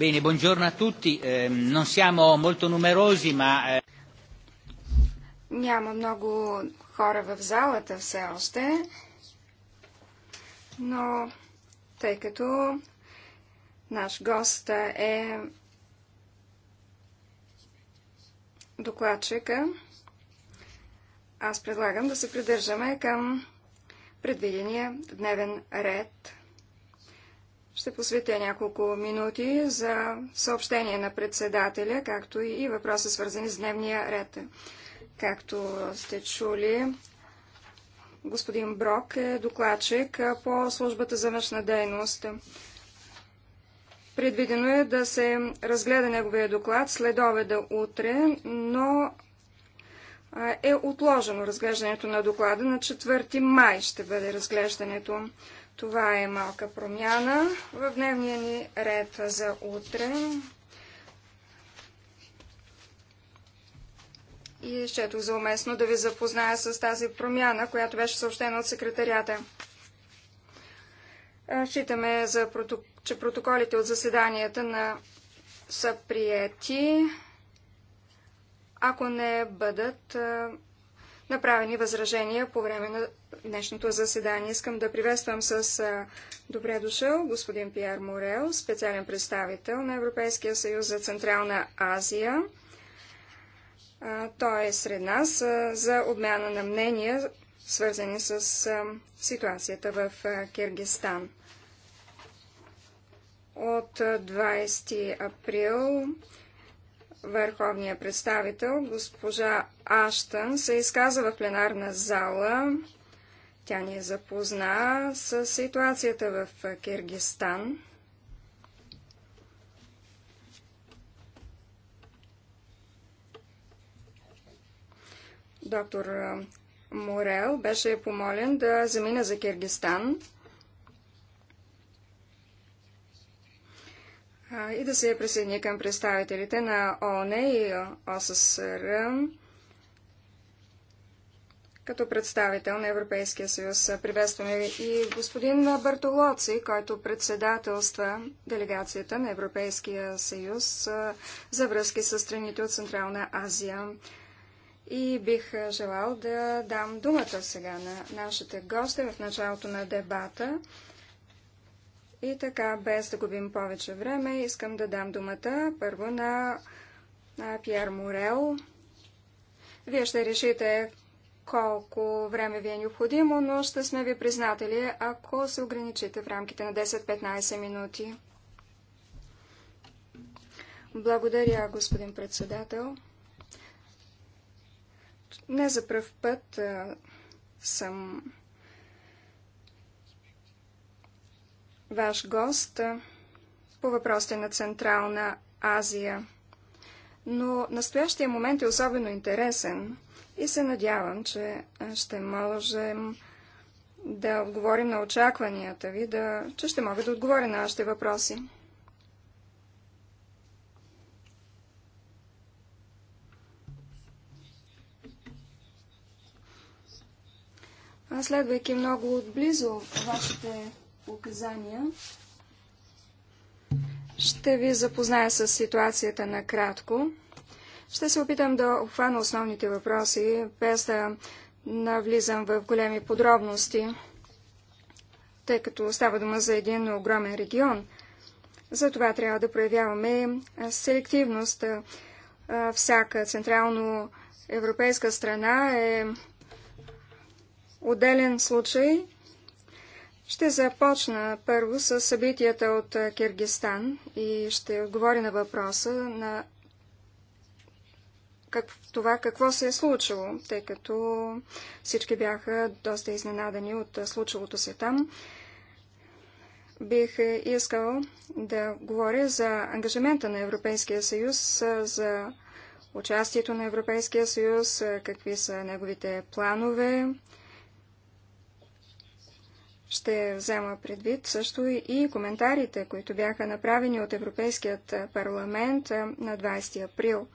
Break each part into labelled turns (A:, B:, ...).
A: Bene, buongiorno a tutti. Eh, non siamo molto numerosi, ma... Eh,
B: Няма много хора в залата все още, но тъй като наш гост е докладчика, аз предлагам да се придържаме към предвидения дневен ред – ще посветя няколко минути за съобщение на председателя, както и въпроса, свързани с дневния ред. Както сте чули, господин Брок е докладчик по службата за външна дейност. Предвидено е да се разгледа неговия доклад след обеда утре, но е отложено разглеждането на доклада. На 4 май ще бъде разглеждането. Това е малка промяна в дневния ни ред за утре. И щето е за уместно да ви запозная с тази промяна, която беше съобщена от секретарията. Считаме, за проток... че протоколите от заседанията на... са приети, ако не бъдат направени възражения по време на днешното заседание. Искам да приветствам с добре дошъл господин Пиер Морел, специален представител на Европейския съюз за Централна Азия. Той е сред нас за обмяна на мнения, свързани с ситуацията в Киргистан. От 20 април върховния представител, госпожа Аштън, се изказа в пленарна зала. Тя ни е запозна с ситуацията в Киргистан. Доктор Морел беше помолен да замина за Киргистан. и да се присъедини към представителите на ООН и ОССР като представител на Европейския съюз. Приветстваме и господин Бартолоци, който председателства делегацията на Европейския съюз за връзки с страните от Централна Азия. И бих желал да дам думата сега на нашите гости в началото на дебата. И така, без да губим повече време, искам да дам думата първо на, на Пьер Морел. Вие ще решите колко време ви е необходимо, но ще сме ви признатели, ако се ограничите в рамките на 10-15 минути. Благодаря, господин председател. Не за пръв път а, съм ваш гост по въпросите на Централна Азия. Но настоящия момент е особено интересен и се надявам, че ще можем да отговорим на очакванията ви, да, че ще мога да отговоря на нашите въпроси. следвайки много отблизо вашите указания. Ще ви запозная с ситуацията накратко. Ще се опитам да обхвана основните въпроси, без да навлизам в големи подробности, тъй като става дума за един огромен регион. Затова трябва да проявяваме селективност. Всяка централно европейска страна е отделен случай ще започна първо с събитията от Киргистан и ще отговоря на въпроса на как, това какво се е случило, тъй като всички бяха доста изненадани от случилото се там. Бих искал да говоря за ангажимента на Европейския съюз, за участието на Европейския съюз, какви са неговите планове ще взема предвид също и коментарите, които бяха направени от Европейският парламент на 20 април,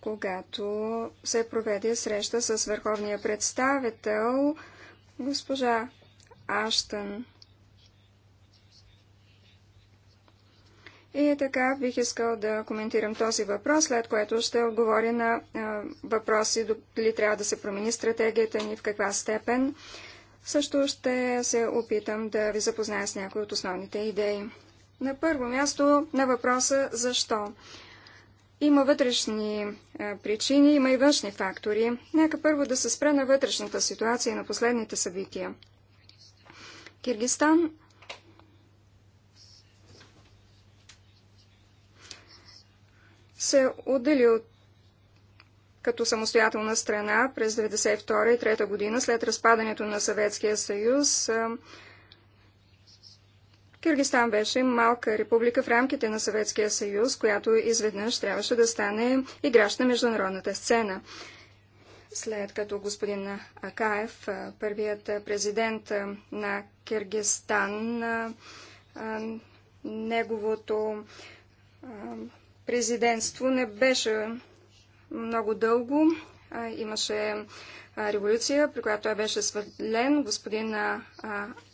B: когато се проведе среща с върховния представител госпожа Аштън. И така бих искал да коментирам този въпрос, след което ще отговоря на въпроси дали трябва да се промени стратегията ни, в каква степен. Също ще се опитам да ви запозная с някои от основните идеи. На първо място на въпроса защо. Има вътрешни е, причини, има и външни фактори. Нека първо да се спре на вътрешната ситуация и на последните събития. Киргистан се отдели от като самостоятелна страна през 1992-1993 година след разпадането на Съветския съюз. Киргистан беше малка република в рамките на Съветския съюз, която изведнъж трябваше да стане играч на международната сцена. След като господин Акаев, първият президент на Киргистан, неговото президентство не беше много дълго. Имаше революция, при която той беше свален. Господин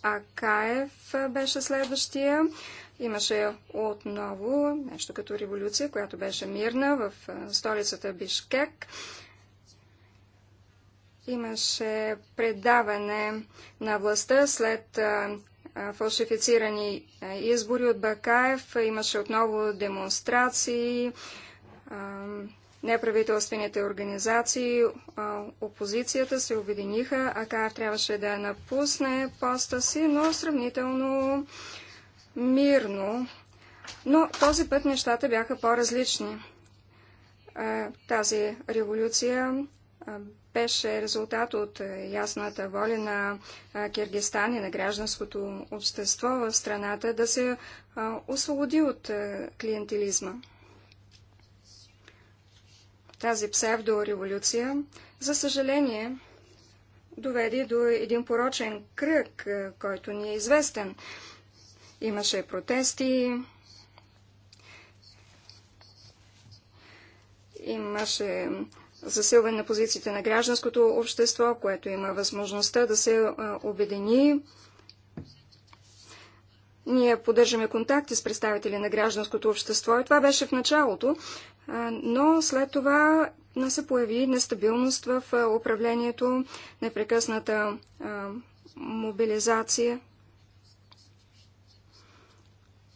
B: Акаев беше следващия. Имаше отново нещо като революция, която беше мирна в столицата Бишкек. Имаше предаване на властта след фалшифицирани избори от Бакаев. Имаше отново демонстрации неправителствените организации, опозицията се обединиха. Акар трябваше да напусне поста си, но сравнително мирно. Но този път нещата бяха по-различни. Тази революция беше резултат от ясната воля на Киргистан и на гражданското общество в страната да се освободи от клиентилизма. Тази псевдореволюция, за съжаление, доведе до един порочен кръг, е, който ни е известен. Имаше протести, имаше засилване на позициите на гражданското общество, което има възможността да се е, обедини ние поддържаме контакти с представители на гражданското общество и това беше в началото, но след това не се появи нестабилност в управлението, непрекъсната мобилизация,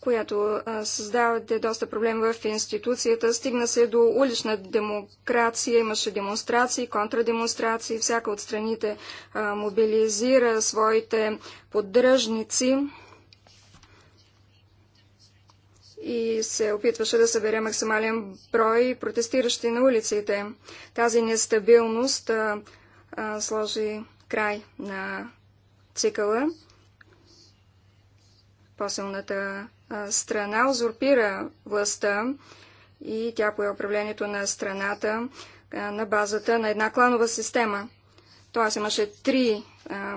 B: която създавате доста проблеми в институцията. Стигна се до улична демокрация, имаше демонстрации, контрадемонстрации, всяка от страните мобилизира своите поддръжници и се опитваше да събере максимален брой протестиращи на улиците. Тази нестабилност а, а, сложи край на цикъла. По-силната страна узурпира властта и тя пое управлението на страната а, на базата на една кланова система. Тоест имаше три а,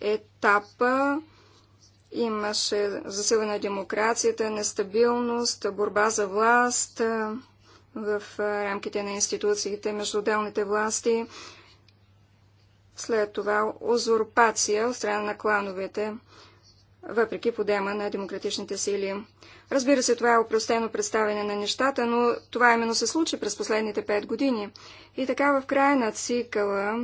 B: етапа Имаше засилена на демокрацията, нестабилност, борба за власт в рамките на институциите между отделните власти. След това узурпация от страна на клановете, въпреки подема на демократичните сили. Разбира се, това е упростено представяне на нещата, но това именно се случи през последните пет години. И така в края на цикъла,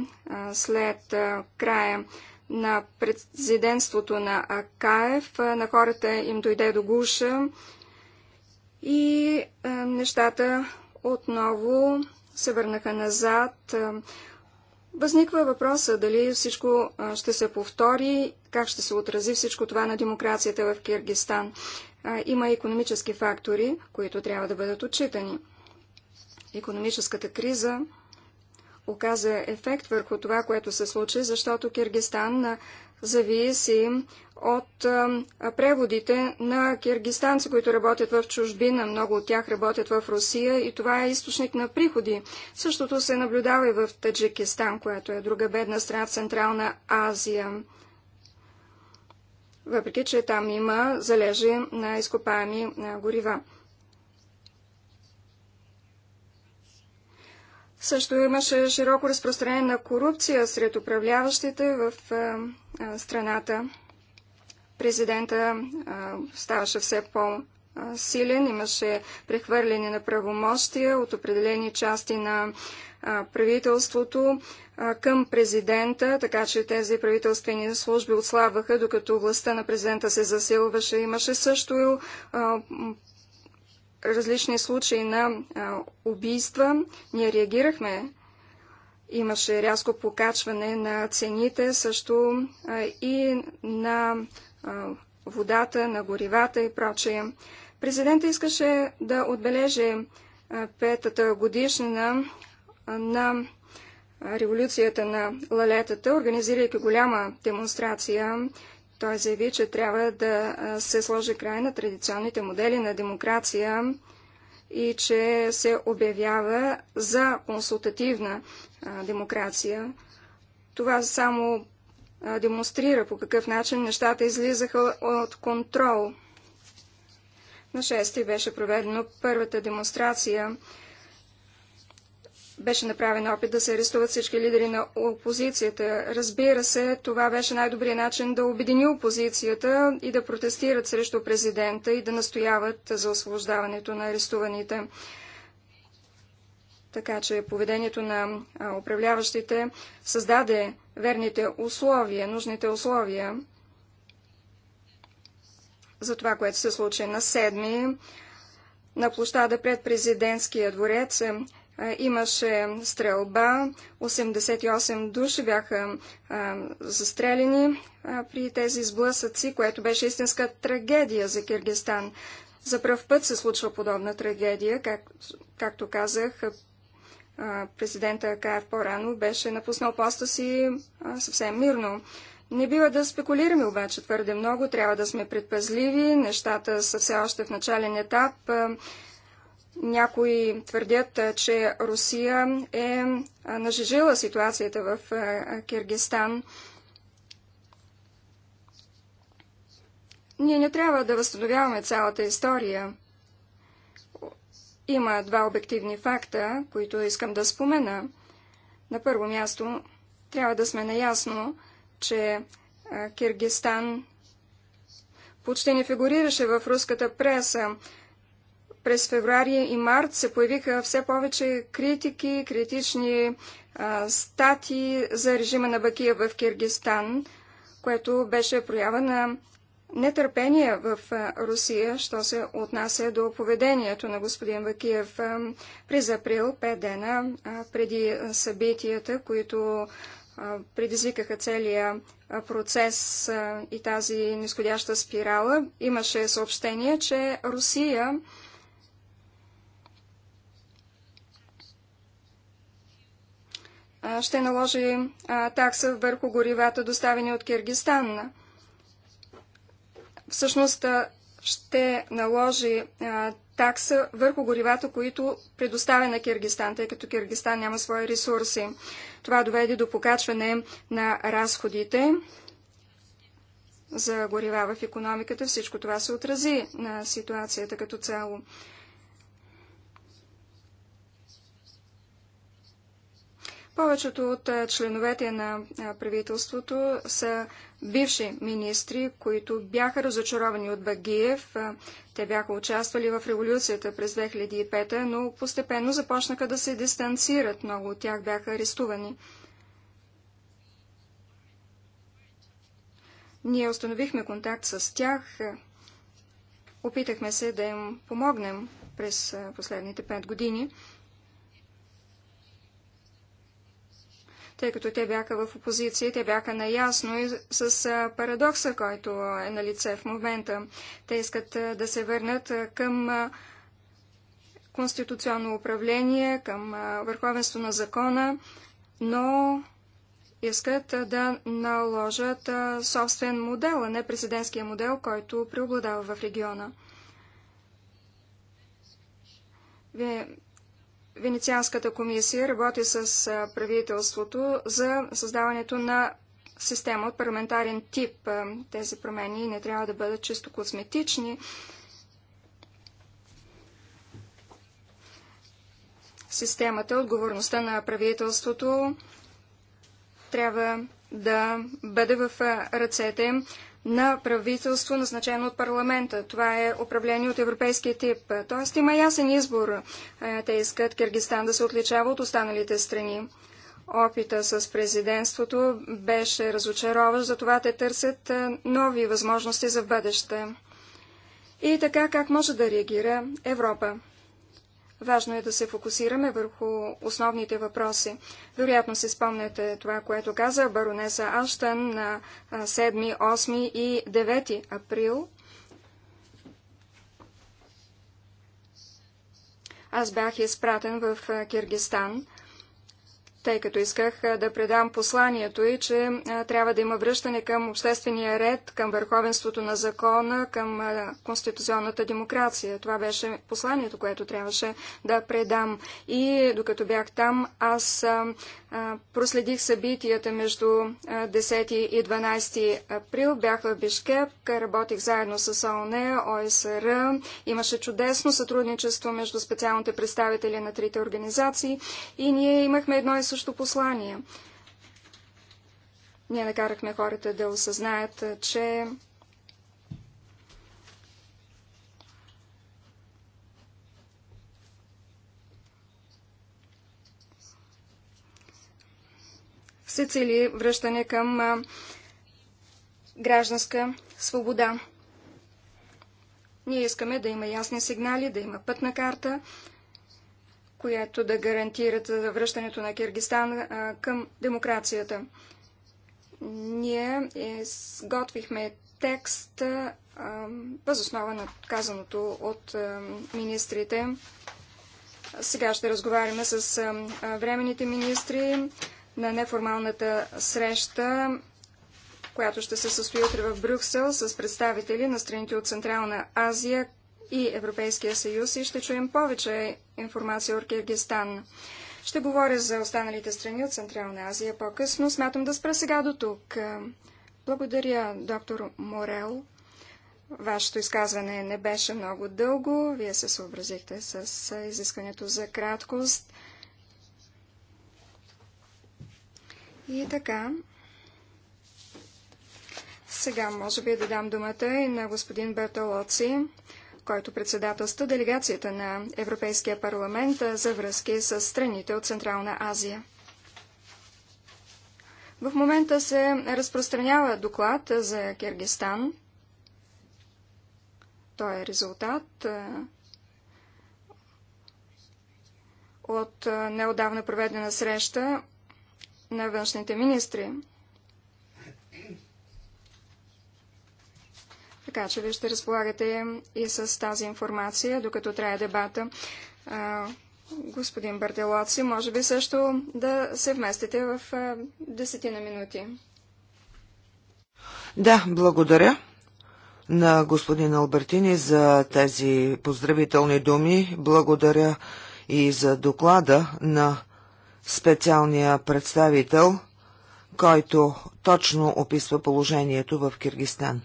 B: след края на президентството на Акаев. На хората им дойде до гуша и нещата отново се върнаха назад. Възниква въпроса дали всичко ще се повтори, как ще се отрази всичко това на демокрацията в Киргистан. Има економически фактори, които трябва да бъдат отчитани. Економическата криза оказа ефект върху това, което се случи, защото Киргистан зависи от преводите на киргистанци, които работят в чужбина. Много от тях работят в Русия и това е източник на приходи. Същото се наблюдава и в Таджикистан, която е друга бедна страна в Централна Азия. Въпреки, че там има залежи на изкопаеми горива. Също имаше широко разпространение на корупция сред управляващите в страната. Президента ставаше все по-силен, имаше прехвърляне на правомощия от определени части на правителството към президента, така че тези правителствени служби отслабваха, докато властта на президента се засилваше. Имаше също различни случаи на убийства, ние реагирахме. Имаше рязко покачване на цените, също и на водата, на горивата и прочее. Президента искаше да отбележи петата годишнина на революцията на лалетата, организирайки голяма демонстрация той заяви, че трябва да се сложи край на традиционните модели на демокрация и че се обявява за консултативна демокрация. Това само демонстрира по какъв начин нещата излизаха от контрол. На 6 беше проведено първата демонстрация беше направен опит да се арестуват всички лидери на опозицията. Разбира се, това беше най-добрият начин да обедини опозицията и да протестират срещу президента и да настояват за освобождаването на арестуваните. Така че поведението на управляващите създаде верните условия, нужните условия за това, което се случи на седми на площада пред президентския дворец е, имаше стрелба, 88 души бяха е, застрелени е, при тези сблъсъци, което беше истинска трагедия за Киргистан. За пръв път се случва подобна трагедия, как, както казах, президента Каев по-рано беше напуснал поста си съвсем мирно. Не бива да спекулираме обаче твърде много, трябва да сме предпазливи, нещата са все още в начален етап. Някои твърдят, че Русия е нажежила ситуацията в Киргистан. Ние не трябва да възстановяваме цялата история. Има два обективни факта, които искам да спомена. На първо място трябва да сме наясно, че Киргистан почти не фигурираше в руската преса през февруари и март се появиха все повече критики, критични а, стати за режима на Бакия в Киргистан, което беше проява на нетърпение в Русия, що се отнася до поведението на господин Вакиев през април, пет дена преди събитията, които предизвикаха целия процес и тази нисходяща спирала. Имаше съобщение, че Русия ще наложи такса върху горивата, доставени от Киргистан. Всъщност ще наложи такса върху горивата, които предоставя на Киргистан, тъй като Киргистан няма свои ресурси. Това доведе до покачване на разходите за горива в економиката. Всичко това се отрази на ситуацията като цяло. Повечето от членовете на правителството са бивши министри, които бяха разочаровани от Багиев. Те бяха участвали в революцията през 2005, но постепенно започнаха да се дистанцират. Много от тях бяха арестувани. Ние установихме контакт с тях. Опитахме се да им помогнем през последните пет години. тъй като те бяха в опозиция, те бяха наясно и с парадокса, който е на лице в момента. Те искат да се върнат към конституционно управление, към върховенство на закона, но искат да наложат собствен модел, а не президентския модел, който преобладава в региона. Вие Венецианската комисия работи с правителството за създаването на система от парламентарен тип. Тези промени не трябва да бъдат чисто косметични. Системата, отговорността на правителството трябва да бъде в ръцете на правителство, назначено от парламента. Това е управление от европейския тип. Тоест има ясен избор. Е, те искат Киргистан да се отличава от останалите страни. Опита с президентството беше разочароващ, затова те търсят е, нови възможности за бъдеще. И така как може да реагира Европа? Важно е да се фокусираме върху основните въпроси. Вероятно се спомняте това, което каза баронеса Аштън на 7, 8 и 9 април. Аз бях изпратен в Киргистан – тъй като исках да предам посланието и, че трябва да има връщане към обществения ред, към върховенството на закона, към конституционната демокрация. Това беше посланието, което трябваше да предам. И докато бях там, аз проследих събитията между 10 и 12 април. Бях в Бишкек, работих заедно с ООН, ОСР. Е Имаше чудесно сътрудничество между специалните представители на трите организации и ние имахме едно и също послание. Ние накарахме хората да осъзнаят, че се цели връщане към гражданска свобода. Ние искаме да има ясни сигнали, да има пътна карта, която да гарантират връщането на Киргистан към демокрацията. Ние сготвихме текст възоснова на казаното от министрите. Сега ще разговаряме с временните министри на неформалната среща, която ще се състои утре в Брюксел с представители на страните от Централна Азия, и Европейския съюз и ще чуем повече информация от Киргистан. Ще говоря за останалите страни от Централна Азия по-късно. Смятам да спра сега до тук. Благодаря, доктор Морел. Вашето изказване не беше много дълго. Вие се съобразихте с изискването за краткост. И така. Сега може би да дам думата и на господин Бертолоци който председателства делегацията на Европейския парламент за връзки с страните от Централна Азия. В момента се разпространява доклад за Киргистан. Той е резултат от неодавна проведена среща на външните министри Така че вие ще разполагате и с тази информация, докато трябва дебата. Господин Бартелоци, може би също да се вместите в десетина минути.
C: Да, благодаря на господин Албертини за тези поздравителни думи. Благодаря и за доклада на специалния представител, който точно описва положението в Киргистан.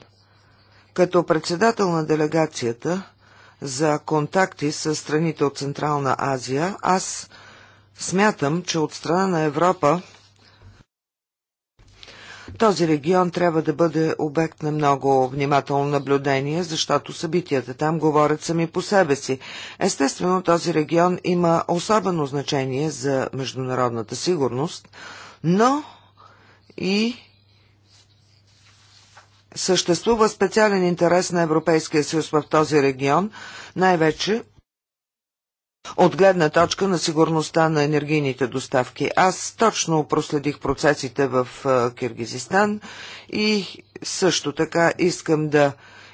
C: Като председател на делегацията за контакти с страните от Централна Азия, аз смятам, че от страна на Европа този регион трябва да бъде обект на много внимателно наблюдение, защото събитията там говорят сами по себе си. Естествено, този регион има особено значение за международната сигурност, но и Съществува специален интерес на Европейския съюз в този регион, най-вече от гледна точка на сигурността на енергийните доставки. Аз точно проследих процесите в е, Киргизистан и също така искам да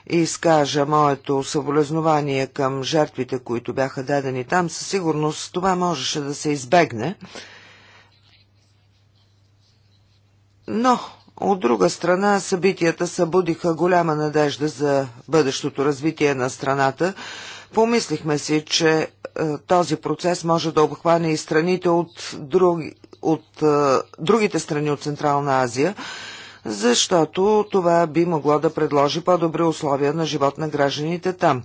C: изкажа моето съболезнование към жертвите, които бяха дадени там. Със сигурност това можеше да се избегне. Но от друга страна, събитията събудиха голяма надежда за бъдещото развитие на страната. Помислихме си, че е, този процес може да обхване и страните от, друг, от е, другите страни от Централна Азия, защото това би могло да предложи по-добри условия на живот на гражданите там.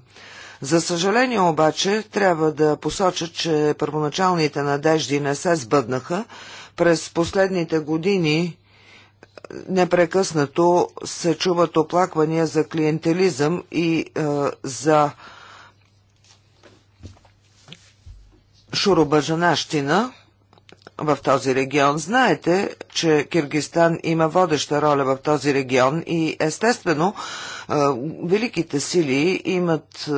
C: За съжаление обаче трябва да посоча, че първоначалните надежди не се сбъднаха. През последните години непрекъснато се чуват оплаквания за клиентелизъм и е, за шурубажанащина в този регион. Знаете, че Киргистан има водеща роля в този регион и естествено е, великите сили имат е,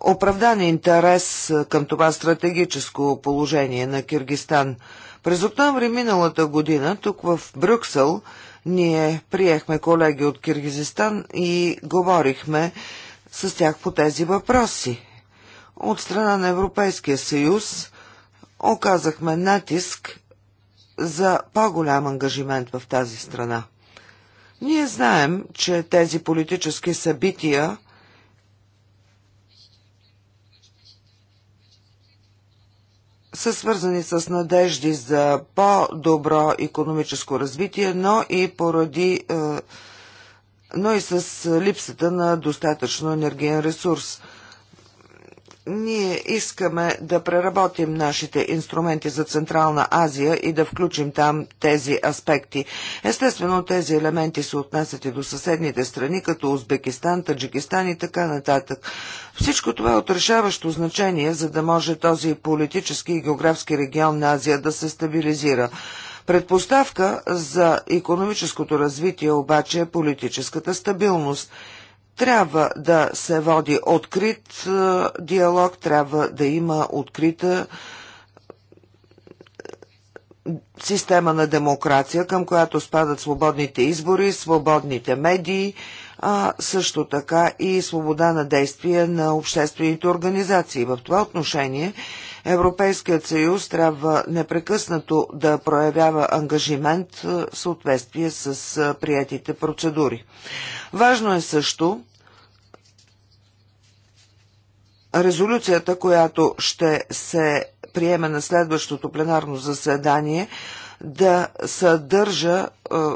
C: оправдан интерес е, към това стратегическо положение на Киргистан – през октомври миналата година, тук в Брюксел, ние приехме колеги от Киргизистан и говорихме с тях по тези въпроси. От страна на Европейския съюз оказахме натиск за по-голям ангажимент в тази страна. Ние знаем, че тези политически събития са свързани с надежди за по-добро економическо развитие, но и поради е, но и с липсата на достатъчно енергиен ресурс – ние искаме да преработим нашите инструменти за Централна Азия и да включим там тези аспекти. Естествено, тези елементи се отнасят и до съседните страни, като Узбекистан, Таджикистан и така нататък. Всичко това е от решаващо значение, за да може този политически и географски регион на Азия да се стабилизира. Предпоставка за економическото развитие обаче е политическата стабилност – трябва да се води открит е, диалог, трябва да има открита е, система на демокрация, към която спадат свободните избори, свободните медии, а също така и свобода на действие на обществените организации. В това отношение Европейският съюз трябва непрекъснато да проявява ангажимент в съответствие с приятите процедури. Важно е също резолюцията, която ще се приеме на следващото пленарно заседание, да съдържа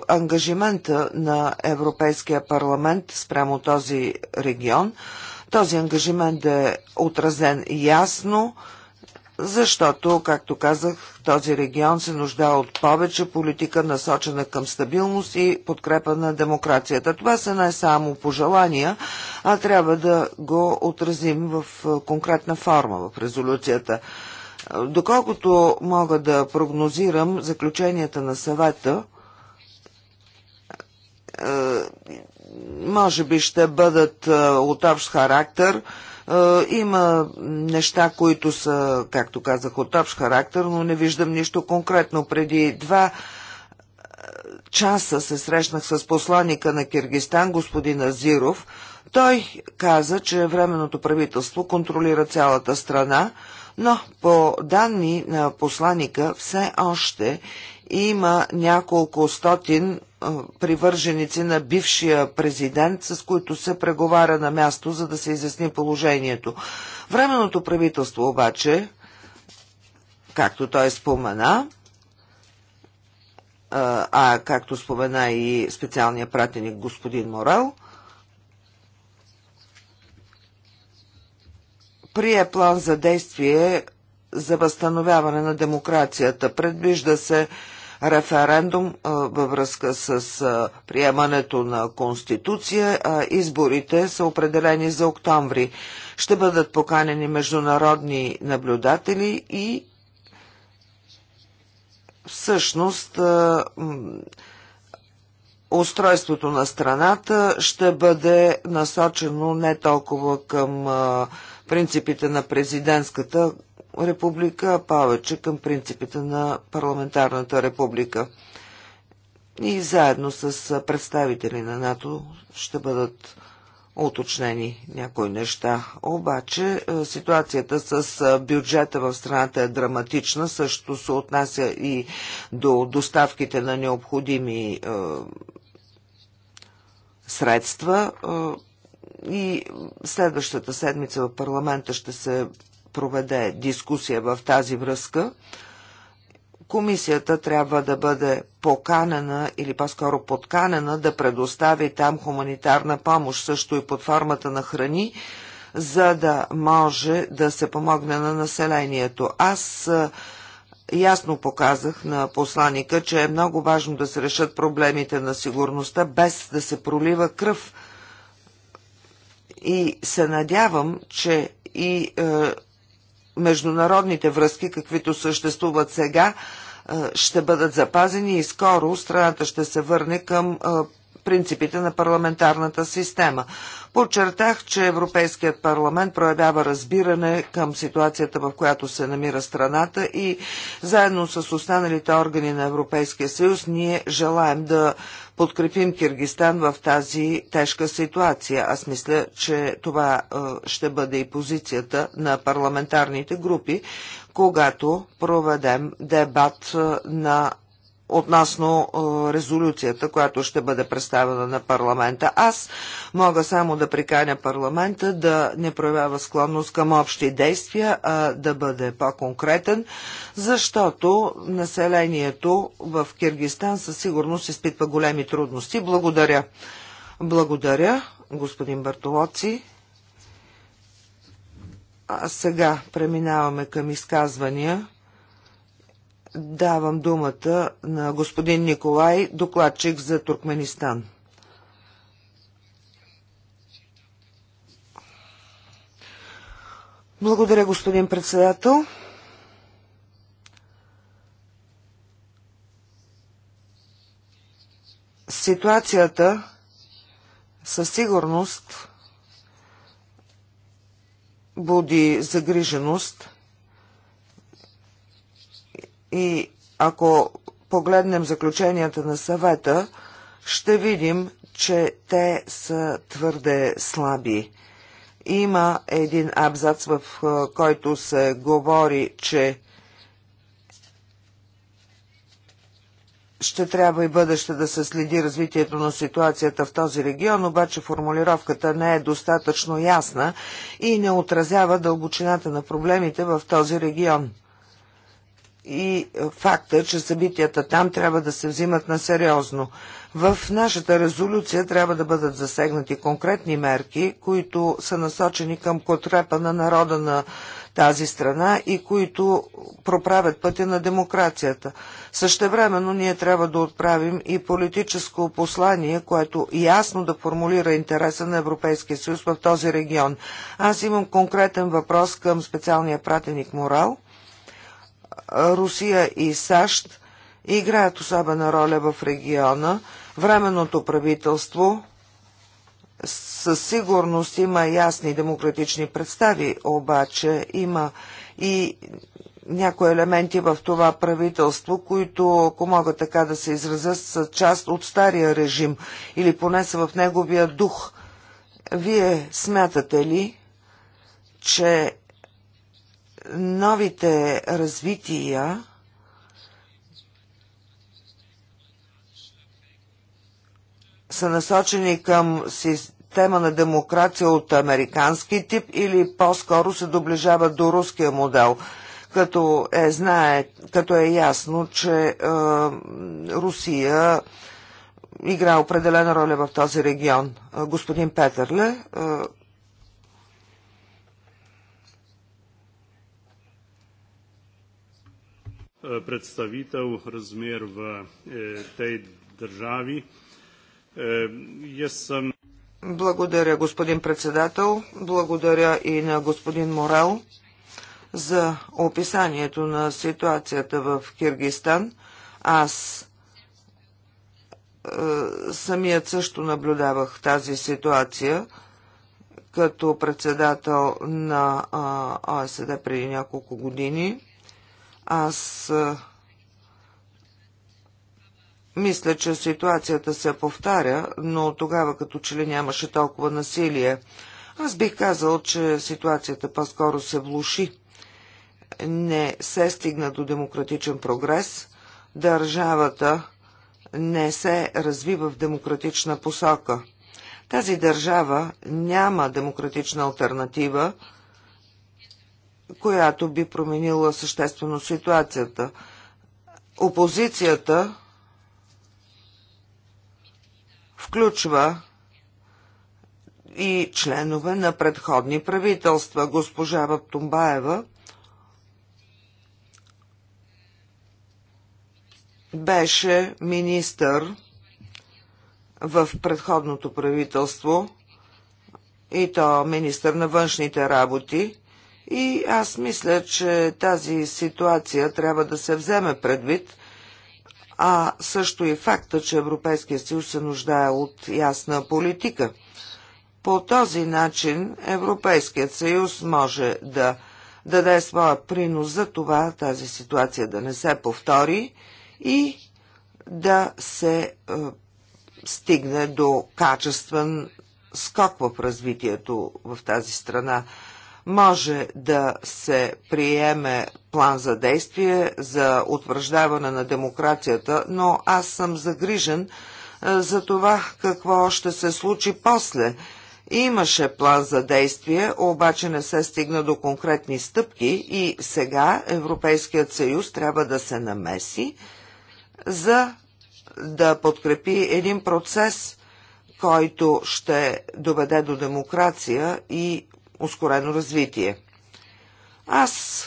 C: ангажимента на Европейския парламент спрямо този регион. Този ангажимент да е отразен ясно, защото, както казах, този регион се нуждае от повече политика, насочена към стабилност и подкрепа на демокрацията. Това са не само пожелания, а трябва да го отразим в конкретна форма в резолюцията. Доколкото мога да прогнозирам заключенията на съвета, може би ще бъдат от общ характер – е, има неща, които са, както казах, от общ характер, но не виждам нищо конкретно. Преди два е, часа се срещнах с посланника на Киргистан, господин Азиров. Той каза, че временното правителство контролира цялата страна, но по данни на посланика все още има няколко стотин привърженици на бившия президент, с които се преговаря на място, за да се изясни положението. Временното правителство обаче, както той спомена, а както спомена и специалния пратеник господин Морал, прие план за действие за възстановяване на демокрацията. Предвижда се референдум във връзка с приемането на Конституция. Изборите са определени за октомври. Ще бъдат поканени международни наблюдатели и всъщност устройството на страната ще бъде насочено не толкова към принципите на президентската република, повече към принципите на парламентарната република. И заедно с представители на НАТО ще бъдат уточнени някои неща. Обаче ситуацията с бюджета в страната е драматична. Също се отнася и до доставките на необходими е, средства. И следващата седмица в парламента ще се проведе дискусия в тази връзка. Комисията трябва да бъде поканена или по-скоро подканена да предостави там хуманитарна помощ, също и под формата на храни, за да може да се помогне на населението. Аз ясно показах на посланика, че е много важно да се решат проблемите на сигурността, без да се пролива кръв. И се надявам, че и е, международните връзки, каквито съществуват сега, ще бъдат запазени и скоро страната ще се върне към принципите на парламентарната система. Подчертах, че Европейският парламент проявява разбиране към ситуацията, в която се намира страната и заедно с останалите органи на Европейския съюз ние желаем да подкрепим Киргистан в тази тежка ситуация. Аз мисля, че това е, ще бъде и позицията на парламентарните групи, когато проведем дебат е, на относно резолюцията, която ще бъде представена на парламента. Аз мога само да приканя парламента да не проявява склонност към общи действия, а да бъде по-конкретен, защото населението в Киргистан със сигурност изпитва големи трудности. Благодаря. Благодаря, господин Бартолоци. А сега преминаваме към изказвания. Давам думата на господин Николай, докладчик за Туркменистан. Благодаря, господин председател. Ситуацията със сигурност буди загриженост – и ако погледнем заключенията на съвета, ще видим, че те са твърде слаби. Има един абзац, в е, който се говори, че ще трябва и бъдеще да се следи развитието на ситуацията в този регион, обаче формулировката не е достатъчно ясна и не отразява дълбочината на проблемите в този регион и факта, че събитията там трябва да се взимат на сериозно. В нашата резолюция трябва да бъдат засегнати конкретни мерки, които са насочени към потрепа на народа на тази страна и които проправят пътя на демокрацията. Същевременно ние трябва да отправим и политическо послание, което ясно да формулира интереса на Европейския съюз в този регион. Аз имам конкретен въпрос към специалния пратеник Морал Русия и САЩ играят особена роля в региона. Временното правителство със сигурност има ясни демократични представи, обаче има и някои елементи в това правителство, които, ако мога така да се изразя, са част от стария режим или поне са в неговия дух. Вие смятате ли, че новите развития са насочени към система на демокрация от американски тип или по-скоро се доближава до руския модел, като е, знае, като е ясно, че е, Русия играе определена роля в този регион. Е, господин Петърле, е, predstavitev razmer v tej държави. Jaz е, sem. Благодаря, господин председател. Благодаря и на господин Морал за описанието на ситуацията в Киргистан. Аз е, самият също наблюдавах тази ситуация като председател на ОСД преди няколко години. Аз мисля, че ситуацията се повтаря, но тогава като че ли нямаше толкова насилие. Аз бих казал, че ситуацията по-скоро се влуши. Не се стигна до демократичен прогрес. Държавата не се развива в демократична посока. Тази държава няма демократична альтернатива, която би променила съществено ситуацията. Опозицията включва и членове на предходни правителства. Госпожа Ваптумбаева беше министър в предходното правителство и то министър на външните работи. И аз мисля, че тази ситуация трябва да се вземе предвид, а също и факта, че Европейския съюз се нуждае от ясна политика. По този начин Европейският съюз може да даде своя принос за това тази ситуация да не се повтори и да се е, стигне до качествен скок в развитието в тази страна може да се приеме план за действие за утвърждаване на демокрацията, но аз съм загрижен за това какво ще се случи после. Имаше план за действие, обаче не се стигна до конкретни стъпки и сега Европейският съюз трябва да се намеси, за да подкрепи един процес, който ще доведе до демокрация и ускорено развитие. Аз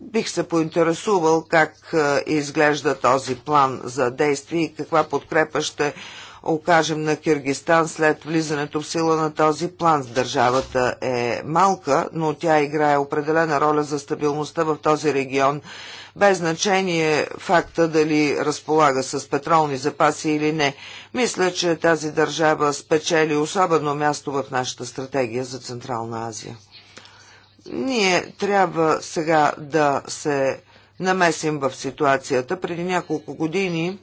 C: бих се поинтересувал как е, изглежда този план за действие и каква подкрепа ще окажем на Киргистан след влизането в сила на този план. Държавата е малка, но тя играе определена роля за стабилността в този регион без значение факта дали разполага с петролни запаси или не. Мисля, че тази държава спечели особено място в нашата стратегия за Централна Азия. Ние трябва сега да се намесим в ситуацията. Преди няколко години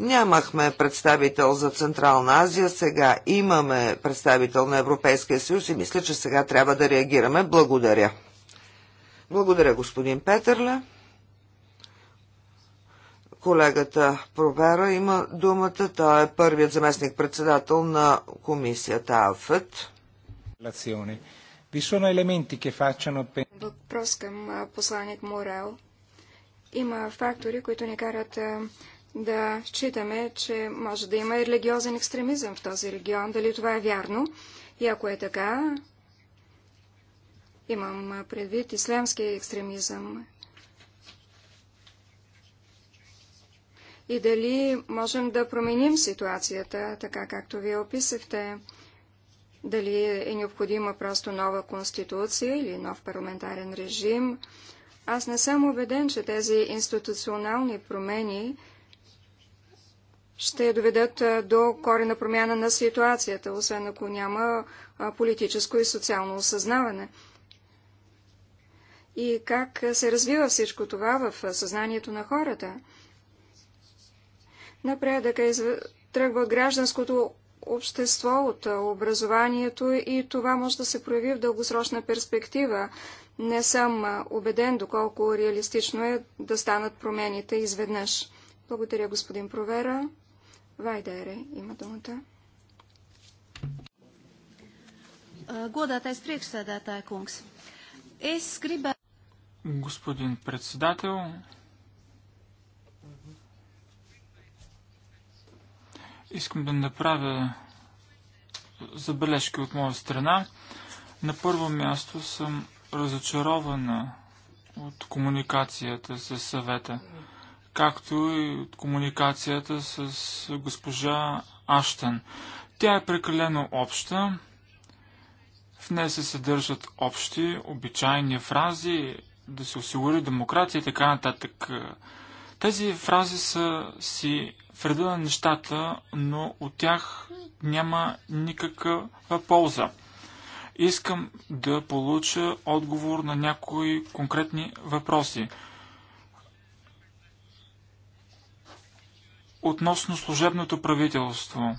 C: Нямахме представител за Централна Азия, сега имаме представител на Европейския съюз и мисля, че сега трябва да реагираме. Благодаря. Благодаря, господин Петърле колегата Провера има думата. Той е първият заместник-председател на комисията АФЕТ.
B: Въпрос към посланник Морел. Има фактори, които ни карат да считаме, че може да има и религиозен екстремизъм в този регион. Дали това е вярно? И ако е така, имам предвид ислямски екстремизъм и дали можем да променим ситуацията, така както вие описахте. Дали е необходима просто нова конституция или нов парламентарен режим. Аз не съм убеден, че тези институционални промени ще доведат до корена промяна на ситуацията, освен ако няма политическо и социално осъзнаване. И как се развива всичко това в съзнанието на хората? Напредъка из... тръгва от гражданското общество, от образованието и това може да се прояви в дългосрочна перспектива. Не съм убеден доколко реалистично е да станат промените изведнъж. Благодаря, господин Провера. Вайдере има думата.
D: Е, господин председател, Искам да направя забележки от моя страна. На първо място съм разочарована от комуникацията с съвета, както и от комуникацията с госпожа Аштън. Тя е прекалено обща. В нея се съдържат общи, обичайни фрази, да се осигури демокрация и така нататък. Тези фрази са си в реда на нещата, но от тях няма никаква полза. Искам да получа отговор на някои конкретни въпроси. Относно служебното правителство,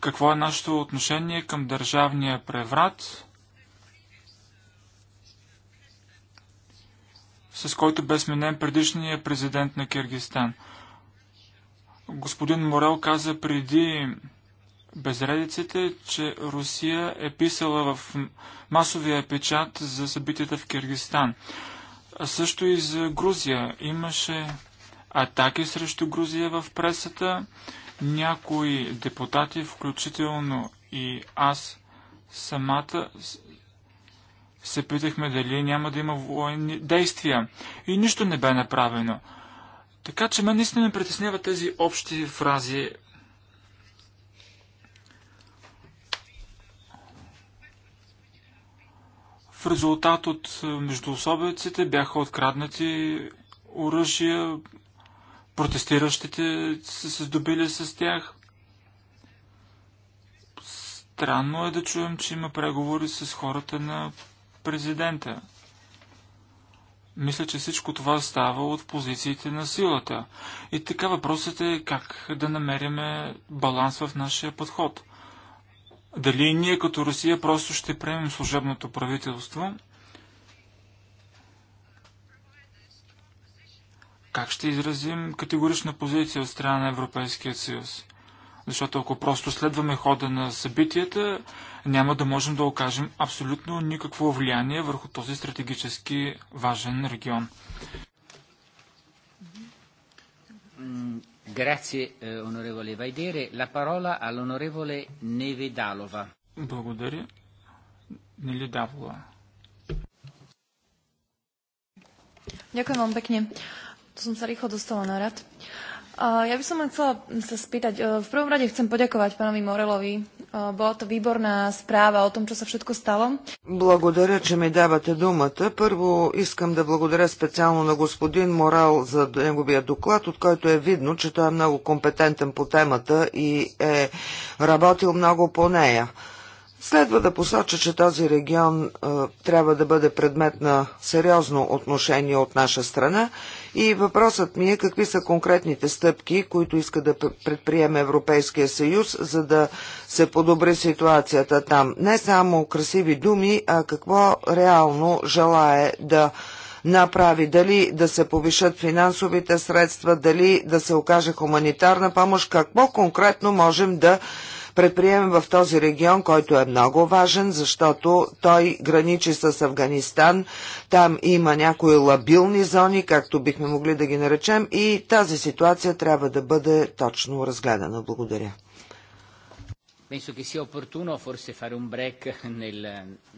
D: какво е нашето отношение към държавния преврат? с който бе сменен предишния президент на Киргистан. Господин Морел каза преди безредиците, че Русия е писала в масовия печат за събитията в Киргистан. А също и за Грузия. Имаше атаки срещу Грузия в пресата. Някои депутати, включително и аз самата, се питахме дали няма да има военни действия. И нищо не бе направено. Така че мен наистина ме притесняват тези общи фрази. В резултат от е, междуособиците бяха откраднати оръжия, протестиращите са се здобили с тях. Странно е да чуем, че има преговори с хората на президента. Мисля, че всичко това става от позициите на силата. И така въпросът е как да намерим баланс в нашия подход. Дали ние като Русия просто ще приемем служебното правителство? Как ще изразим категорична позиция от страна на Европейския съюз? Защото ако просто следваме хода на събитията, няма да можем да окажем абсолютно никакво влияние върху този стратегически важен регион.
A: Grazie, onorevole Vaidere. La parola all'onorevole Nevedalova. Благодаря. Нелидавова.
B: Ďakujem vám pekne. To som sa rýchlo достала на ряд. Uh, Ja by som len chcela sa spýtať. E, v prvom rade chcem poďakovať pánovi Morelovi. E, bola to výborná správa o том, čo sa všetko stalo.
C: Благодаря, че ми давате думата. Първо искам да благодаря специално на господин Морал за неговия доклад, от който е видно, че той е много компетентен по темата и е работил много по нея. Следва да посоча, че този регион а, е, трябва да бъде предмет на сериозно отношение от наша страна и въпросът ми е какви са конкретните стъпки, които иска да предприеме Европейския съюз, за да се подобри ситуацията там. Не само красиви думи, а какво реално желае да направи, дали да се повишат финансовите средства, дали да се окаже хуманитарна помощ, какво конкретно можем да предприемем в този регион, който е много важен, защото той граничи с Афганистан. Там има някои лабилни зони, както бихме могли да ги наречем, и тази ситуация трябва да бъде точно разгледана. Благодаря.
A: Penso che sia opportuno forse fare un break nel,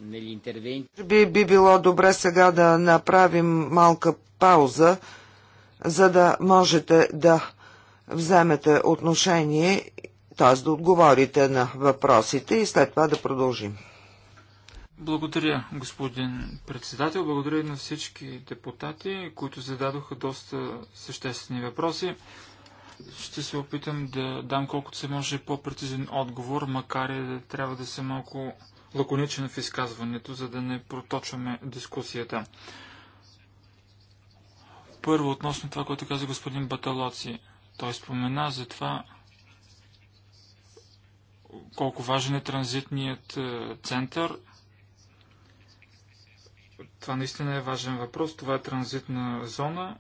A: negli interventi.
C: Би, би било добре сега да направим малка пауза, за да можете да вземете отношение т.е. да отговорите на въпросите и след това да продължим.
D: Благодаря, господин председател. Благодаря и на всички депутати, които зададоха доста съществени въпроси. Ще се опитам да дам колкото се може по-прецизен отговор, макар и да трябва да съм малко лаконичен в изказването, за да не проточваме дискусията. Първо, относно това, което каза господин Баталоци. Той спомена за това, колко важен е транзитният е, център. Това наистина е важен въпрос. Това е транзитна зона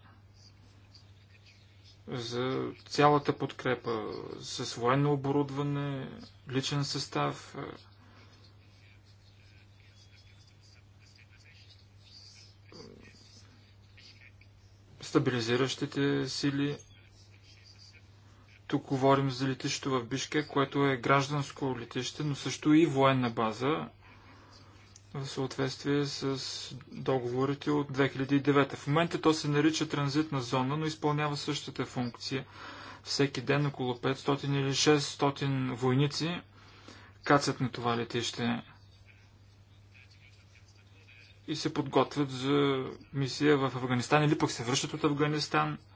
D: за цялата подкрепа с военно оборудване, личен състав. Е. стабилизиращите сили – тук говорим за летището в Бишке, което е гражданско летище, но също и военна база в съответствие с договорите от 2009. В момента то се нарича транзитна зона, но изпълнява същата функция. Всеки ден около 500 или 600 войници кацат на това летище и се подготвят за мисия в Афганистан или пък се връщат от Афганистан –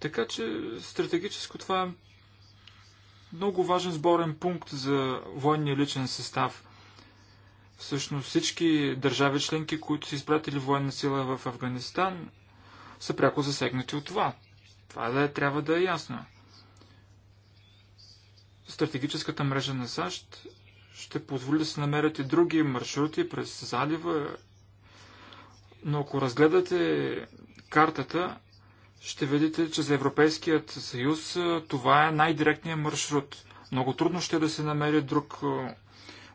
D: Така че стратегическо това е много важен сборен пункт за военния личен състав. Всъщност всички държави членки, които са изпратили военна сила в Афганистан, са пряко засегнати от това. Това да е, трябва да е ясно. Стратегическата мрежа на САЩ ще позволи да се намерят и други маршрути през залива, но ако разгледате картата, ще видите, че за Европейският съюз е, това е най-директният маршрут. Много трудно ще е да се намери друг е,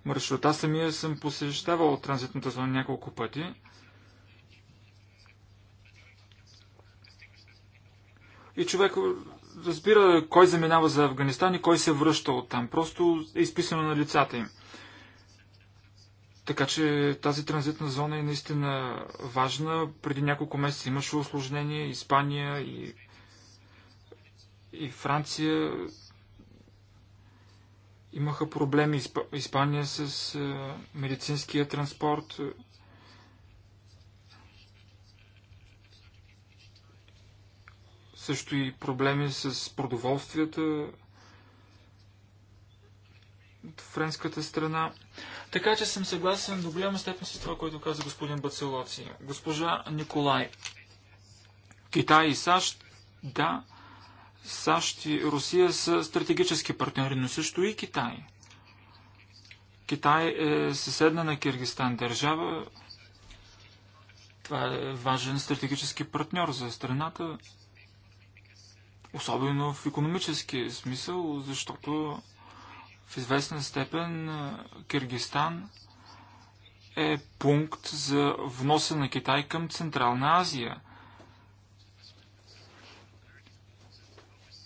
D: маршрут. Аз самия съм посещавал транзитната зона няколко пъти. И човек разбира кой заминава за Афганистан и кой се връща оттам. Просто е изписано на лицата им. Така че тази транзитна зона е наистина важна. Преди няколко месеца имаше осложнение Испания и, и Франция имаха проблеми Испания с е, медицинския транспорт. Също и проблеми с продоволствията. От френската страна. Така че съм съгласен до голяма степен с това, което каза господин Бацелоци. Госпожа Николай. Китай и САЩ, да, САЩ и Русия са стратегически партньори, но също и Китай. Китай е съседна на Киргистан държава. Това е важен стратегически партньор за страната, особено в економически смисъл, защото в известна степен Киргистан е пункт за вноса на Китай към Централна Азия.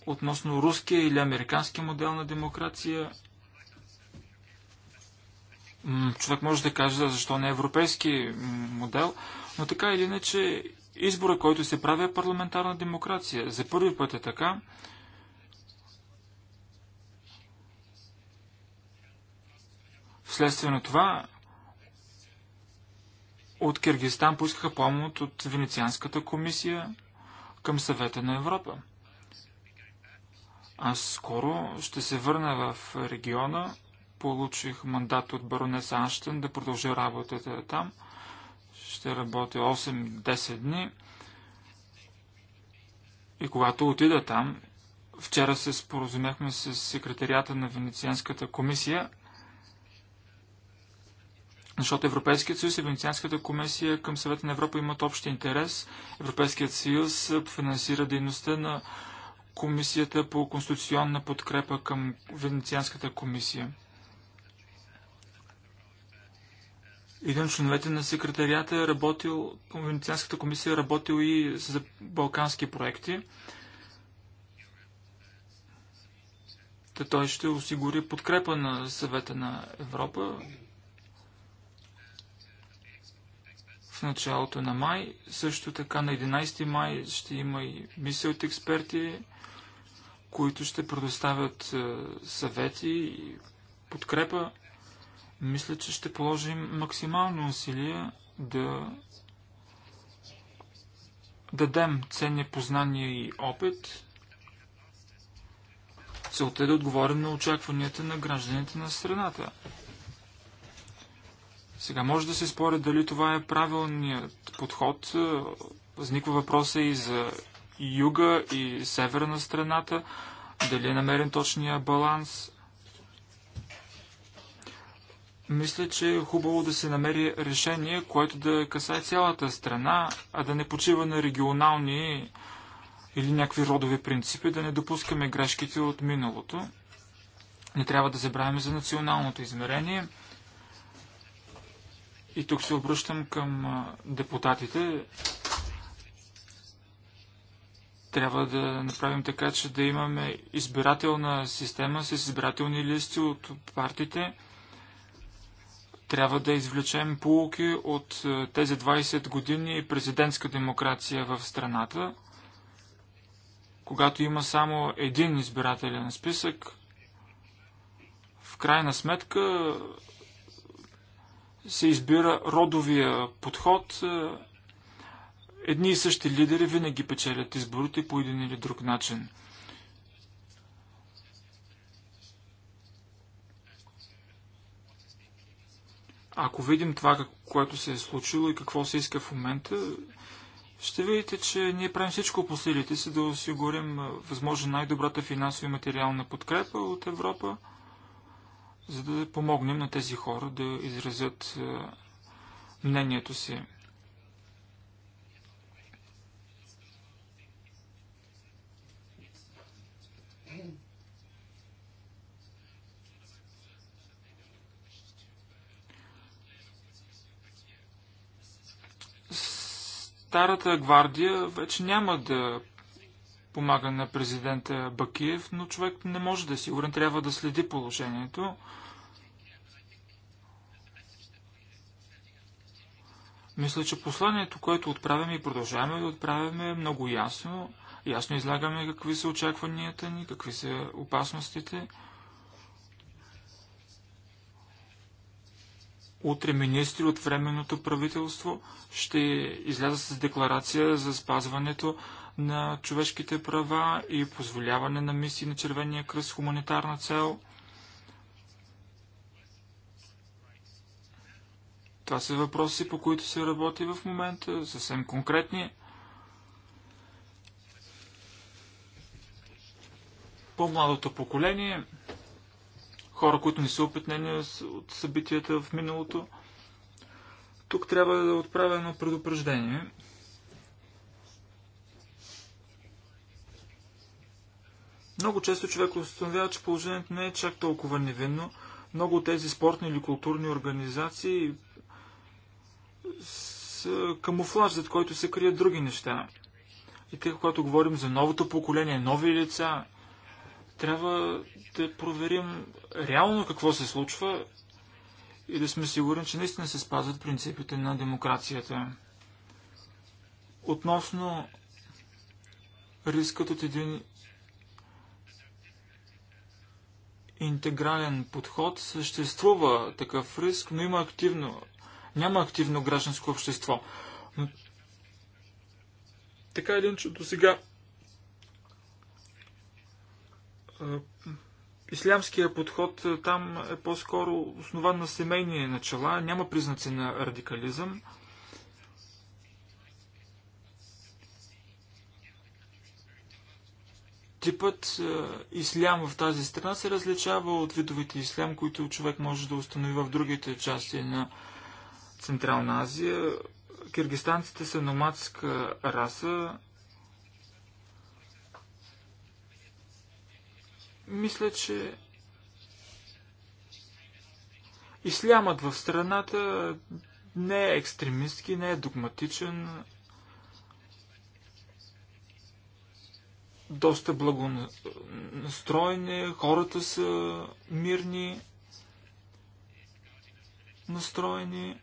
D: Относно руския или американски модел на демокрация, човек може да каже защо не е европейски модел, но така или иначе избора, който се прави е парламентарна демокрация. За първи път е така, Вследствие на това от Киргистан поискаха помощ от Венецианската комисия към съвета на Европа. Аз скоро ще се върна в региона. Получих мандат от баронеса Анштен да продължа работата там. Ще работя 8-10 дни. И когато отида там, вчера се споразумяхме с секретарията на Венецианската комисия, защото Европейският съюз и Венецианската комисия към съвета на Европа имат общ интерес. Европейският съюз финансира дейността на Комисията по конституционна подкрепа към Венецианската комисия. Един от членовете на секретарията е работил, Венецианската комисия е работил и за балкански проекти. Та той ще осигури подкрепа на съвета на Европа в началото на май. Също така на 11 май ще има и мисъл от експерти, които ще предоставят е, съвети и подкрепа. Мисля, че ще положим максимално усилие да дадем ценни познания и опит. Целта е да отговорим на очакванията на гражданите на страната. Сега може да се спори дали това е правилният подход. Е, Възниква въпроса и за юга и севера на страната, дали е намерен точния баланс. Мисля, че е хубаво да се намери решение, което да касае цялата страна, а да не почива на регионални или някакви родови принципи, да не допускаме грешките от миналото. Не трябва да забравяме за националното измерение – и тук се обръщам към депутатите. Трябва да направим така, че да имаме избирателна система с избирателни листи от партиите. Трябва да извлечем полуки от тези 20 години президентска демокрация в страната. Когато има само един избирателен списък, в крайна сметка се избира родовия подход. Е, едни и същи лидери винаги печелят изборите по един или друг начин. Ако видим това, което се е случило и какво се иска в момента, ще видите, че ние правим всичко по силите си да осигурим е, възможно най-добрата финансова и материална подкрепа от Европа за да помогнем на тези хора да изразят е, мнението си. Старата гвардия вече няма да помага на президента Бакиев, но човек не може да е сигурен, трябва да следи положението. Мисля, че посланието, което отправяме и продължаваме да отправяме е много ясно. Ясно излагаме какви са очакванията ни, какви са опасностите. Утре министри от временното правителство ще изляза с декларация за спазването на човешките права и позволяване на мисии на Червения кръст хуманитарна цел. Това са въпроси, по които се работи в момента, съвсем конкретни. По-младото поколение, хора, които не са опитнени от събитията в миналото, тук трябва да отправя едно предупреждение – Много често човек установява, че положението не е чак толкова невинно. Много от тези спортни или културни организации са камуфлаж, зад който се крият други неща. И тъй, когато говорим за новото поколение, нови лица, трябва да проверим реално какво се случва и да сме сигурни, че наистина се спазват принципите на демокрацията. Относно рискът от един интегрален подход съществува такъв риск, но има активно, няма активно гражданско общество. Но, така един, че до сега Ислямския подход там е по-скоро основан на семейни начала, няма признаци на радикализъм. Типът е, ислям в тази страна се различава от видовете ислям, които човек може да установи в другите части на Централна Азия. Киргистанците са номадска раса. Мисля, че ислямът в страната не е екстремистки, не е догматичен, доста благонастроени, хората са мирни, настроени.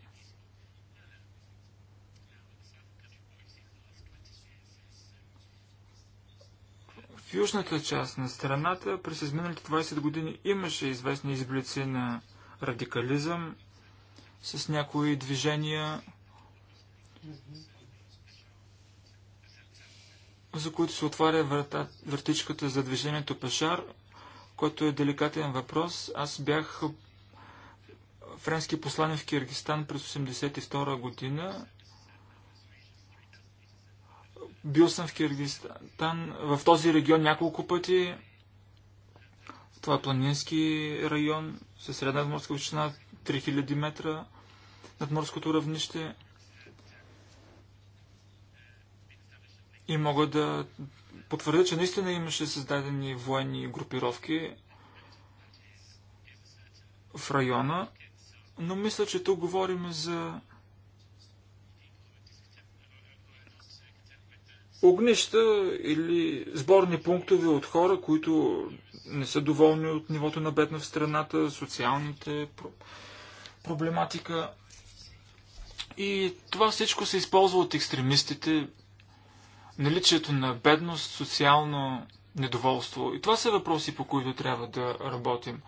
D: В южната част на страната през изминалите 20 години имаше известни изблици на радикализъм с някои движения, за които се отваря врата, вратичката за движението пешар, който е деликатен въпрос. Аз бях френски послани в Киргистан през 1982 година. Бил съм в Киргистан, в този регион няколко пъти. Това е планински район, със средна морска височина 3000 метра над морското равнище. И мога да потвърдя, че наистина имаше създадени военни групировки в района, но мисля, че тук говорим за огнища или сборни пунктове от хора, които не са доволни от нивото на бедна в страната, социалните проблематика. И това всичко се използва от екстремистите наличието на бедност, социално недоволство. И това са въпроси, по които трябва да работим.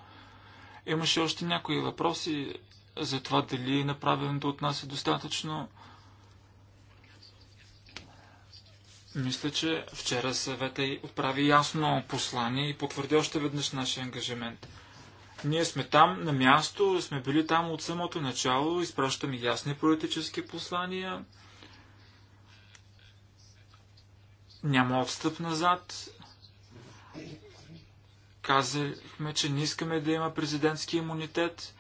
D: Имаше още някои въпроси за това дали направеното от нас е достатъчно. Мисля, че вчера съвета и отправи ясно послание и потвърди още веднъж нашия ангажимент. Ние сме там на място, сме били там от самото начало, изпращаме ясни политически послания. Няма отстъп назад. Казахме, че не искаме да има президентски имунитет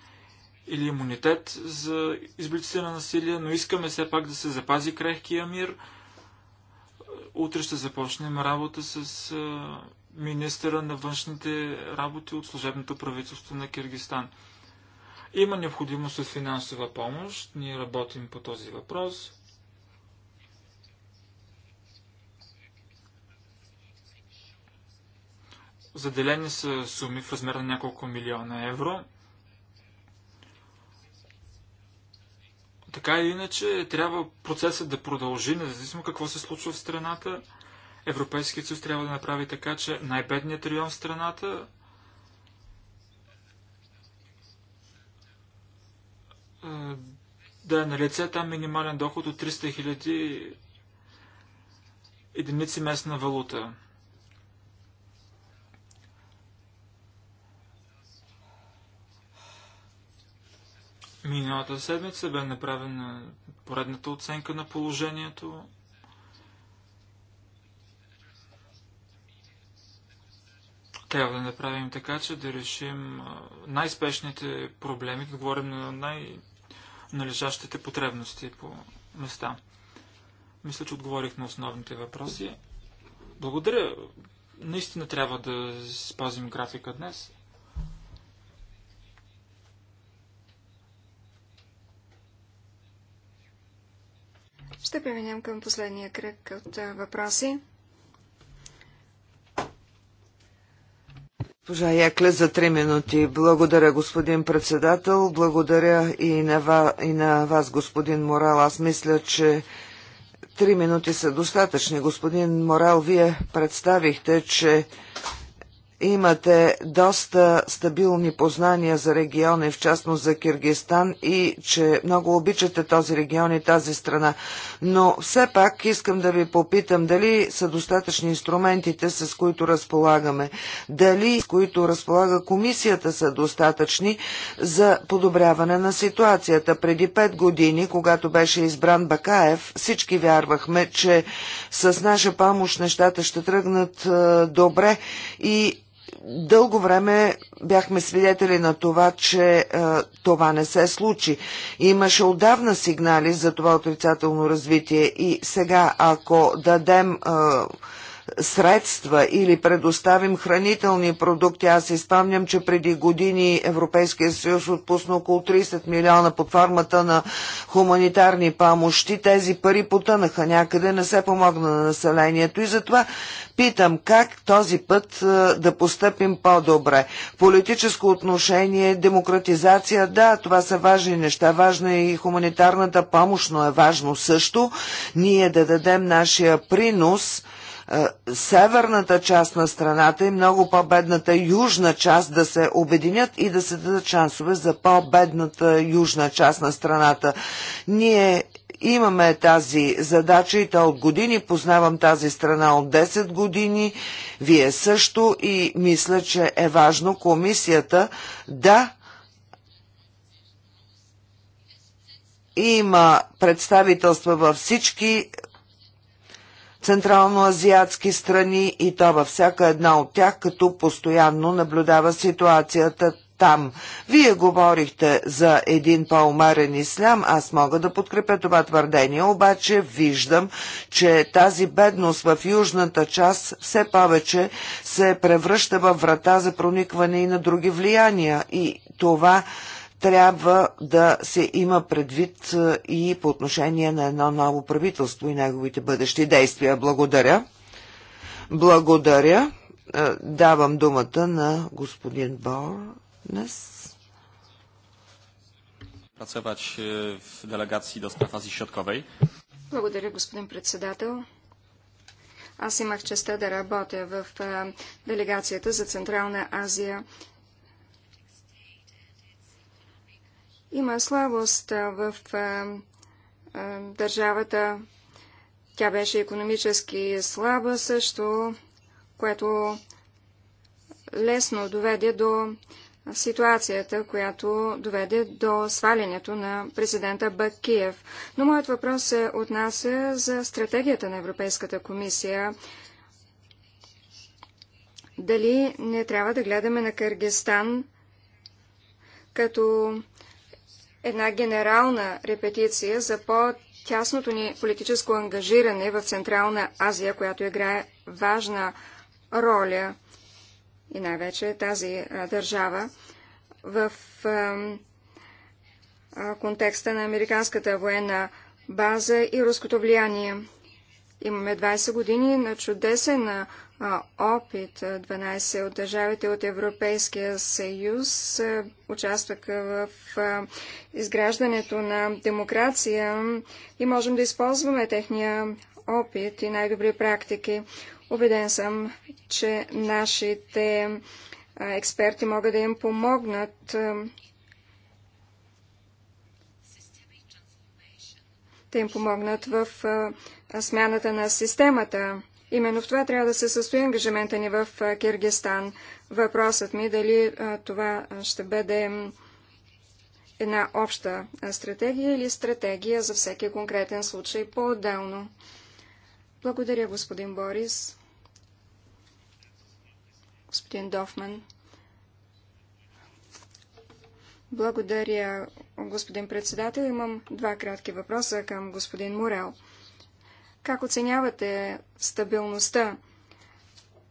D: или имунитет за изблиците на насилие, но искаме все пак да се запази крехкия мир. Утре ще започнем работа с министъра на външните работи от служебното правителство на Киргистан. Има необходимост от финансова помощ. Ние работим по този въпрос. Заделени са суми в размер на няколко милиона евро. Така или иначе, трябва процесът да продължи, независимо какво се случва в страната. Европейският съюз трябва да направи така, че най-бедният район в страната е, да е на лице там минимален доход от 300 000 единици местна валута. Миналата седмица бе направена поредната оценка на положението. Трябва да направим така, че да решим най-спешните проблеми, да говорим на най-належащите потребности по места. Мисля, че отговорих на основните въпроси. Благодаря. Наистина трябва да спазим графика днес.
B: Ще преминем към последния кръг от въпроси.
C: Госпожа Якле за три минути. Благодаря, господин председател. Благодаря и на, ва, и на вас, господин Морал. Аз мисля, че три минути са достатъчни. Господин Морал, вие представихте, че имате доста стабилни познания за региона и в частност за Киргистан и че много обичате този регион и тази страна. Но все пак искам да ви попитам дали са достатъчни инструментите, с които разполагаме. Дали с които разполага комисията са достатъчни за подобряване на ситуацията. Преди пет години, когато беше избран Бакаев, всички вярвахме, че с наша помощ нещата ще тръгнат добре и дълго време бяхме свидетели на това, че е, това не се случи. Имаше отдавна сигнали за това отрицателно развитие и сега, ако дадем е, средства или предоставим хранителни продукти. Аз си спомням, че преди години Европейския съюз отпусна около 30 милиона под формата на хуманитарни помощи. Тези пари потънаха някъде, не се помогна на населението и затова питам как този път е, да постъпим по-добре. Политическо отношение, демократизация, да, това са важни неща. Важна е и хуманитарната помощ, но е важно също ние да дадем нашия принос – е, северната част на страната и много по-бедната южна част да се обединят и да се дадат шансове за по-бедната южна част на страната. Ние имаме тази задача и то от години. Познавам тази страна от 10 години. Вие също и мисля, че е важно комисията да има представителства във всички централноазиатски страни и то във всяка една от тях, като постоянно наблюдава ситуацията там. Вие говорихте за един по-умерен ислям, аз мога да подкрепя това твърдение, обаче виждам, че тази бедност в южната част все повече се превръща в врата за проникване и на други влияния и това трябва да се има предвид е, и по отношение на едно ново правителство и неговите бъдещи действия. Благодаря. Благодаря. Е, давам думата на господин Борнес.
B: Працевач
D: в делегации до spraw Azji Środkowej.
B: Благодаря, господин председател. Аз имах честа да работя в е, делегацията за Централна Азия Има слабост в държавата. Тя беше економически слаба също, което лесно доведе до ситуацията, която доведе до свалянето на президента Бакиев. Но моят въпрос се отнася за стратегията на Европейската комисия. Дали не трябва да гледаме на Кыргызстан като една генерална репетиция за по-тясното ни политическо ангажиране в Централна Азия, която играе важна роля и най-вече тази държава в контекста на американската военна база и руското влияние. Имаме 20 години на чудесен опит. 12 от държавите от Европейския съюз участваха в изграждането на демокрация и можем да използваме техния опит и най-добри практики. Обеден съм, че нашите експерти могат да им помогнат ще им помогнат в смяната на системата. Именно в това трябва да се състои ангажимента ни в Киргистан. Въпросът ми е дали това ще бъде една обща стратегия или стратегия за всеки конкретен случай по-отделно. Благодаря, господин Борис. Господин Дофман. Благодаря, господин председател. Имам два кратки въпроса към господин Морел. Как оценявате стабилността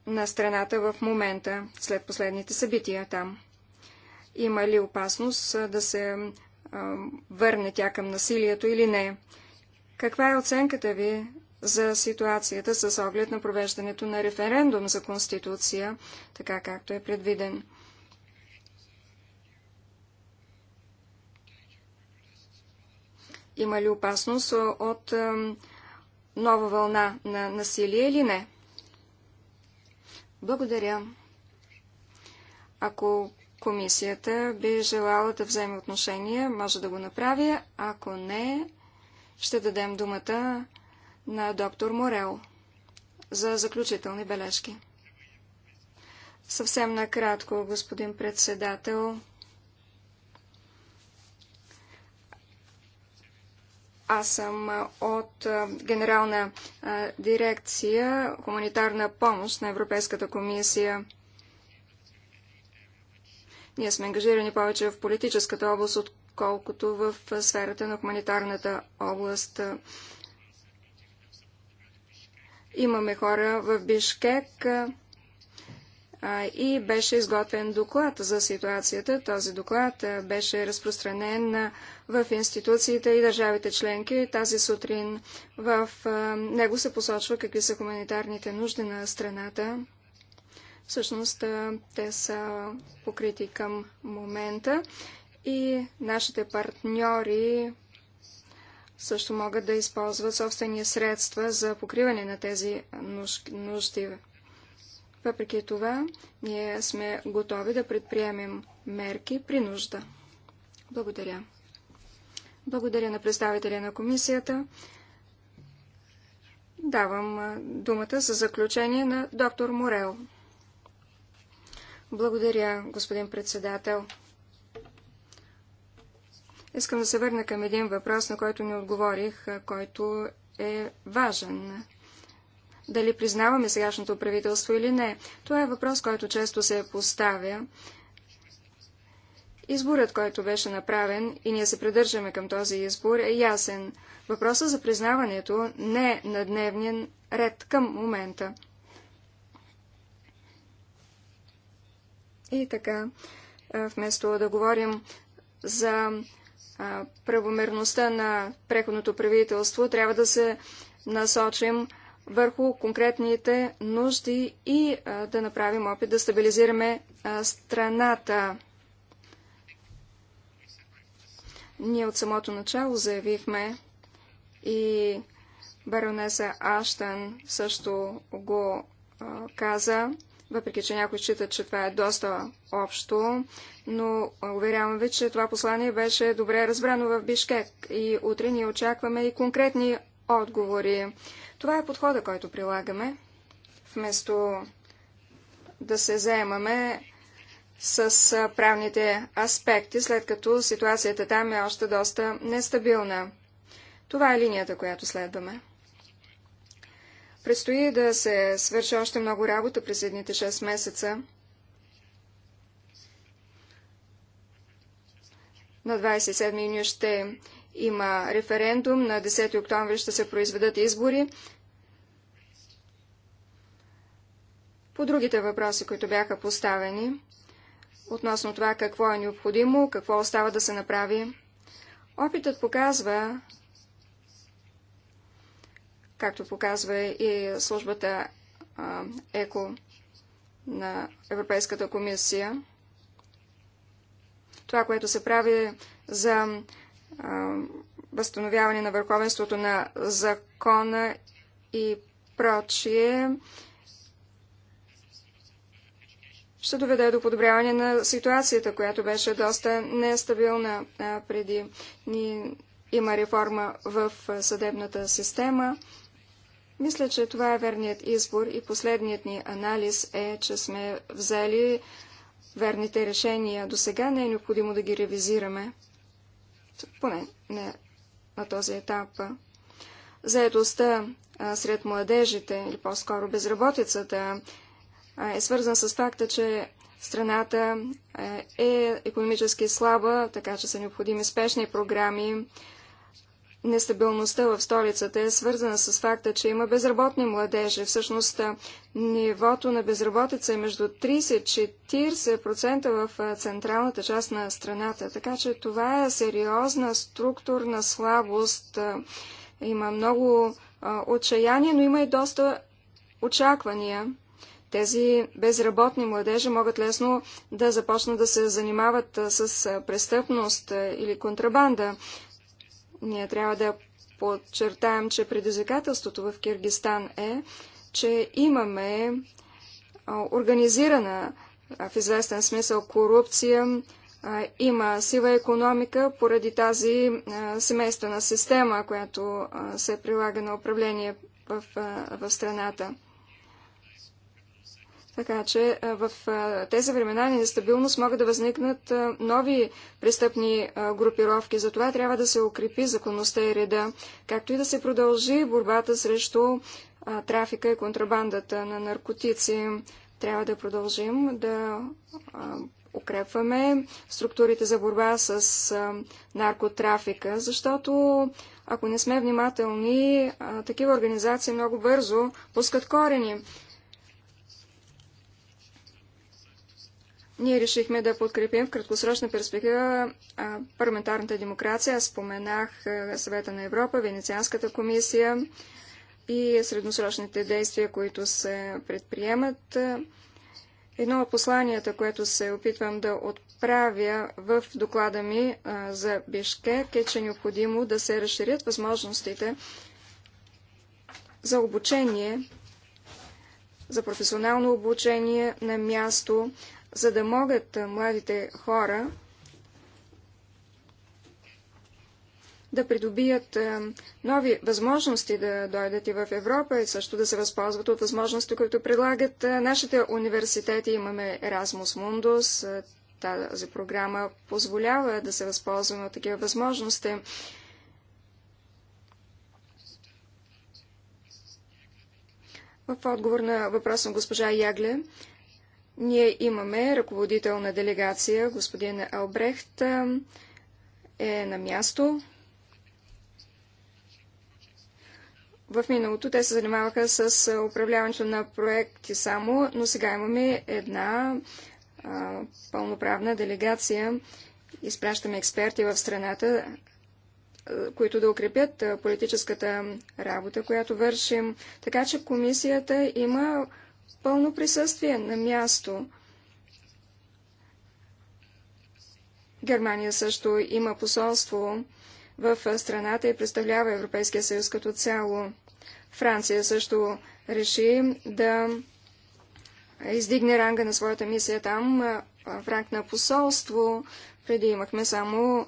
B: на страната в момента след последните събития там? Има ли опасност да се а, върне тя към насилието или не? Каква е оценката ви за ситуацията с оглед на провеждането на референдум за Конституция, така както е предвиден? има ли опасност от нова вълна на насилие или не. Благодаря. Ако комисията би желала да вземе отношение, може да го направи. Ако не, ще дадем думата на доктор Морел за заключителни бележки. Съвсем накратко, господин председател. Аз съм от Генерална дирекция Хуманитарна помощ на Европейската комисия. Ние сме ангажирани повече в политическата област, отколкото в сферата на хуманитарната област. Имаме хора в Бишкек, и беше изготвен доклад за ситуацията. Този доклад беше разпространен в институциите и държавите членки. Тази сутрин в него се посочва какви са хуманитарните нужди на страната. Всъщност те са покрити към момента и нашите партньори също могат да използват собствени средства за покриване на тези нужди въпреки това, ние сме готови да предприемем мерки при нужда. Благодаря. Благодаря на представителя на комисията. Давам думата за заключение на доктор Морел. Благодаря, господин председател. Искам да се върна към един въпрос, на който не отговорих, който е важен дали признаваме сегашното правителство или не. Това е въпрос, който често се поставя. Изборът, който беше направен, и ние се придържаме към този избор, е ясен. Въпросът за признаването не е на дневния ред към момента. И така, вместо да говорим за правомерността на преходното правителство, трябва да се насочим върху конкретните нужди и а, да направим опит да стабилизираме а, страната. Ние от самото начало заявихме и баронеса Аштън също го а, каза, въпреки че някои считат, че това е доста общо, но уверявам ви, че това послание беше добре разбрано в Бишкек и утре ние очакваме и конкретни отговори. Това е подхода, който прилагаме. Вместо да се заемаме с правните аспекти, след като ситуацията там е още доста нестабилна. Това е линията, която следваме. Предстои да се свърши още много работа през едните 6 месеца. На 27 юни ще има референдум, на 10 октомври ще се произведат избори. По другите въпроси, които бяха поставени, относно това какво е необходимо, какво остава да се направи, опитът показва, както показва и службата ЕКО на Европейската комисия, това, което се прави за възстановяване на върховенството на закона и прочие ще доведе до подобряване на ситуацията, която беше доста нестабилна преди. Ни има реформа в съдебната система. Мисля, че това е верният избор и последният ни анализ е, че сме взели верните решения. До сега не е необходимо да ги ревизираме поне не на този етап. Заедостта сред младежите, или по-скоро безработицата, е свързана с факта, че страната е економически слаба, така че са необходими спешни програми, Нестабилността в столицата е свързана с факта, че има безработни младежи. Всъщност нивото на безработица е между 30-40% в централната част на страната. Така че това е сериозна структурна слабост. Има много отчаяние, но има и доста очаквания. Тези безработни младежи могат лесно да започнат да се занимават с престъпност или контрабанда. Ние трябва да подчертаем, че предизвикателството в Киргистан е, че имаме организирана в известен смисъл корупция, има сива економика поради тази семействена система, която се прилага на управление в, в страната. Така че в тези времена на нестабилност могат да възникнат нови престъпни групировки. Затова трябва да се укрепи законността и реда, както и да се продължи борбата срещу трафика и контрабандата на наркотици. Трябва да продължим да укрепваме структурите за борба с наркотрафика, защото ако не сме внимателни, такива организации много бързо пускат корени. ние решихме да подкрепим в краткосрочна перспектива парламентарната демокрация. Аз споменах Съвета на Европа, Венецианската комисия и средносрочните действия, които се предприемат. Едно от посланията, което се опитвам да отправя в доклада ми за Бишкек е, че е необходимо да се разширят възможностите за обучение, за професионално обучение на място, за да могат младите хора да придобият нови възможности да дойдат и в Европа и също да се възползват от възможности, които предлагат нашите университети. Имаме Erasmus Mundus. Тази програма позволява да се възползваме от такива възможности. В отговор на въпрос на госпожа Ягле, ние имаме ръководител на делегация, господин Албрехт е на място. В миналото те се занимаваха с управляването на проекти само, но сега имаме една а, пълноправна делегация. Изпращаме експерти в страната, които да укрепят политическата работа, която вършим. Така че комисията има пълно присъствие на място. Германия също има посолство в страната и представлява Европейския съюз като цяло. Франция също реши да издигне ранга на своята мисия там в ранг на посолство. Преди имахме само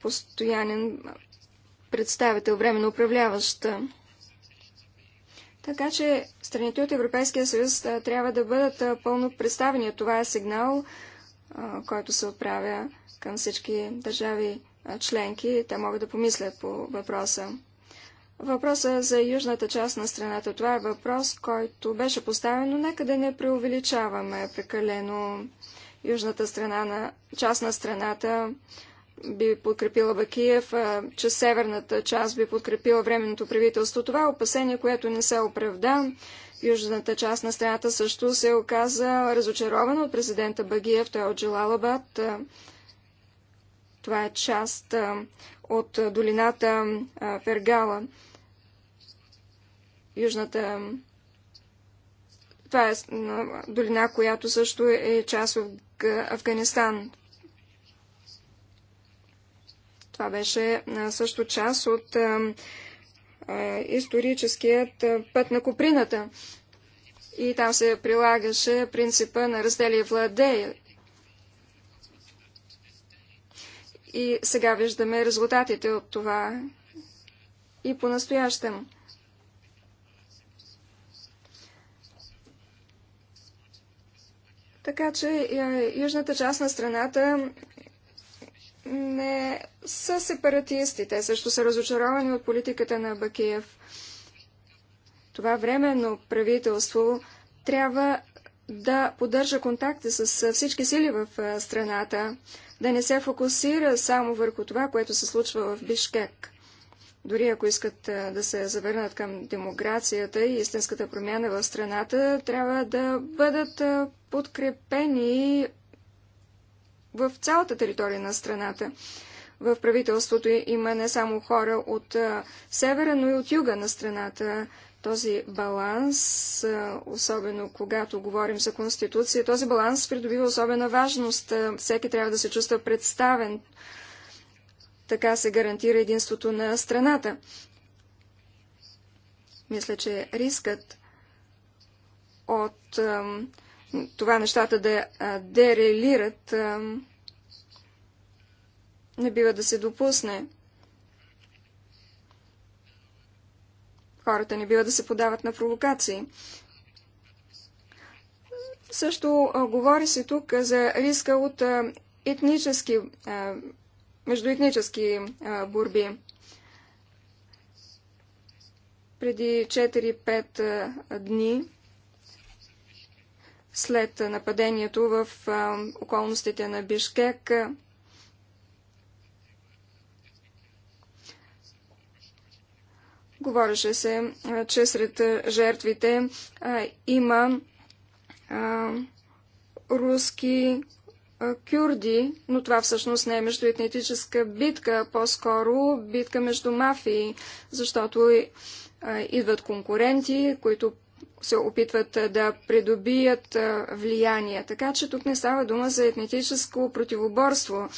B: постоянен представител, временно управляваща. Така че страните от Европейския съюз трябва да бъдат пълно представени. Това е сигнал, който се отправя към всички държави членки. Те могат да помислят по въпроса. Въпроса за южната част на страната. Това е въпрос, който беше поставен, но нека да не преувеличаваме прекалено южната страна на част на страната би подкрепила Бакиев, че северната част би подкрепила временното правителство. Това е опасение, което не се оправда. Южната част на страната също се оказа разочарована от президента Багиев. Той е от Джалалабад. Това е част от долината Фергала. Южната това е долина, която също е част от Афганистан. Това беше също част от историческият път на Куприната. И там се прилагаше принципа на раздели и владея. И сега виждаме резултатите от това и по-настоящем. Така че е, южната част на страната не са сепаратисти. Те също са разочаровани от политиката на Бакиев. Това временно правителство трябва да поддържа контакти с всички сили в страната, да не се фокусира само върху това, което се случва в Бишкек. Дори ако искат да се завърнат към демокрацията и истинската промяна в страната, трябва да бъдат подкрепени в цялата територия на страната. В правителството има не само хора от севера, но и от юга на страната. Този баланс, особено когато говорим за Конституция, този баланс придобива особена важност. Всеки трябва да се чувства представен. Така се гарантира единството на страната. Мисля, че рискът от това нещата да дерелират, не бива да се допусне. Хората не бива да се подават на провокации. Също говори се тук за риска от етнически, междуетнически борби. Преди 4-5 дни след нападението в околностите на Бишкек. Говореше се, че сред жертвите има руски кюрди, но това всъщност не е междуетнетическа битка, по-скоро битка между мафии, защото идват конкуренти, които се опитват да придобият влияние. Така че тук не става дума за етническо противоборство,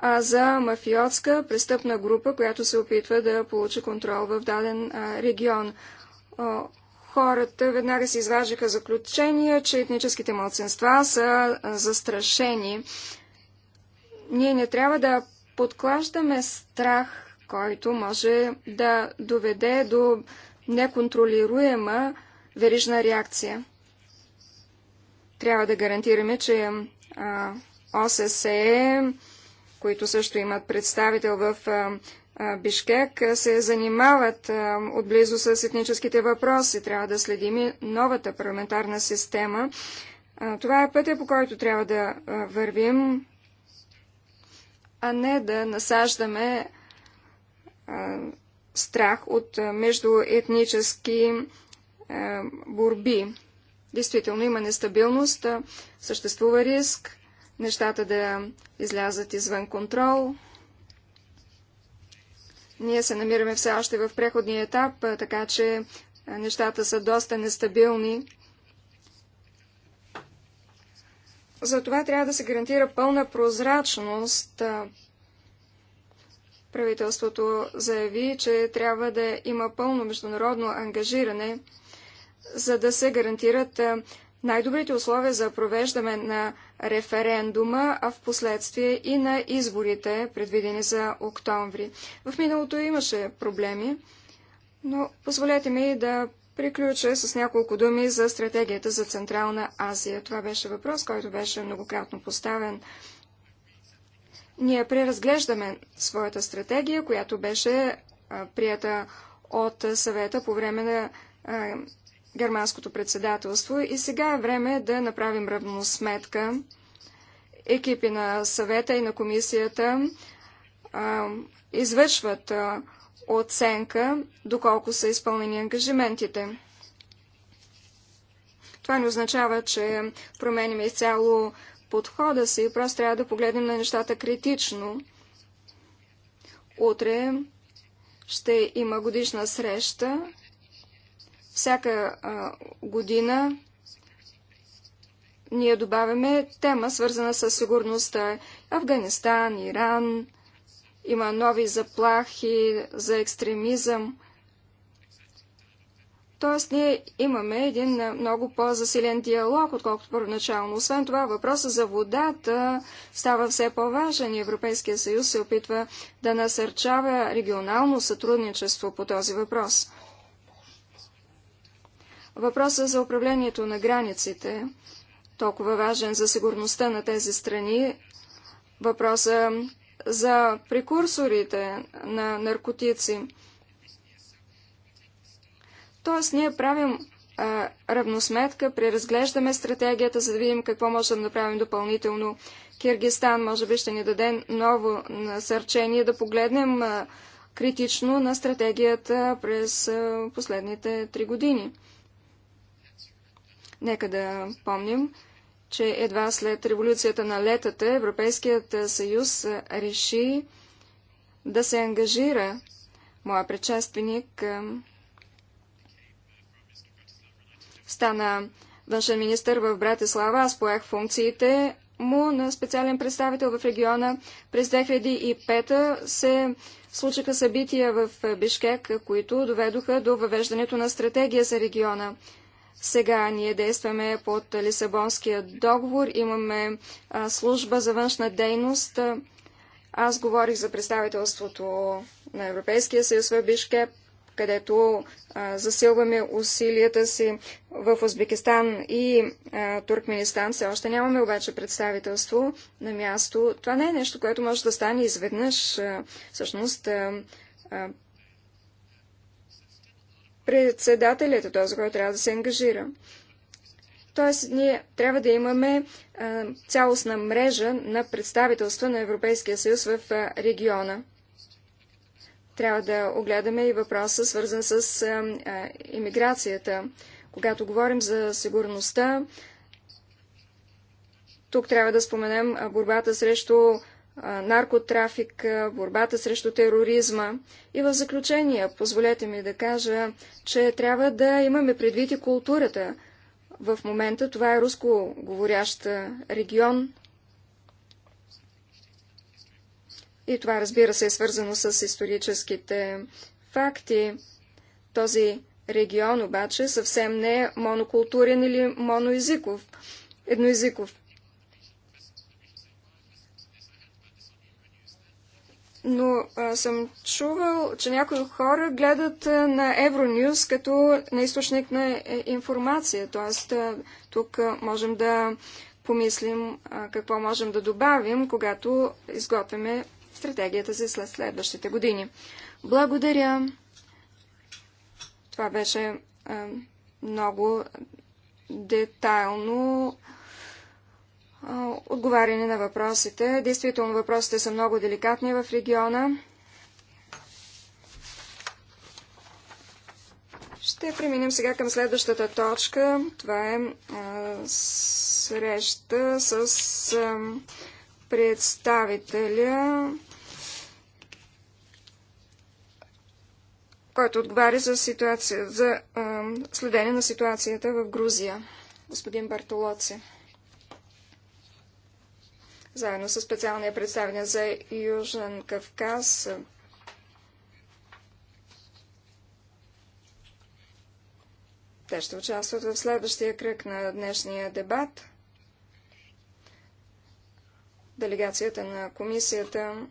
B: а за мафиотска престъпна група, която се опитва да получи контрол в даден регион. Хората веднага се изважиха заключения, че етническите младсенства са застрашени. Ние не трябва да подклаждаме страх, който може да доведе до неконтролируема верижна реакция. Трябва да гарантираме, че ОССЕ, които също имат представител в Бишкек, се занимават отблизо с етническите въпроси. Трябва да следим и новата парламентарна система. Това е пътя, по който трябва да вървим, а не да насаждаме страх от междуетнически етнически е, борби. Действително има нестабилност, съществува риск, нещата да излязат извън контрол. Ние се намираме все още в преходния етап, така че нещата са доста нестабилни. Затова трябва да се гарантира пълна прозрачност. Правителството заяви, че трябва да има пълно международно ангажиране за да се гарантират най-добрите условия за провеждане на референдума, а в последствие и на изборите, предвидени за октомври. В миналото имаше проблеми, но позволете ми да приключа с няколко думи за стратегията за Централна Азия. Това беше въпрос, който беше многократно поставен. Ние преразглеждаме своята стратегия, която беше прията от съвета по време на германското председателство и сега е време да направим равносметка. Екипи на съвета и на комисията а, извършват а, оценка, доколко са изпълнени ангажиментите. Това не означава, че променим изцяло подхода си, просто трябва да погледнем на нещата критично. Утре ще има годишна среща всяка а, година ние добавяме тема, свързана с сигурността. Афганистан, Иран, има нови заплахи за екстремизъм. Тоест ние имаме един много по-засилен диалог, отколкото първоначално. Освен това, въпросът за водата става все по-важен и Европейския съюз се опитва да насърчава регионално сътрудничество по този въпрос. Въпросът за управлението на границите, толкова важен за сигурността на тези страни, въпроса за прекурсорите на наркотици. Тоест, ние правим а, равносметка, преразглеждаме стратегията, за да видим какво можем да направим допълнително. Киргистан може би ще ни даде ново насърчение да погледнем а, критично на стратегията през а, последните три години. Нека да помним, че едва след революцията на летата Европейският съюз реши да се ангажира. Моя предшественик стана външен министр в Братислава. Аз поех функциите му на специален представител в региона. През 2005 се случиха събития в Бишкек, които доведоха до въвеждането на стратегия за региона. Сега ние действаме под Лисабонския договор, имаме а, служба за външна дейност. Аз говорих за представителството на Европейския съюз в Бишкеп, където а, засилваме усилията си в Узбекистан и а, Туркменистан. Все още нямаме обаче представителство на място. Това не е нещо, което може да стане изведнъж. А, всъщност, а, председателят е този, който трябва да се ангажира. Тоест, ние трябва да имаме а, цялостна мрежа на представителства на Европейския съюз в а, региона. Трябва да огледаме и въпроса, свързан с а, иммиграцията. Когато говорим за сигурността, тук трябва да споменем борбата срещу наркотрафик, борбата срещу тероризма. И в заключение, позволете ми да кажа, че трябва да имаме предвид и културата. В момента това е руско говорящ регион. И това, разбира се, е свързано с историческите факти. Този регион обаче съвсем не е монокултурен или моноизиков едноизиков. но а, съм чувал, че някои хора гледат а, на Евронюс като на източник на е, информация. Тоест, а, тук а, можем да помислим а, какво можем да добавим, когато изготвяме стратегията си след следващите години. Благодаря. Това беше а, много детайлно отговаряне на въпросите. Действително въпросите са много деликатни в региона. Ще преминем сега към следващата точка. Това е а, среща с а, представителя, който отговаря за, ситуация, за а, следение на ситуацията в Грузия, господин Бартолоци заедно с специалния представител за Южен Кавказ. Те ще участват в следващия кръг на днешния дебат. Делегацията на Комисията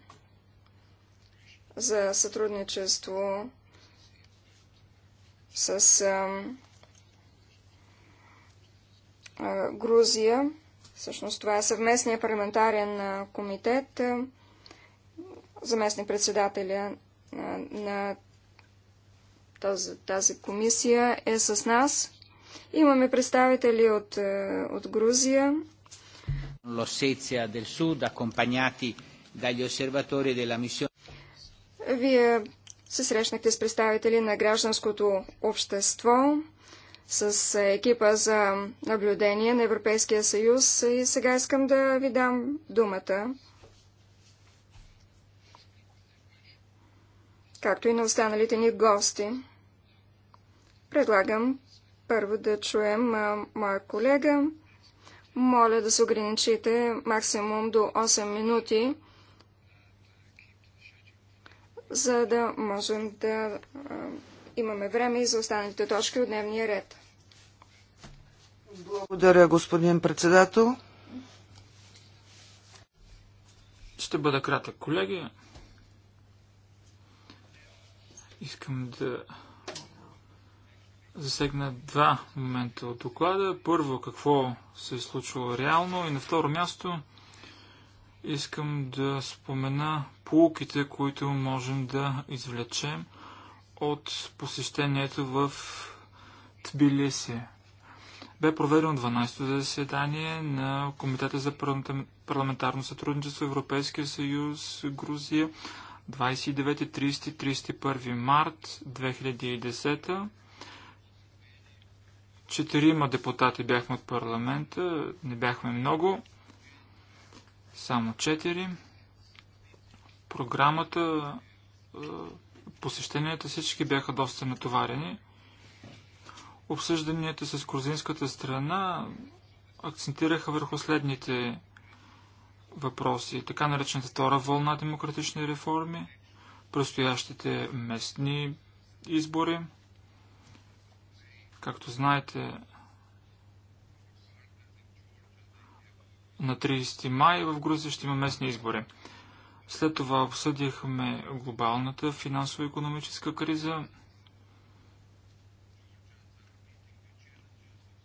B: за сътрудничество с Грузия Всъщност това е съвместния парламентарен комитет, заместни председателя на тази, тази комисия е с нас. Имаме представители от, от Грузия. Вие се срещнахте с представители на гражданското общество с е, екипа за наблюдение на Европейския съюз и сега искам да ви дам думата. както и на останалите ни гости. Предлагам първо да чуем моя колега. Моля да се ограничите максимум до 8 минути, за да можем да имаме време и за останалите точки от дневния ред.
C: Благодаря, господин председател.
D: Ще бъда кратък, колеги. Искам да засегна два момента от доклада. Първо, какво се е случило реално и на второ място искам да спомена полуките, които можем да извлечем – от посещението в Тбилиси. Бе проведено 12-то заседание на Комитета за парламентарно сътрудничество Европейския съюз Грузия 29-30-31 март 2010 Четирима депутати бяхме от парламента, не бяхме много, само четири. Програмата посещенията всички бяха доста натоварени. Обсъжданията с грузинската страна акцентираха върху следните въпроси. Така наречената втора вълна демократични реформи, предстоящите местни избори. Както знаете, на 30 май в Грузия ще има местни избори. След това обсъдихме глобалната финансово-економическа криза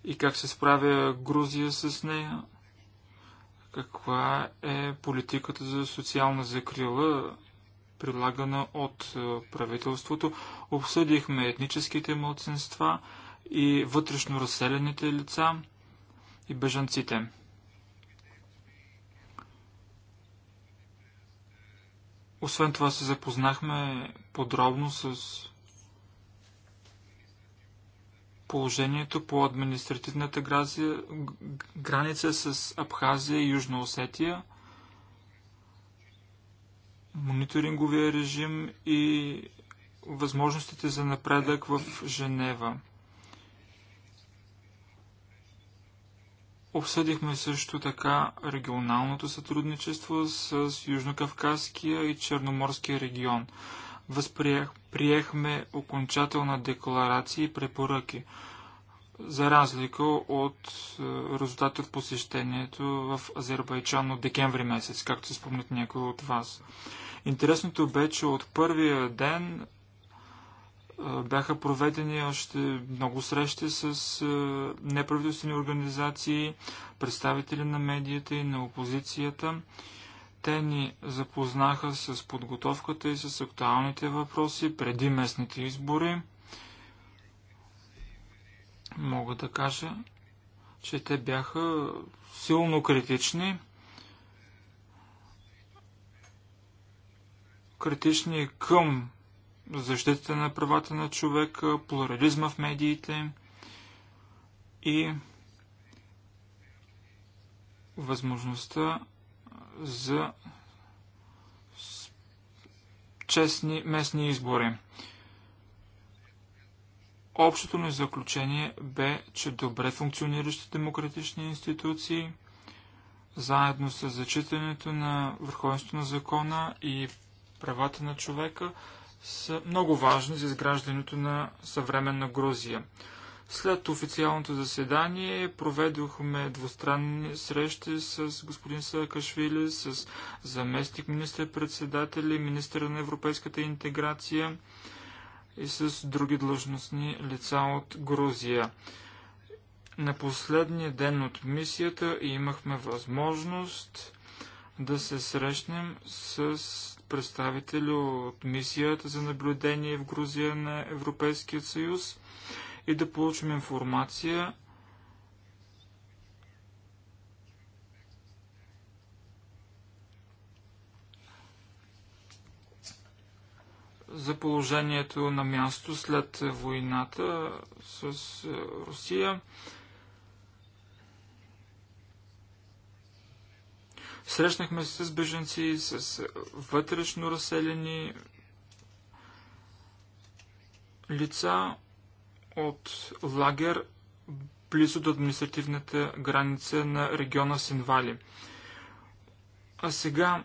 D: и как се справя Грузия с нея, каква е политиката за социална закрила, прилагана от е, правителството. Обсъдихме етническите младсенства и вътрешно разселените лица и бежанците. Освен това се запознахме подробно с положението по административната граница с Абхазия и Южна Осетия, мониторинговия режим и възможностите за напредък в Женева. Обсъдихме също така регионалното сътрудничество с Южнокавказския и Черноморския регион. Възприехме окончателна декларация и препоръки, за разлика от е, резултати от посещението в Азербайджан от декември месец, както се спомнят някои от вас. Интересното бе, че от първия ден бяха проведени още много срещи с неправителствени организации, представители на медията и на опозицията. Те ни запознаха с подготовката и с актуалните въпроси преди местните избори. Мога да кажа, че те бяха силно критични. Критични към защитата на правата на човека, плурализма в медиите и възможността за честни местни избори. Общото ни заключение бе, че добре функциониращи демократични институции, заедно с зачитането на върховенството на закона и правата на човека, са много важни за изграждането на съвременна Грузия. След официалното заседание проведохме двустранни срещи с господин Саакашвили, с заместник министър-председатели, министър на европейската интеграция и с други длъжностни лица от Грузия. На последния ден от мисията имахме възможност да се срещнем с представители от мисията за наблюдение в Грузия на Европейския съюз и да получим информация за положението на място след войната с е, Русия. Срещнахме се с беженци, с вътрешно разселени лица от лагер близо до административната граница на региона Синвали. А сега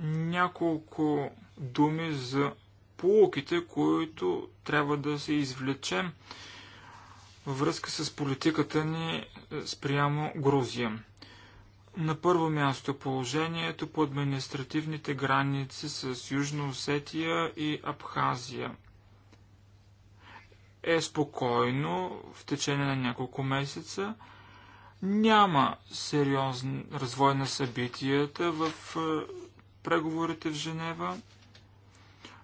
D: няколко думи за полуките, които трябва да се извлечем във връзка с политиката ни спрямо Грузия. На първо място положението по административните граници с Южна Осетия и Абхазия е спокойно в течение на няколко месеца. Няма сериозен развой на събитията в е, преговорите в Женева,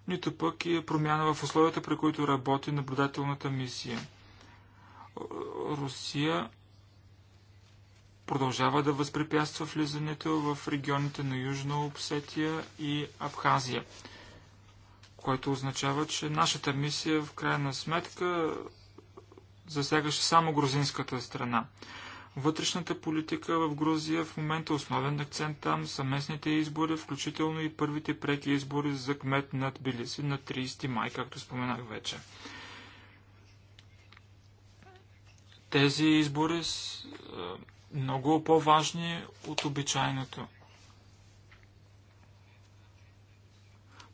D: нито пък и промяна в условията, при които работи наблюдателната мисия. Русия продължава да възпрепятства влизането в регионите на Южна Обсетия и Абхазия, което означава, че нашата мисия в крайна сметка засягаше само грузинската страна. Вътрешната политика в Грузия в момента е основен акцент там са местните избори, включително и първите преки избори за кмет на Тбилиси на 30 май, както споменах вече. Тези избори е, много по-важни от обичайното.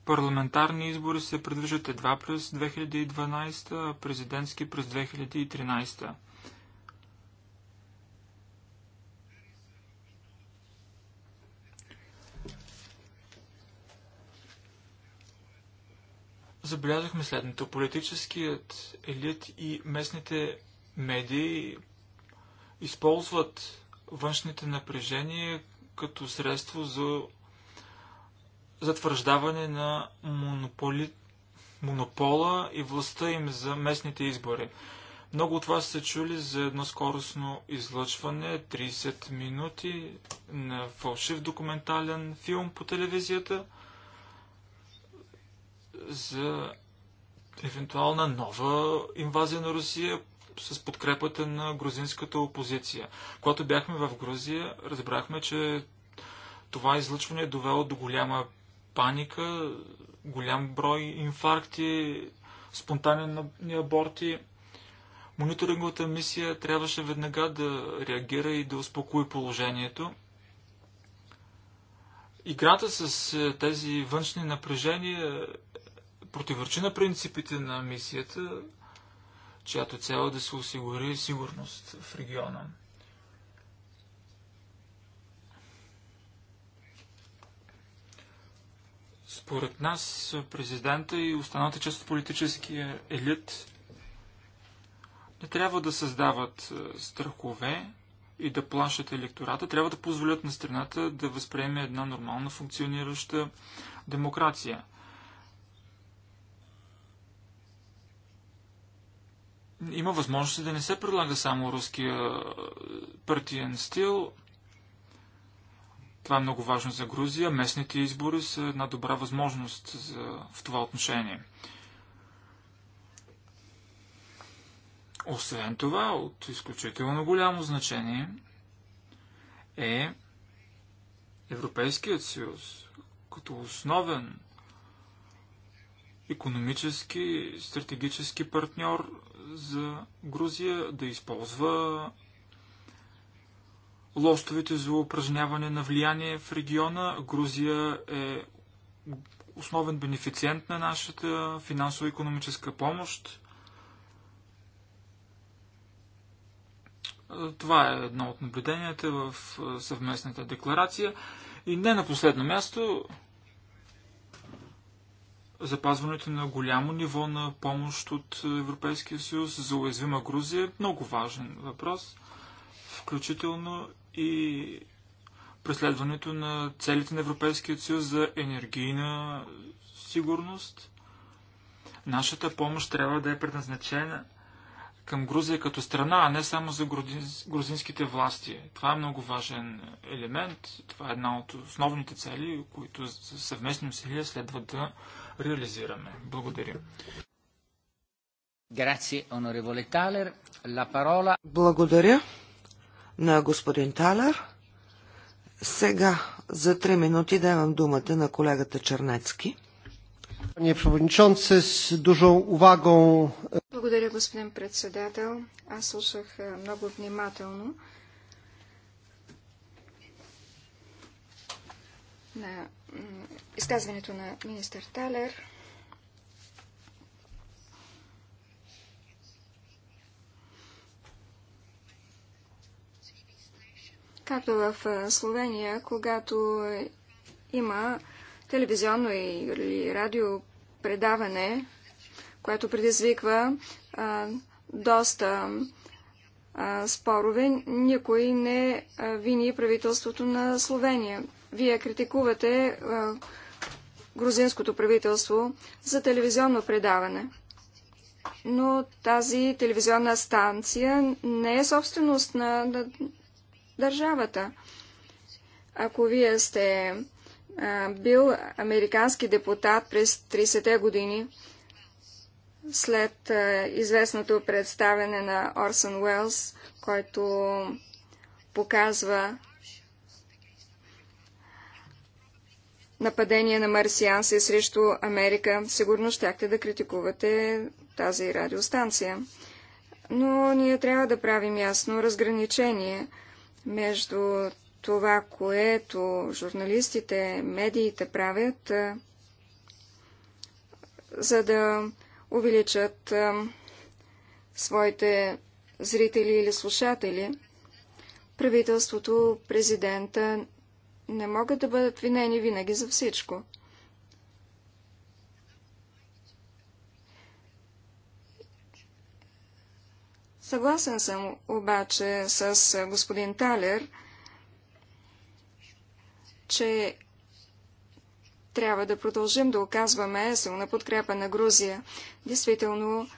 D: Парламентарни избори се предвижат едва през 2012, а президентски през 2013. Забелязахме следното. Политическият елит и местните медии използват външните напрежения като средство за затвърждаване на монополи... монопола и властта им за местните избори. Много от вас са чули за едно скоростно излъчване, 30 минути на фалшив документален филм по телевизията за евентуална нова инвазия на Русия с подкрепата на грузинската опозиция. Когато бяхме в Грузия, разбрахме, че това излъчване е довело до голяма паника, голям брой инфаркти, спонтанни аборти. Мониторинговата мисия трябваше веднага да реагира и да успокои положението. Играта с е, тези външни напрежения противоречи на принципите на мисията, чиято цел е да се осигури сигурност в региона. Според нас президента и останалата част от политическия елит не трябва да създават е, страхове и да плашат електората, трябва да позволят на страната да възприеме една нормална функционираща демокрация – има възможности да не се предлага само руския партиен стил. Това е много важно за Грузия. Местните избори са една добра възможност за, в това отношение. Освен това, от изключително голямо значение е Европейският съюз като основен економически, стратегически партньор за Грузия, да използва лостовете за упражняване на влияние в региона. Грузия е основен бенефициент на нашата финансово-економическа помощ. Това е едно от наблюденията в съвместната декларация. И не на последно място, запазването на голямо ниво на помощ от Европейския съюз за уязвима Грузия е много важен въпрос, включително и преследването на целите на Европейския съюз за енергийна сигурност. Нашата помощ трябва да е предназначена към Грузия като страна, а не само за грузинските власти. Това е много важен елемент. Това е една от основните цели, които съвместни усилия следва да реализираме.
A: Благодаря.
C: Благодаря на господин Талер. Сега за три минути давам думата на колегата Чернецки. Е,
B: Благодаря, господин председател. Аз слушах е, много внимателно на изказването на министър Талер. Както в Словения, когато има телевизионно или радио предаване, което предизвиква а, доста а, спорове, никой не вини правителството на Словения. Вие критикувате а, е, грузинското правителство за телевизионно предаване. Но тази телевизионна станция не е собственост на, на държавата. Ако вие сте а, е, бил американски депутат през 30-те години, след а, е, известното представене на Орсън Уелс, който показва Нападение на марсианци срещу Америка. Сигурно щяхте да критикувате тази радиостанция. Но ние трябва да правим ясно разграничение между това, което журналистите, медиите правят, за да увеличат своите зрители или слушатели. Правителството, президента не могат да бъдат винени винаги за всичко. Съгласен съм обаче с господин Талер, че трябва да продължим да оказваме силна подкрепа на Грузия. Действително,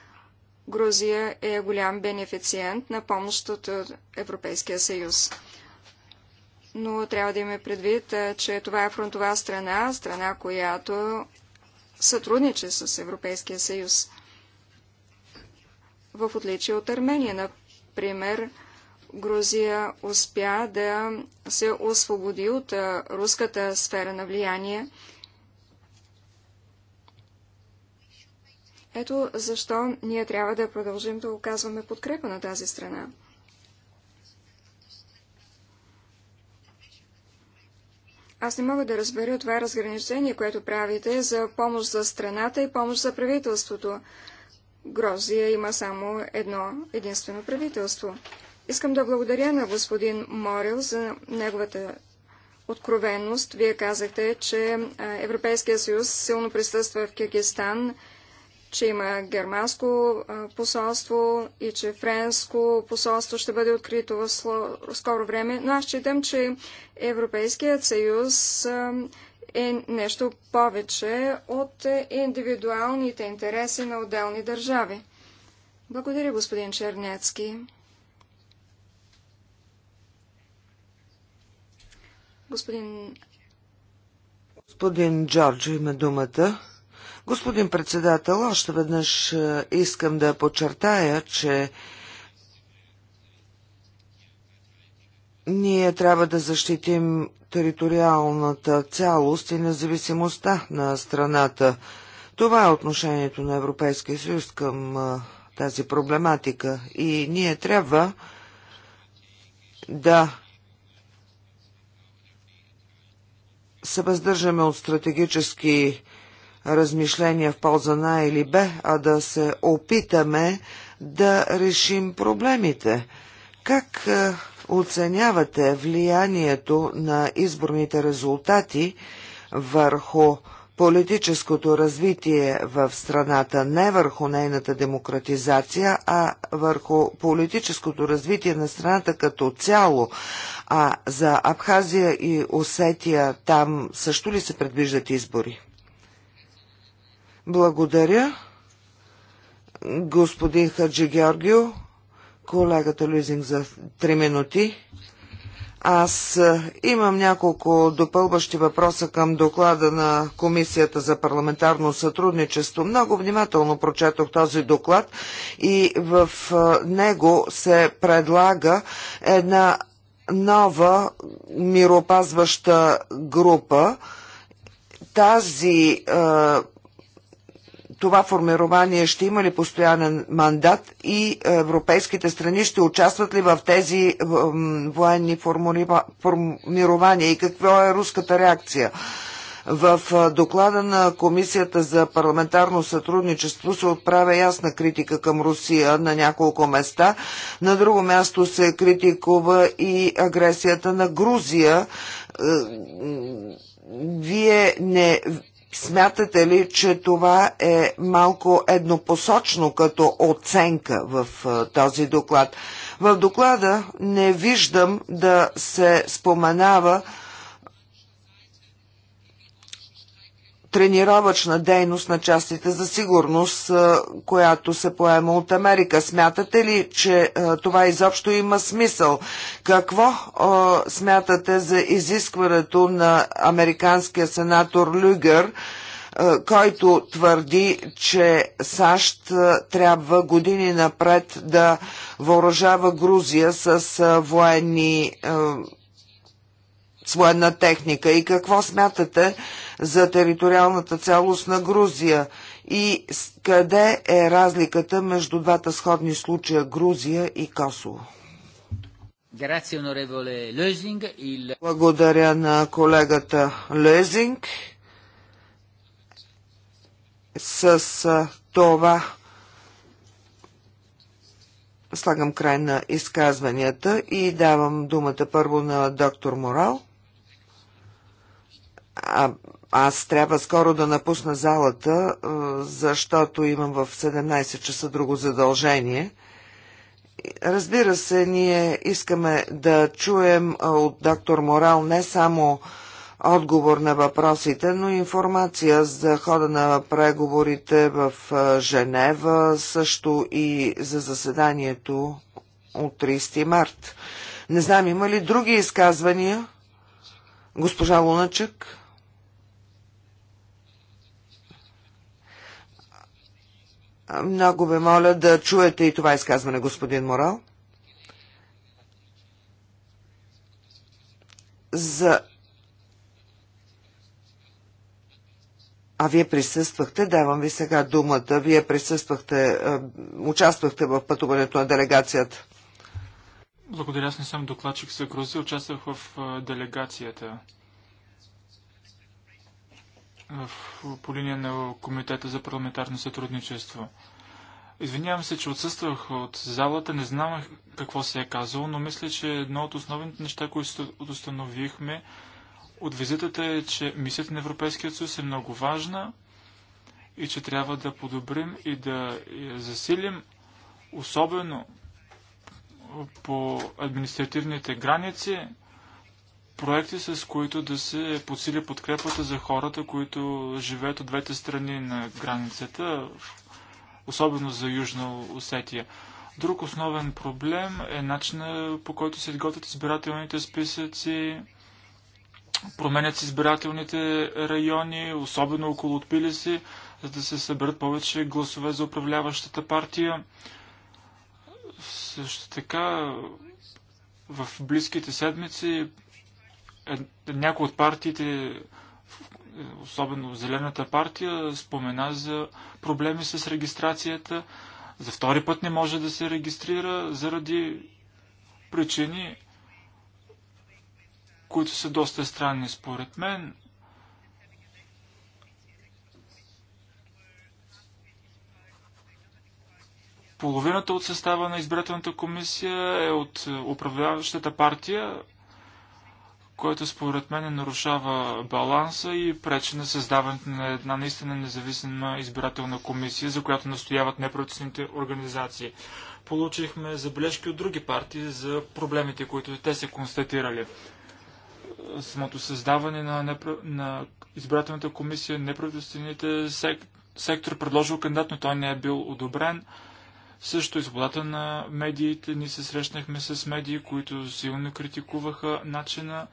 B: Грузия е голям бенефициент на помощ от Европейския съюз но трябва да имаме предвид, че това е фронтова страна, страна, която сътрудничи с Европейския съюз. В отличие от Армения, например, Грузия успя да се освободи от руската сфера на влияние. Ето защо ние трябва да продължим да оказваме подкрепа на тази страна. Аз не мога да разбера това разграничение, което правите за помощ за страната и помощ за правителството. Грозия има само едно единствено правителство. Искам да благодаря на господин Морил за неговата откровенност. Вие казахте, че Европейския съюз силно присъства в Киргистан че има германско посолство и че френско посолство ще бъде открито в скоро време, но аз считам, че Европейският съюз е нещо повече от индивидуалните интереси на отделни държави. Благодаря, господин Чернецки. Господин...
C: Господин Джорджо има думата. Господин председател, още веднъж е, искам да подчертая, че ние трябва да защитим териториалната цялост и независимостта на страната. Това е отношението на Европейския съюз към е, тази проблематика и ние трябва да се въздържаме от стратегически размишления в полза на А или Б, а да се опитаме да решим проблемите. Как е, оценявате влиянието на изборните резултати върху политическото развитие в страната, не върху нейната демократизация, а върху политическото развитие на страната като цяло. А за Абхазия и Осетия там също ли се предвиждат избори? Благодаря. Господин Хаджи Георгио, колегата Люзинг за 3 минути. Аз е, имам няколко допълващи въпроса към доклада на Комисията за парламентарно сътрудничество. Много внимателно прочетох този доклад и в е, него се предлага една нова миропазваща група. Тази е, това формирование ще има ли постоянен мандат и европейските страни ще участват ли в тези военни формирования и какво е руската реакция? В доклада на Комисията за парламентарно сътрудничество се отправя ясна критика към Русия на няколко места. На друго място се критикува и агресията на Грузия. Е, вие не Смятате ли, че това е малко еднопосочно като оценка в е, този доклад? В доклада не виждам да се споменава тренировъчна дейност на частите за сигурност, която се поема от Америка. Смятате ли, че това изобщо има смисъл? Какво смятате за изискването на американския сенатор Люгер, който твърди, че САЩ трябва години напред да въоръжава Грузия с военни с военна техника и какво смятате за териториалната цялост на Грузия и къде е разликата между двата сходни случая Грузия и Косово? Благодаря на колегата Лезинг. С това слагам край на изказванията и давам думата първо на доктор Морал. А, аз трябва скоро да напусна залата, защото имам в 17 часа друго задължение. Разбира се, ние искаме да чуем от доктор Морал не само отговор на въпросите, но информация за хода на преговорите в Женева, също и за заседанието от 30 март. Не знам, има ли други изказвания? Госпожа Луначък? Много ви моля да чуете и това изказване, господин Морал. За... А вие присъствахте, давам ви сега думата, вие присъствахте, участвахте в пътуването на делегацията.
D: Благодаря, аз не съм докладчик за Грузия, участвах в делегацията в, по линия на Комитета за парламентарно сътрудничество. Извинявам се, че отсъствах от залата, не знам какво се е казало, но мисля, че едно от основните неща, които установихме от визитата е, че мисията на Европейския съюз е много важна и че трябва да подобрим и да я засилим, особено по административните граници, проекти, с които да се подсили подкрепата за хората, които живеят от двете страни на границата, особено за Южна Осетия. Друг основен проблем е начина по който се изготвят избирателните списъци, променят избирателните райони, особено около отпилиси, за да се съберат повече гласове за управляващата партия. Също така в близките седмици е, някои от партиите, е, особено Зелената партия, спомена за проблеми с регистрацията. За втори път не може да се регистрира заради причини, които са доста странни според мен. Половината от състава на избирателната комисия е от управляващата партия, което според мен нарушава баланса и пречи на създаването на една наистина независима избирателна комисия, за която настояват неправителствените организации. Получихме забележки от други партии за проблемите, които те са констатирали. Самото създаване на, непр... на избирателната комисия, неправителствените сек... сектор предложил кандидат, но той не е бил одобрен. Също и свободата на медиите. Ние се срещнахме с медии, които силно критикуваха начина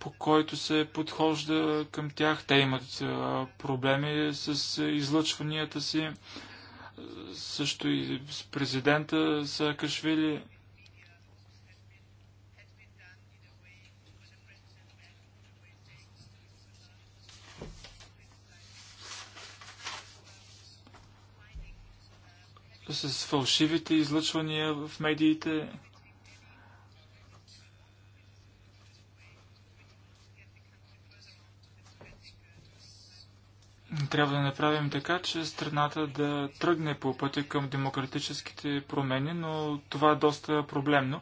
D: по който се подхожда към тях. Те имат проблеми с излъчванията си. Също и с президента Саакашвили. с фалшивите излъчвания в медиите. Трябва да направим така, че страната да тръгне по пътя към демократическите промени, но това е доста проблемно.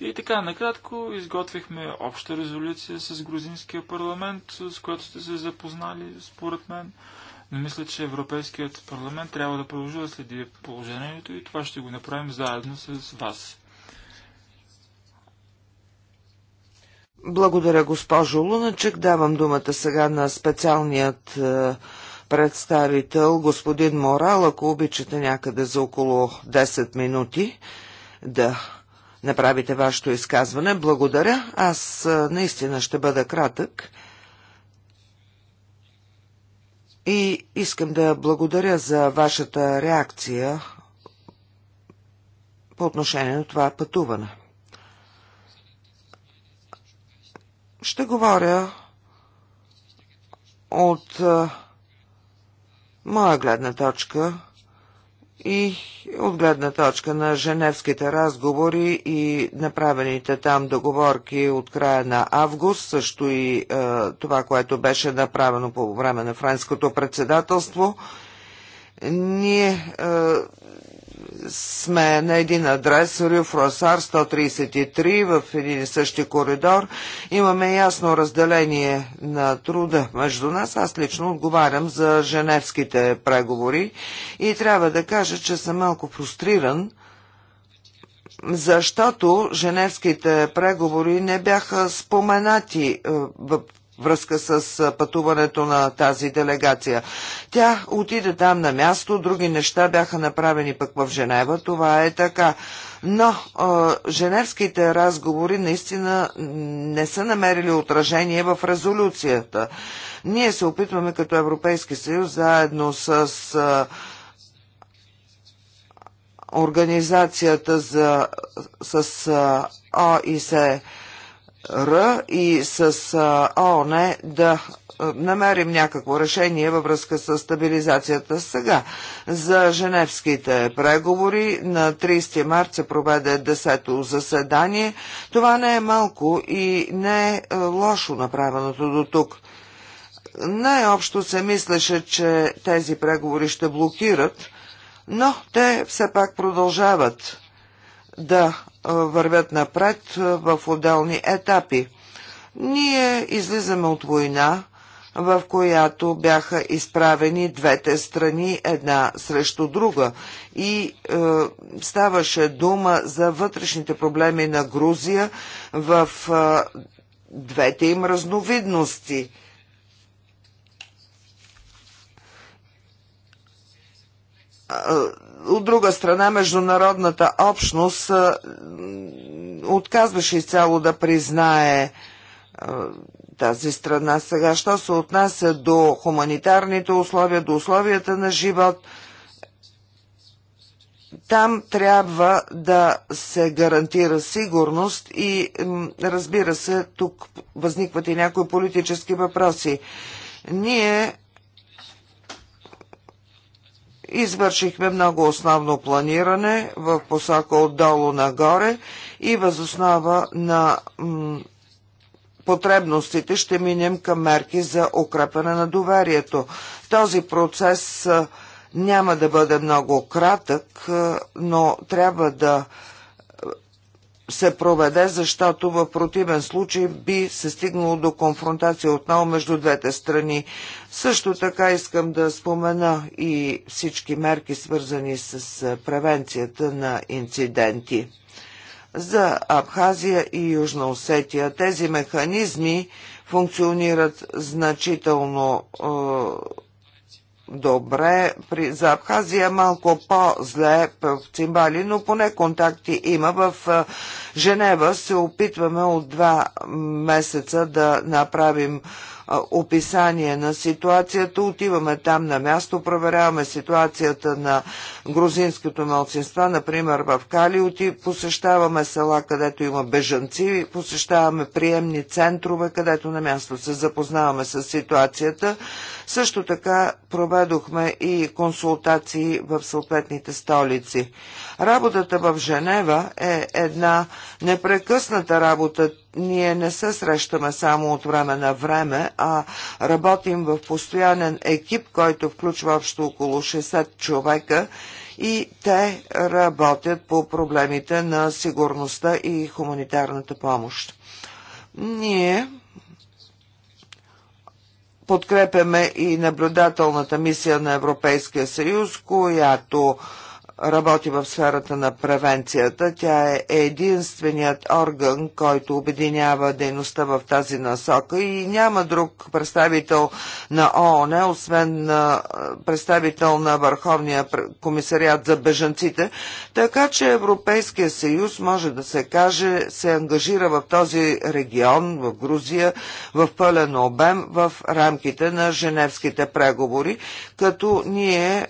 D: И така, накратко изготвихме обща резолюция с грузинския парламент, с която сте се запознали, според мен но мисля, че Европейският парламент трябва да продължи да следи положението и това ще го направим заедно с вас.
C: Благодаря, госпожо Луначек. Давам думата сега на специалният е, представител, господин Морал, ако обичате някъде за около 10 минути да направите вашето изказване. Благодаря. Аз е, наистина ще бъда кратък. И искам да благодаря за вашата реакция по отношение на това пътуване. Ще говоря от моя гледна точка – и от гледна точка на женевските разговори и направените там договорки от края на август, също и е, това, което беше направено по време на френското председателство, ние е, сме на един адрес Рю Фросар 133 в един и същи коридор. Имаме ясно разделение на труда между нас. Аз лично отговарям за женевските преговори и трябва да кажа, че съм малко фрустриран, защото женевските преговори не бяха споменати е, в връзка с пътуването на тази делегация. Тя отиде там на място, други неща бяха направени пък в Женева, това е така. Но е, женевските разговори наистина не са намерили отражение в резолюцията. Ние се опитваме като Европейски съюз заедно с е, организацията за, с Е. ОИСЕ Р и с ООН е, да намерим някакво решение във връзка с стабилизацията сега. За женевските преговори на 30 март се проведе 10-то заседание. Това не е малко и не е лошо направеното до тук. Най-общо се мислеше, че тези преговори ще блокират, но те все пак продължават да вървят напред в отделни етапи. Ние излизаме от война, в която бяха изправени двете страни една срещу друга. И е, ставаше дума за вътрешните проблеми на Грузия в е, двете им разновидности – от друга страна, международната общност отказваше изцяло да признае тази страна. Сега, що се отнася до хуманитарните условия, до условията на живот, там трябва да се гарантира сигурност и разбира се, тук възникват и някои политически въпроси. Ние Извършихме много основно планиране в посока отдолу нагоре и възоснова на потребностите ще минем към мерки за укрепване на доверието. Този процес няма да бъде много кратък, но трябва да се проведе, защото в противен случай би се стигнало до конфронтация отново между двете страни. Също така искам да спомена и всички мерки, свързани с превенцията на инциденти. За Абхазия и Южна Осетия тези механизми функционират значително добре, при, за Абхазия е малко по-зле в цимбали, но поне контакти има. В Женева се опитваме от два месеца да направим описание на ситуацията. Отиваме там на място, проверяваме ситуацията на грузинското мълцинство, например в Калиоти, посещаваме села, където има бежанци, посещаваме приемни центрове, където на място се запознаваме с ситуацията. Също така проведохме и консултации в съответните столици. Работата в Женева е една непрекъсната работа. Ние не се срещаме само от време на време, а работим в постоянен екип, който включва общо около 60 човека и те работят по проблемите на сигурността и хуманитарната помощ. Ние подкрепяме и наблюдателната мисия на Европейския съюз, която работи в сферата на превенцията. Тя е единственият орган, който обединява дейността в тази насока и няма друг представител на ООН, освен на представител на Върховния комисариат за бежанците. Така че Европейския съюз може да се каже се ангажира в този регион, в Грузия, в пълен обем в рамките на женевските преговори, като ние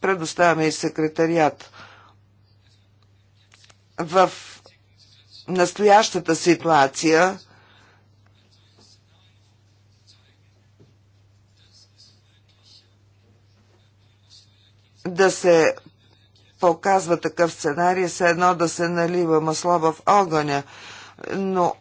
C: предоставяме и секретари период. В настоящата ситуация да се показва такъв сценарий, все едно да се налива масло в огъня. Но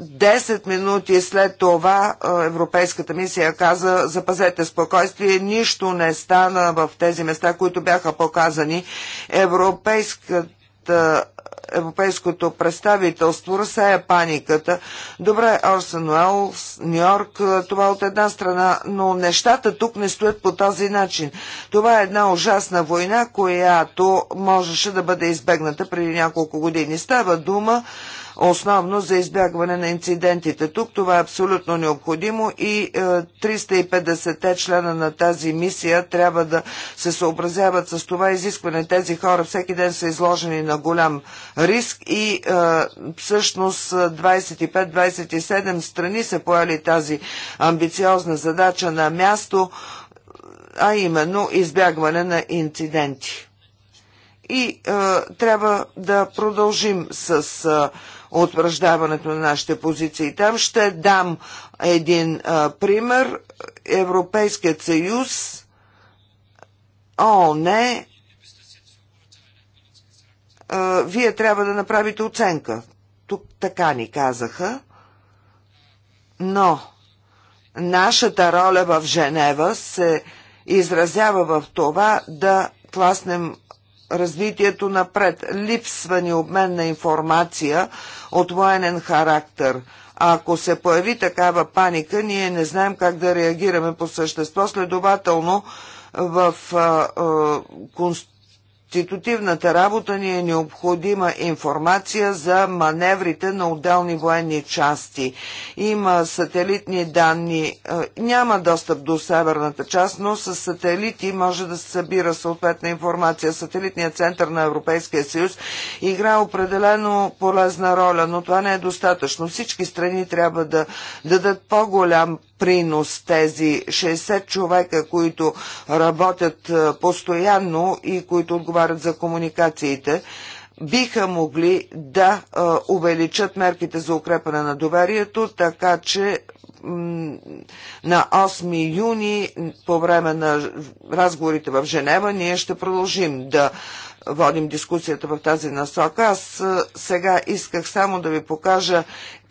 C: 10 минути след това Европейската мисия каза запазете спокойствие, нищо не стана в тези места, които бяха показани. Европейската Европейското представителство разсея паниката. Добре, Орсен Уелс, Нью-Йорк, това от една страна, но нещата тук не стоят по този начин. Това е една ужасна война, която можеше да бъде избегната преди няколко години. Става дума основно за избягване на инцидентите. Тук това е абсолютно необходимо и 350-те е, члена на тази мисия трябва да се съобразяват с това изискване. Тези хора всеки ден са изложени на голям риск и е, всъщност 25-27 е, страни са поели тази амбициозна задача на място, а именно избягване на инциденти и е, трябва да продължим с е, утвърждаването на нашите позиции там. Ще дам един а, пример. Европейският съюз, О, не, а, вие трябва да направите оценка. Тук така ни казаха. Но нашата роля в Женева се изразява в това да тласнем развитието напред. Липсва ни обмен на информация от военен характер. А ако се появи такава паника, ние не знаем как да реагираме по същество. Следователно, в а, а, конст конститутивната работа ни е необходима информация за маневрите на отделни военни части. Има сателитни данни. Е, няма достъп до северната част, но с сателити може да се събира съответна информация. Сателитният център на Европейския съюз играе определено полезна роля, но това не е достатъчно. Всички страни трябва да дадат по-голям принос тези 60 човека, които работят е, постоянно и които отговарят за комуникациите, биха могли да е, увеличат мерките за укрепане на доверието, така че на 8 юни по време на разговорите в Женева ние ще продължим да водим дискусията в тази насока. Аз е, сега исках само да ви покажа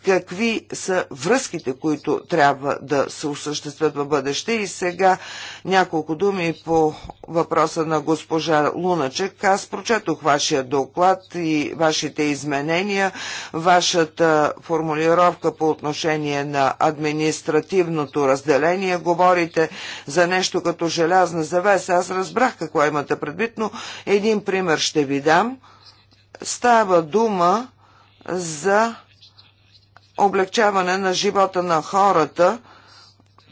C: какви са връзките, които трябва да се осъществят в бъдеще. И сега няколко думи по въпроса на госпожа Луначек. Аз прочетох вашия доклад и вашите изменения, вашата формулировка по отношение на административното разделение. Говорите за нещо като желязна завеса. Аз разбрах какво имате предвид, но един пример ще ви дам. Става дума за облегчаване на живота на хората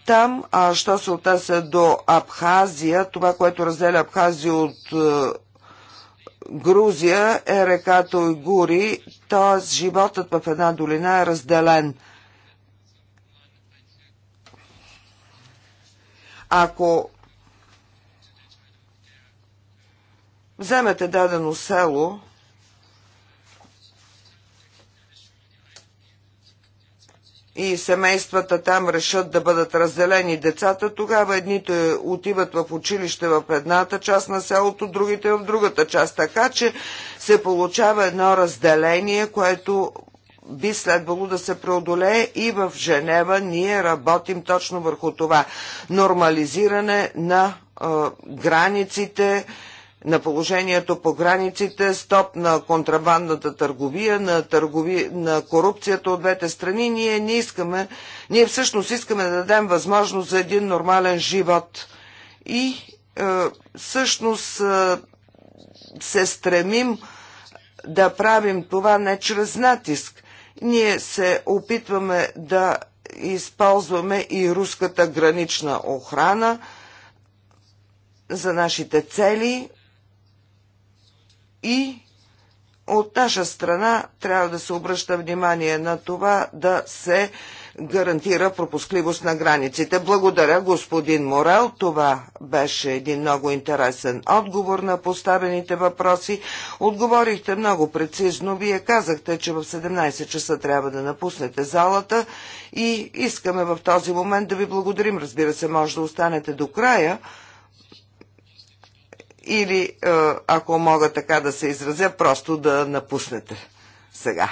C: там, а що се отнася до Абхазия, това, което разделя Абхазия от е, Грузия е реката Уйгури, т.е. животът в една долина е разделен. Ако вземете дадено село, и семействата там решат да бъдат разделени децата, тогава едните отиват в училище в едната част на селото, другите в другата част. Така че се получава едно разделение, което би следвало да се преодолее и в Женева ние работим точно върху това. Нормализиране на е, границите, на положението по границите, стоп на контрабандната търговия, на, търгови, на корупцията от двете страни. Ние не искаме, ние всъщност искаме да дадем възможност за един нормален живот. И е, всъщност е, се стремим да правим това не чрез натиск. Ние се опитваме да използваме и руската гранична охрана за нашите цели, и от наша страна трябва да се обръща внимание на това да се гарантира пропускливост на границите. Благодаря, господин Морел. Това беше един много интересен отговор на поставените въпроси. Отговорихте много прецизно. Вие казахте, че в 17 часа трябва да напуснете залата и искаме в този момент да ви благодарим. Разбира се, може да останете до края или, е, ако мога така да се изразя, просто да напуснете сега.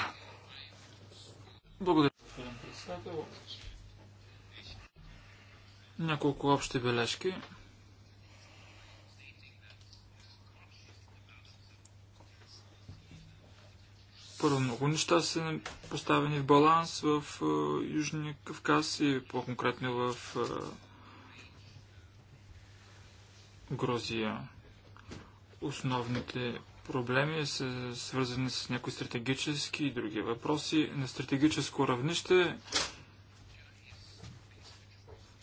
D: Благодаря, господин председател. Няколко общи бележки. Първо, много неща са поставени в баланс в е, Южния Кавказ и по-конкретно в е, Грузия. Основните проблеми са свързани с някои стратегически и други въпроси. На стратегическо равнище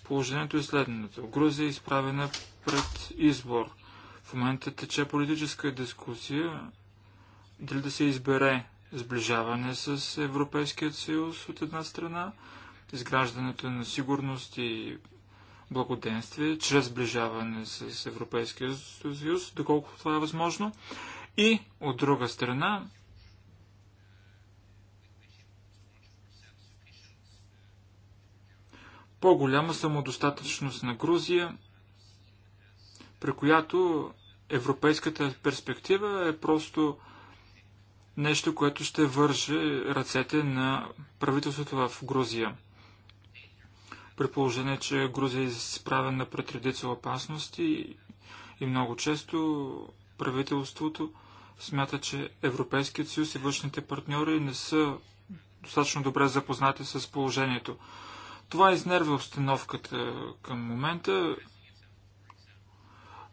D: положението е следното. Грузия е изправена пред избор. В момента тече политическа дискусия дали да се избере сближаване с Европейският съюз от една страна, изграждането на сигурност и благоденствие, чрез сближаване с Европейския съюз, доколкото това е възможно. И от друга страна, по-голяма самодостатъчност на Грузия, при която европейската перспектива е просто нещо, което ще върже ръцете на правителството в Грузия при положение, че Грузия е изправена пред редица опасности и много често правителството смята, че Европейският съюз и външните партньори не са достатъчно добре запознати с положението. Това изнерва обстановката към момента.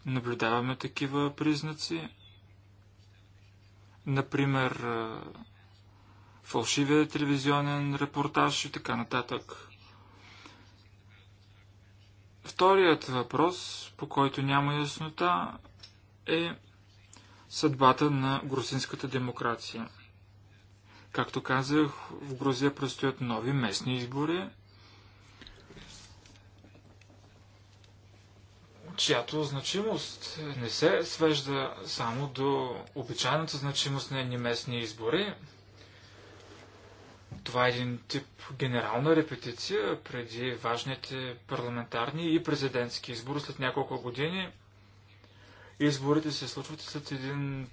D: Наблюдаваме такива признаци. Например, фалшивия телевизионен репортаж и така нататък. Вторият въпрос, по който няма яснота, е съдбата на грузинската демокрация. Както казах, в Грузия предстоят нови местни избори, чиято значимост не се свежда само до обичайната значимост на едни местни избори, това е един тип генерална репетиция преди важните парламентарни и президентски избори след няколко години. Изборите се случват след един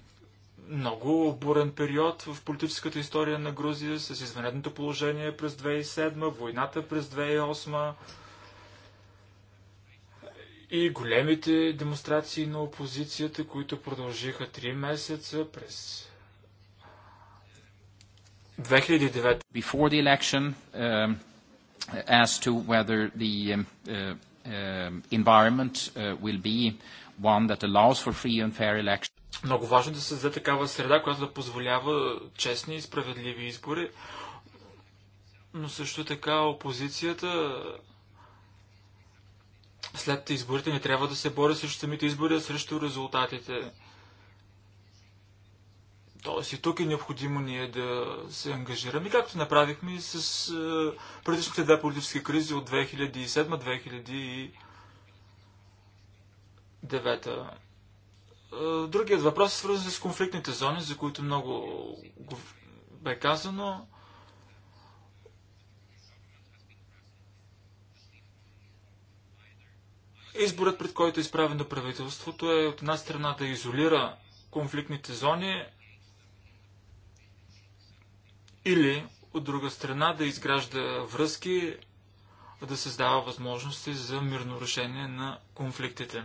D: много бурен период в политическата история на Грузия с извънредното положение през 2007, войната през 2008 и големите демонстрации на опозицията, които продължиха 3 месеца през
A: 2009 before the election um, as to whether the um, uh, uh, environment uh, will be one that allows for free and fair elections.
D: Много важно да се създаде такава среда, която да позволява честни и справедливи избори, но също така опозицията след изборите не трябва да се бори срещу самите избори, а срещу резултатите. Тоест и тук е необходимо ние да се ангажираме, както направихме и с е, предишните две политически кризи от 2007-2009. Е, другият въпрос е свързан с конфликтните зони, за които много бе казано. Изборът, пред който е изправено правителството е от една страна да изолира конфликтните зони, или от друга страна да изгражда връзки, да създава възможности за мирно решение на конфликтите.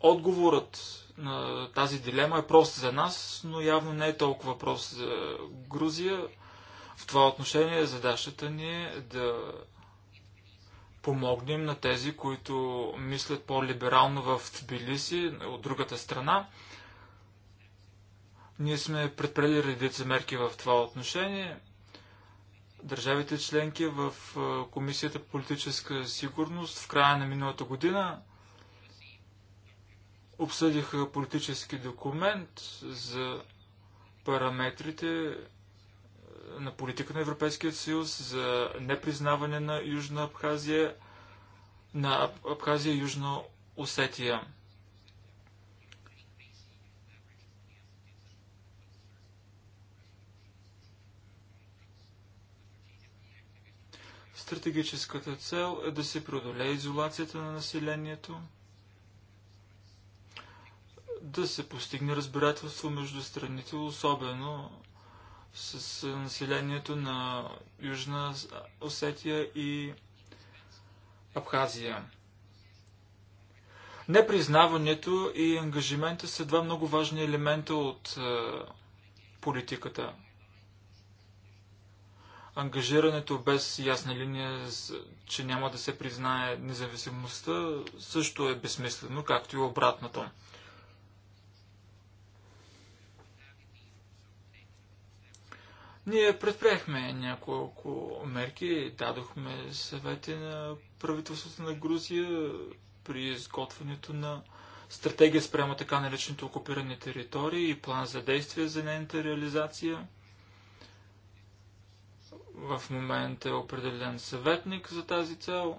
D: Отговорът на тази дилема е прост за нас, но явно не е толкова прост за Грузия. В това отношение задачата ни е да помогнем на тези, които мислят по-либерално в Тбилиси, от другата страна, ние сме предприели редица мерки в това отношение. Държавите членки в Комисията по политическа сигурност в края на миналата година обсъдиха политически документ за параметрите на политика на Европейския съюз за непризнаване на Южна Абхазия, на Абхазия и Южна Осетия. Стратегическата цел е да се преодолее изолацията на населението, да се постигне разбирателство между страните, особено с населението на Южна Осетия и Абхазия. Непризнаването и ангажимента са два много важни елемента от е, политиката Ангажирането без ясна линия, че няма да се признае независимостта, също е безсмислено, както и обратното. Ние предприехме няколко мерки, дадохме съвети на правителството на Грузия при изготвянето на стратегия спрямо така наречените окупирани територии и план за действие за нейната реализация – в момента е определен съветник за тази цел.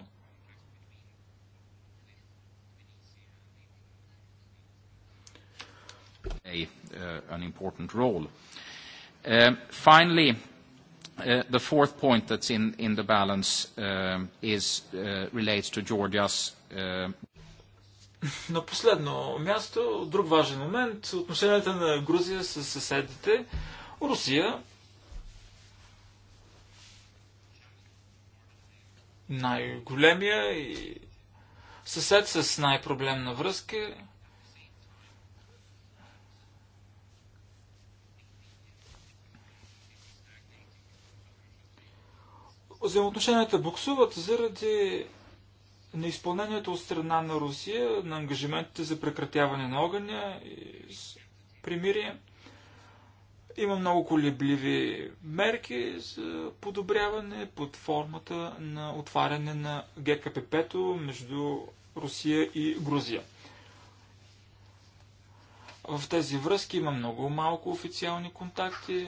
A: A, е, uh, е, an important role. Uh, finally, uh, the fourth point that's in, in the balance uh, is, uh, relates to Georgia's uh,
D: на последно място, друг важен момент, отношенията на Грузия с съседите, Русия. най-големия и съсед с най-проблемна връзка. Взаимоотношенията буксуват заради неизпълнението от страна на Русия на ангажиментите за прекратяване на огъня и примирие. Има много колебливи мерки за подобряване под формата на отваряне на ГКПП-то между Русия и Грузия. В тези връзки има много малко официални контакти,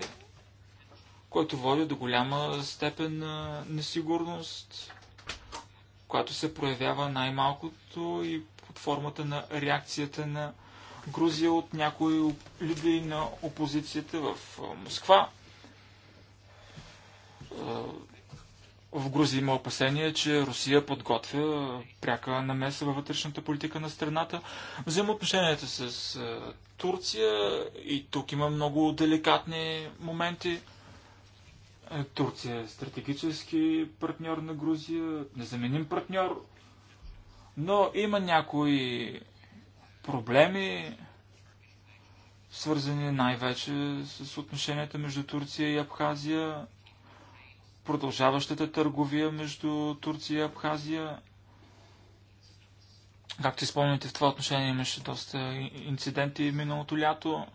D: което води до голяма степен на несигурност, която се проявява най-малкото и под формата на реакцията на Грузия от някои лидери на опозицията в Москва. В Грузия има опасение, че Русия подготвя пряка намеса във вътрешната политика на страната. Взаимоотношенията с Турция и тук има много деликатни моменти. Турция е стратегически партньор на Грузия, незаменим партньор, но има някои проблеми, свързани най-вече с отношенията между Турция и Абхазия, продължаващата търговия между Турция и Абхазия. Както изпомняте, в това отношение имаше доста инциденти миналото лято.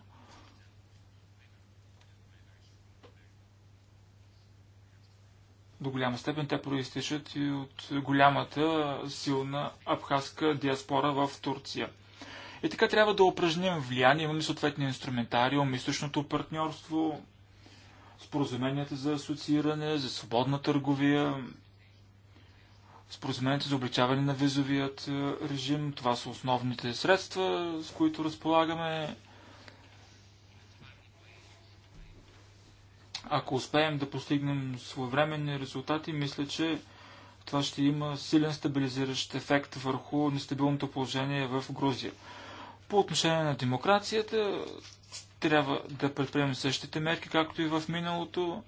D: До голяма степен те проистичат и от голямата силна абхазска диаспора в Турция. И така трябва да упражним влияние. Имаме съответния инструментариум, източното партньорство, споразуменията за асоцииране, за свободна търговия, споразуменията за обличаване на визовият е, режим. Това са основните средства, с които разполагаме. Ако успеем да постигнем своевременни резултати, мисля, че това ще има силен стабилизиращ ефект върху нестабилното положение в Грузия. По отношение на демокрацията, трябва да предприемем същите мерки, както и в миналото.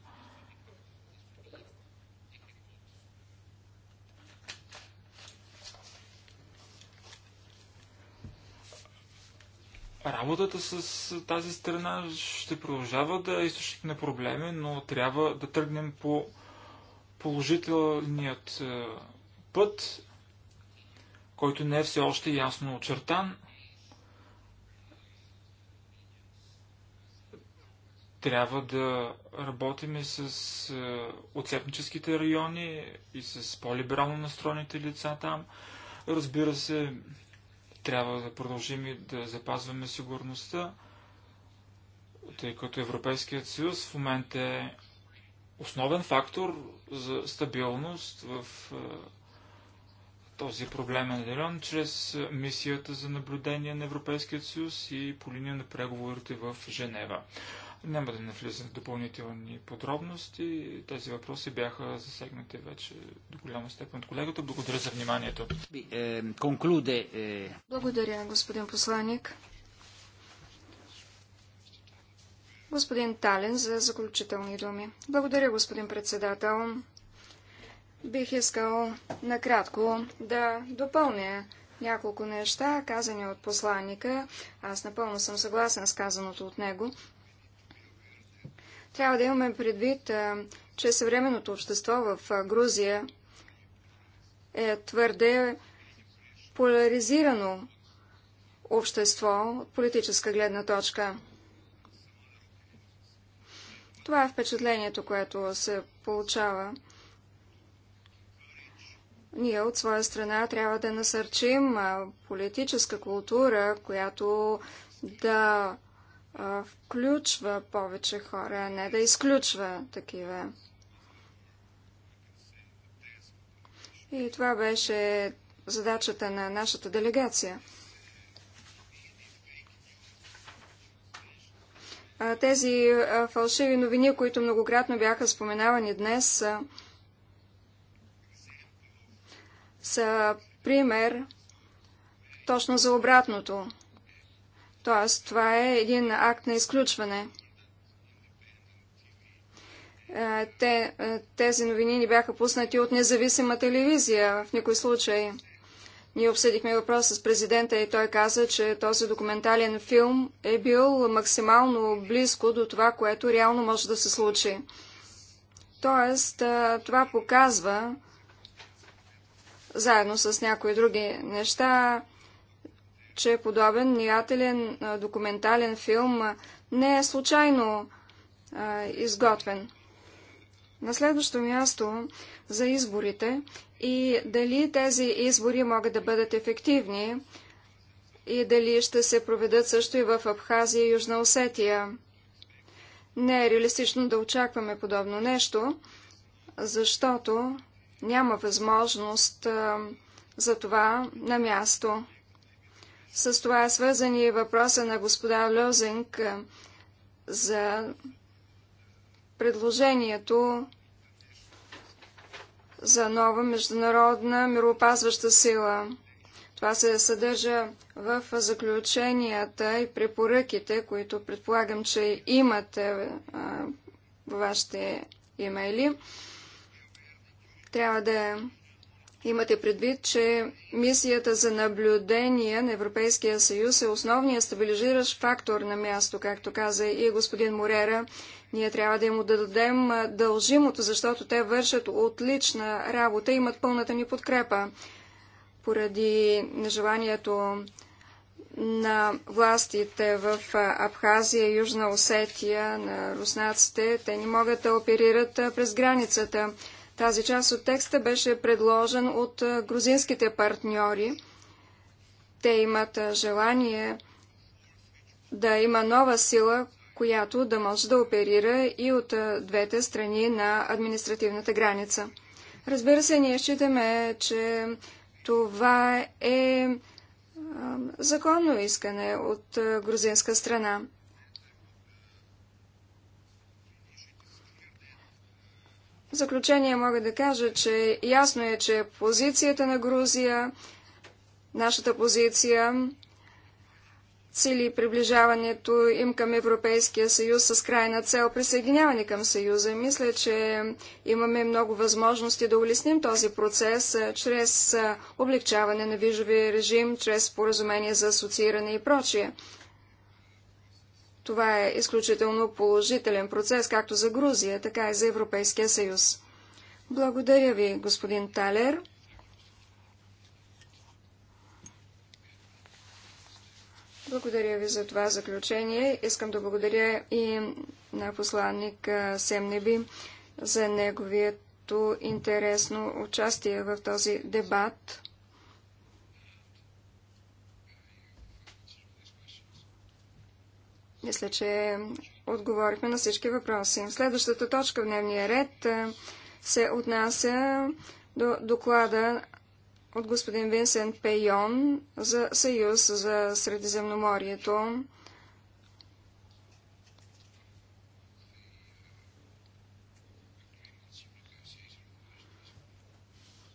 D: Работата с тази страна ще продължава да е източник на проблеми, но трябва да тръгнем по положителният е, път, който не е все още ясно очертан. Трябва да работиме с е, отцепническите райони и с по-либерално настроените лица там. Разбира се, трябва да продължим и да запазваме сигурността, тъй като Европейският съюз в момента е основен фактор за стабилност в е, този проблемен район чрез е, мисията за наблюдение на Европейския съюз и по линия на преговорите в Женева. Няма да навлизам в допълнителни подробности. Тези въпроси бяха засегнати вече до голяма степен от колегата. Благодаря за вниманието. Е,
A: е.
B: Благодаря, господин посланник. Господин Тален за заключителни думи. Благодаря, господин председател. Бих искал накратко да допълня няколко неща, казани от посланника. Аз напълно съм съгласен с казаното от него. Трябва да имаме предвид, че съвременното общество в Грузия е твърде поляризирано общество от политическа гледна точка. Това е впечатлението, което се получава. Ние от своя страна трябва да насърчим политическа култура, която да включва повече хора, а не да изключва такива. И това беше задачата на нашата делегация. Тези фалшиви новини, които многократно бяха споменавани днес, са пример точно за обратното. Тоест, това е един акт на изключване. Е, те, е, тези новини ни бяха пуснати от независима телевизия в никой случай. Ние обсъдихме въпроса с президента и той каза, че този документален филм е бил максимално близко до това, което реално може да се случи. Тоест, е, това показва, заедно с някои други неща, че подобен ниятелен документален филм не е случайно а, изготвен. На следващо място за изборите и дали тези избори могат да бъдат ефективни и дали ще се проведат също и в Абхазия и Южна Осетия. Не е реалистично да очакваме подобно нещо, защото няма възможност а, за това на място. С това е свързан и въпроса на господа Лозинг за предложението за нова международна мироопазваща сила. Това се съдържа в заключенията и препоръките, които предполагам, че имате в вашите имейли. Трябва да Имате предвид, че мисията за наблюдение на Европейския съюз е основният стабилизиращ фактор на място, както каза и господин Морера. Ние трябва да им дадем дължимото, защото те вършат отлична работа и имат пълната ни подкрепа. Поради нежеланието на властите в Абхазия, Южна Осетия, на руснаците, те не могат да оперират през границата. Тази част от текста беше предложен от грузинските партньори. Те имат желание да има нова сила, която да може да оперира и от двете страни на административната граница. Разбира се, ние считаме, че това е законно искане от грузинска страна. В заключение мога да кажа, че ясно е, че позицията на Грузия, нашата позиция, цели приближаването им към Европейския съюз с крайна цел присъединяване към съюза. Мисля, че имаме много възможности да улесним този процес чрез облегчаване на вижови режим, чрез поразумение за асоцииране и прочие. Това е изключително положителен процес, както за Грузия, така и за Европейския съюз. Благодаря ви, господин Талер. Благодаря ви за това заключение. Искам да благодаря и на посланник Семнеби за неговието интересно участие в този дебат. Мисля, че отговорихме на всички въпроси. Следващата точка в дневния ред е, се отнася до доклада от господин Винсент Пейон за Съюз за Средиземноморието.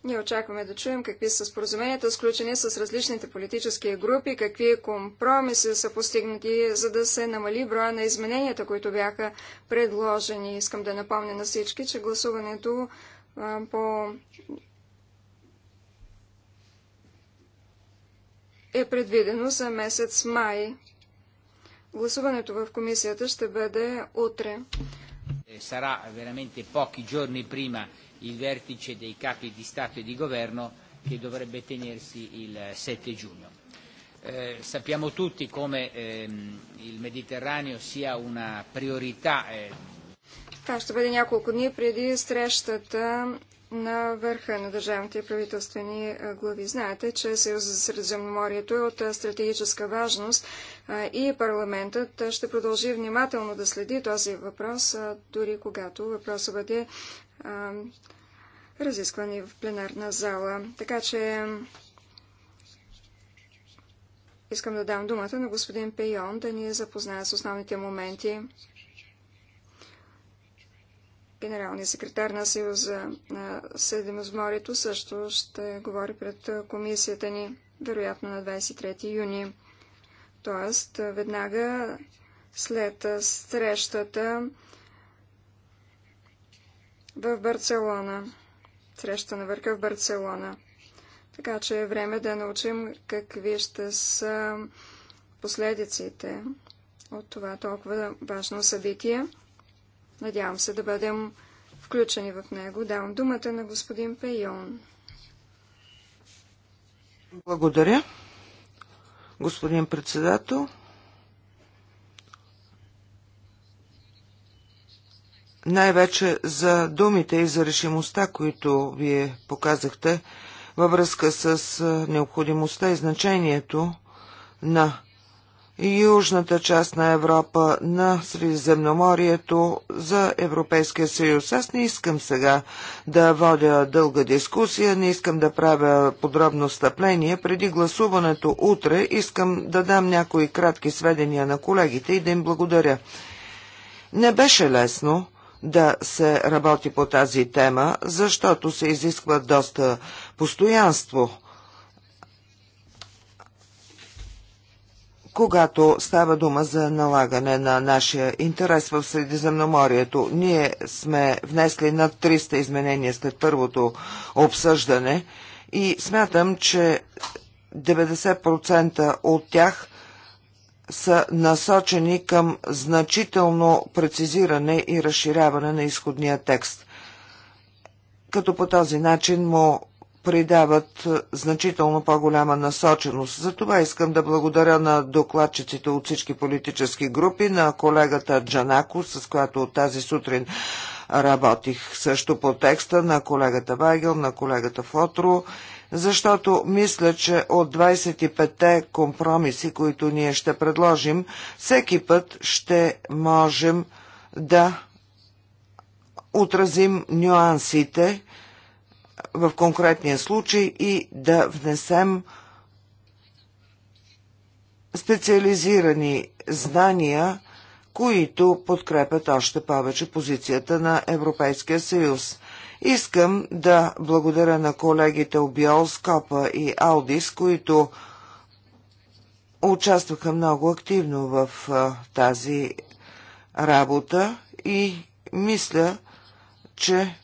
B: Ние очакваме да чуем какви са споразуменията, сключени с различните политически групи, какви компромиси са постигнати, за да се намали броя на измененията, които бяха предложени. Искам да напомня на всички, че гласуването а, по е предвидено за месец май. Гласуването в комисията ще бъде утре.
A: Е, Сара veramente pochi giorni prima il vertice dei capi di Stato e di Governo che dovrebbe tenersi il 7 giugno. Eh, sappiamo tutti come ehm, il Mediterraneo sia una priorità. Е... Eh,
B: Това ще бъде няколко дни преди срещата на върха на държавните и правителствени е, глави. Знаете, че Съюзът за Средиземноморието е от е, стратегическа важност е, и парламентът ще продължи внимателно да следи този въпрос, дори когато въпросът бъде разисквани в пленарна зала. Така че искам да дам думата на господин Пейон да ни запознае с основните моменти. Генералният секретар на Съюза на Средиземноморието също ще говори пред комисията ни, вероятно на 23 юни. Тоест, веднага след срещата в Барселона. Среща на върха в Барселона. Така че е време да научим какви ще са последиците от това толкова важно събитие. Надявам се да бъдем включени в него. Давам думата на господин Пейон.
C: Благодаря. Господин председател, най-вече за думите и за решимостта, които вие показахте във връзка с необходимостта и значението на южната част на Европа, на Средиземноморието за Европейския съюз. Аз не искам сега да водя дълга дискусия, не искам да правя подробно стъпление. Преди гласуването утре искам да дам някои кратки сведения на колегите и да им благодаря. Не беше лесно да се работи по тази тема, защото се изисква доста постоянство. когато става дума за налагане на нашия интерес в Средиземноморието. Ние сме внесли над 300 изменения след първото обсъждане и смятам, че 90% от тях са насочени към значително прецизиране и разширяване на изходния текст, като по този начин му придават значително по-голяма насоченост. За това искам да благодаря на докладчиците от всички политически групи, на колегата Джанако, с която от тази сутрин работих също по текста, на колегата Вайгел, на колегата Фотро защото мисля, че от 25-те компромиси, които ние ще предложим, всеки път ще можем да отразим нюансите в конкретния случай и да внесем специализирани знания, които подкрепят още повече позицията на Европейския съюз. Искам да благодаря на колегите от Копа и Аудис, които участваха много активно в тази работа и мисля, че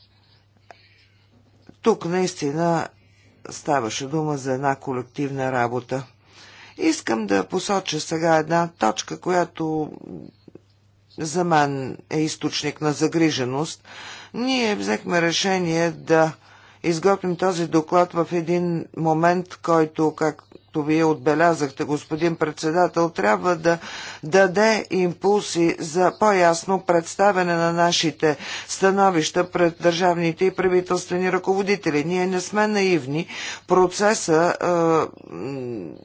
C: тук наистина ставаше дума за една колективна работа. Искам да посоча сега една точка, която за мен е източник на загриженост – ние взехме решение да изготвим този доклад в един момент, който, както вие отбелязахте, господин председател, трябва да даде импулси за по-ясно представяне на нашите становища пред държавните и правителствени ръководители. Ние не сме наивни. Процеса, е,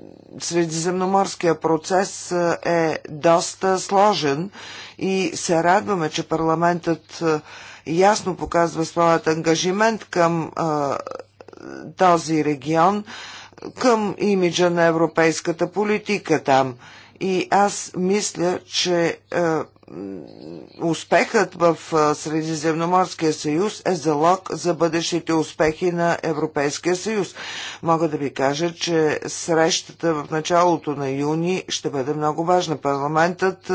C: средиземноморския процес е доста сложен и се радваме, че парламентът е, ясно показва своят ангажимент към а, този регион, към имиджа на европейската политика там. И аз мисля, че а, успехът в Средиземноморския съюз е залог за бъдещите успехи на Европейския съюз. Мога да ви кажа, че срещата в началото на юни ще бъде много важна. Парламентът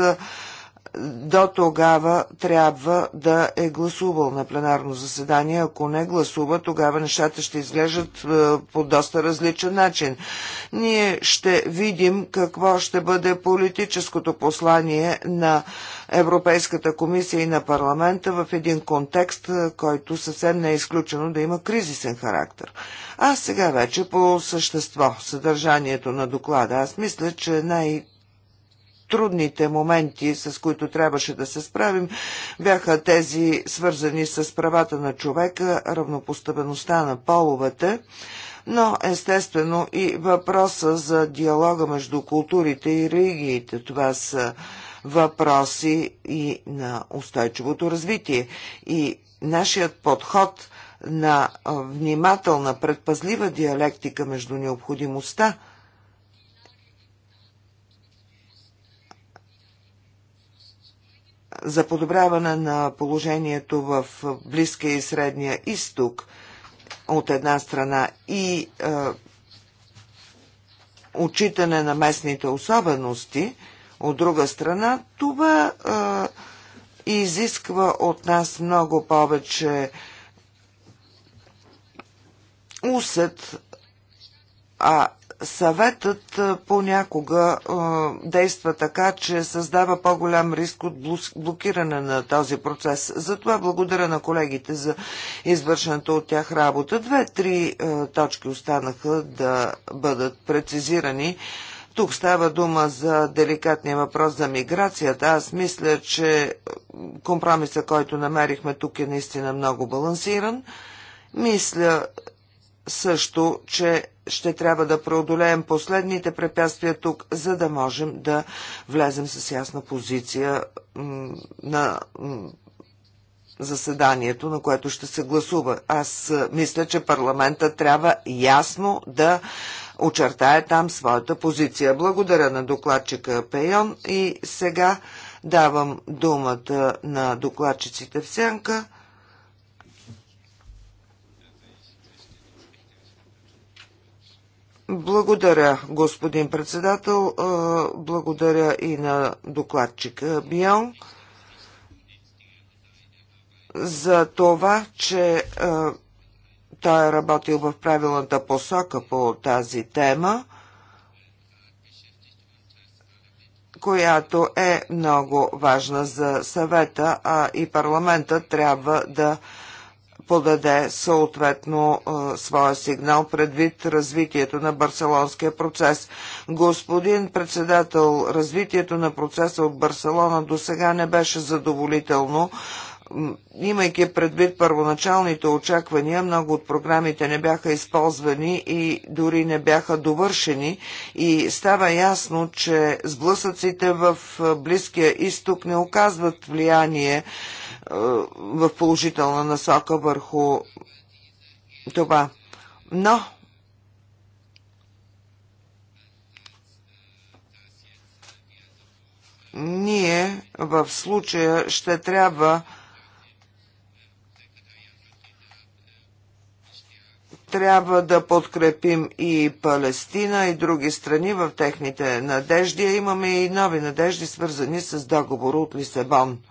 C: до тогава трябва да е гласувал на пленарно заседание. Ако не гласува, тогава нещата ще изглеждат е, по доста различен начин. Ние ще видим какво ще бъде политическото послание на Европейската комисия и на парламента в един контекст, е, който съвсем не е изключено да има кризисен характер. А сега вече по същество, съдържанието на доклада. Аз мисля, че най- трудните моменти, с които трябваше да се справим, бяха тези свързани с правата на човека, равнопоставеността на половете, но естествено и въпроса за диалога между културите и религиите. Това са въпроси и на устойчивото развитие. И нашият подход на внимателна, предпазлива диалектика между необходимостта за подобряване на положението в Близкия и Средния изток от една страна и е, отчитане на местните особености от друга страна, това е, изисква от нас много повече усет, а Съветът понякога действа така, че създава по-голям риск от блокиране на този процес. Затова благодаря на колегите за извършената от тях работа. Две-три точки останаха да бъдат прецизирани. Тук става дума за деликатния въпрос за миграцията. Аз мисля, че компромиса, който намерихме тук е наистина много балансиран. Мисля също, че ще трябва да преодолеем последните препятствия тук, за да можем да влезем с ясна позиция на заседанието, на което ще се гласува. Аз мисля, че парламента трябва ясно да очертае там своята позиция. Благодаря на докладчика Пейон и сега давам думата на докладчиците в сянка. Благодаря, господин председател. Благодаря и на докладчика Бион за това, че той е работил в правилната посока по тази тема, която е много важна за съвета, а и парламента трябва да подаде съответно своя сигнал предвид развитието на барселонския процес. Господин председател, развитието на процеса от Барселона до сега не беше задоволително. Имайки предвид първоначалните очаквания, много от програмите не бяха използвани и дори не бяха довършени и става ясно, че сблъсъците в Близкия изток не оказват влияние в положителна насока върху това. Но ние в случая ще трябва трябва да подкрепим и Палестина и други страни в техните надежди. Имаме и нови надежди, свързани с договора от Лисабон.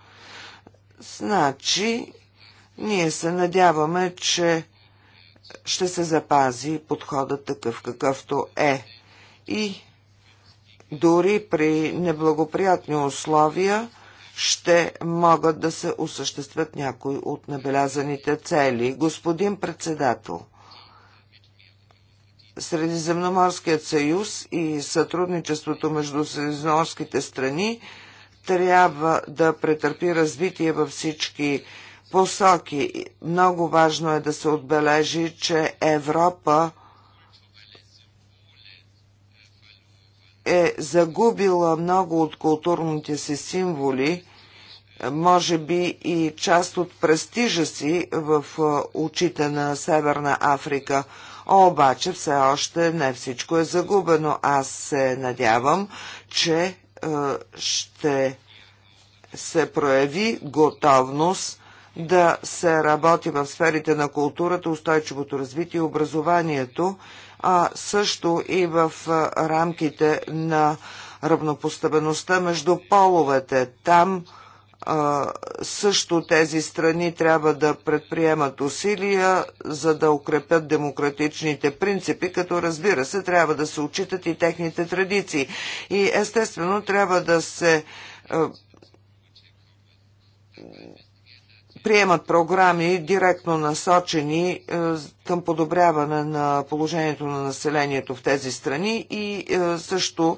C: Значи, ние се надяваме, че ще се запази подходът такъв какъвто е. И дори при неблагоприятни условия ще могат да се осъществят някои от набелязаните цели. Господин председател, Средиземноморският съюз и сътрудничеството между средиземноморските страни – трябва да претърпи развитие във всички посоки. Много важно е да се отбележи, че Европа е загубила много от културните си символи, може би и част от престижа си в очите на Северна Африка. Обаче все още не всичко е загубено. Аз се надявам, че ще се прояви готовност да се работи в сферите на културата, устойчивото развитие и образованието, а също и в рамките на равнопоставеността между половете. Там също тези страни трябва да предприемат усилия, за да укрепят демократичните принципи, като разбира се, трябва да се учитат и техните традиции. И естествено трябва да се приемат програми директно насочени към подобряване на положението на населението в тези страни и също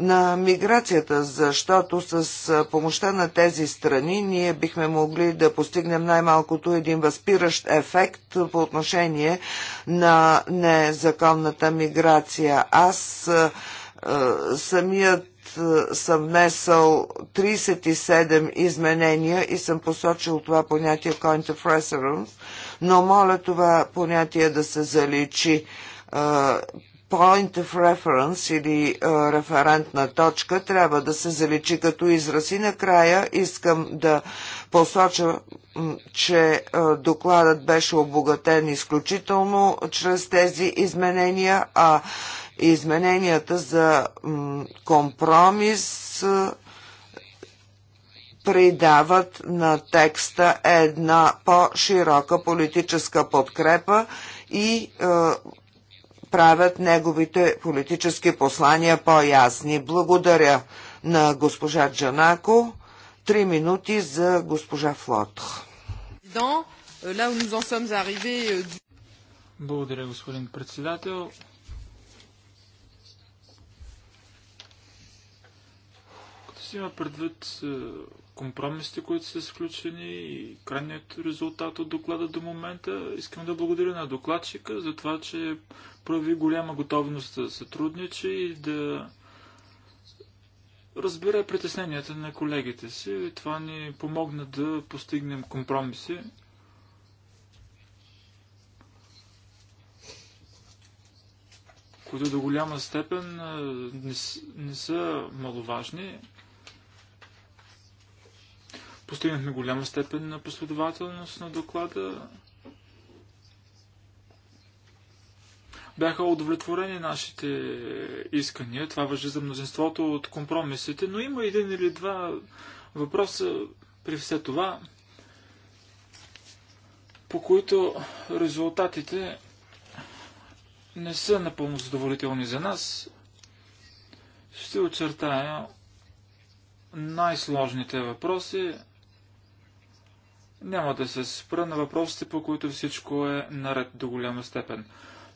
C: на миграцията, защото с помощта на тези страни ние бихме могли да постигнем най-малкото един възпиращ ефект по отношение на незаконната миграция. Аз самият съм внесъл 37 изменения и съм посочил това понятие Coint of Reference, но моля това понятие да се заличи point of reference или а, е, референтна точка трябва да се заличи като израз. И накрая искам да посоча, че а, е, докладът беше обогатен изключително чрез тези изменения, а измененията за компромис е, придават на текста една по-широка политическа подкрепа и правят неговите политически послания по-ясни. Благодаря на госпожа Джанако. Три минути за госпожа Флот.
D: Благодаря, господин председател. Като си има предвид е, компромисите, които са сключени и крайният резултат от доклада до момента, искам да благодаря на докладчика за това, че е прояви голяма готовност да сътрудничи и да разбира притесненията на колегите си. и Това ни помогна да постигнем компромиси. които до голяма степен не, не са маловажни. Постигнахме голяма степен на последователност на доклада. бяха удовлетворени нашите искания. Това въжи за мнозинството от компромисите, но има един или два въпроса при все това, по които резултатите не са напълно задоволителни за нас. Ще очертая най-сложните въпроси. Няма да се спра на въпросите, по които всичко е наред до голяма степен.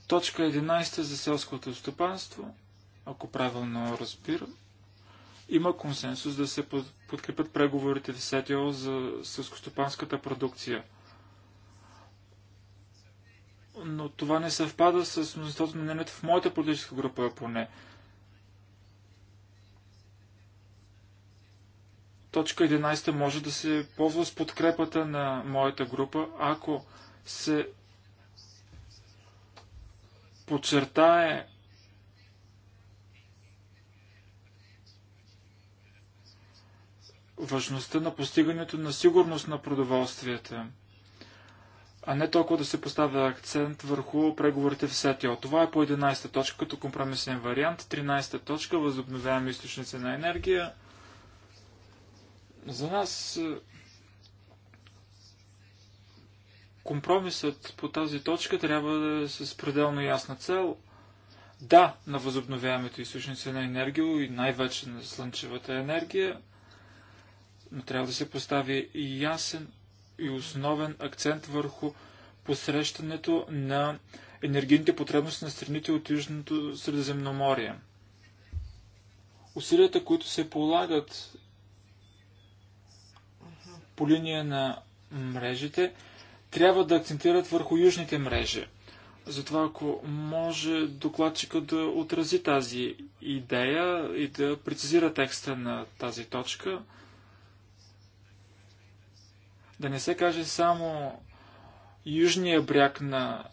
D: Точка 11 за селското стопанство, ако правилно разбирам, има консенсус да се подкрепят преговорите в СТО за селскостопанската продукция. Но това не съвпада с мнозинството мнението в моята политическа група, поне. Точка 11 може да се ползва с подкрепата на моята група, ако се подчертае важността на постигането на сигурност на продоволствията, а не толкова да се поставя акцент върху преговорите в СТО. Това е по 11-та точка като компромисен вариант. 13-та точка възобновяеми източници на енергия. За нас Компромисът по тази точка трябва да е с пределно ясна цел. Да, на възобновяемите източници на енергия и най-вече на слънчевата енергия, но трябва да се постави и ясен и основен акцент върху посрещането на енергийните потребности на страните от Южното Средиземноморие. Усилията, които се полагат по линия на мрежите, трябва да акцентират върху южните мрежи. Затова ако може докладчика да отрази тази идея и да прецизира текста на тази точка, да не се каже само южния бряг на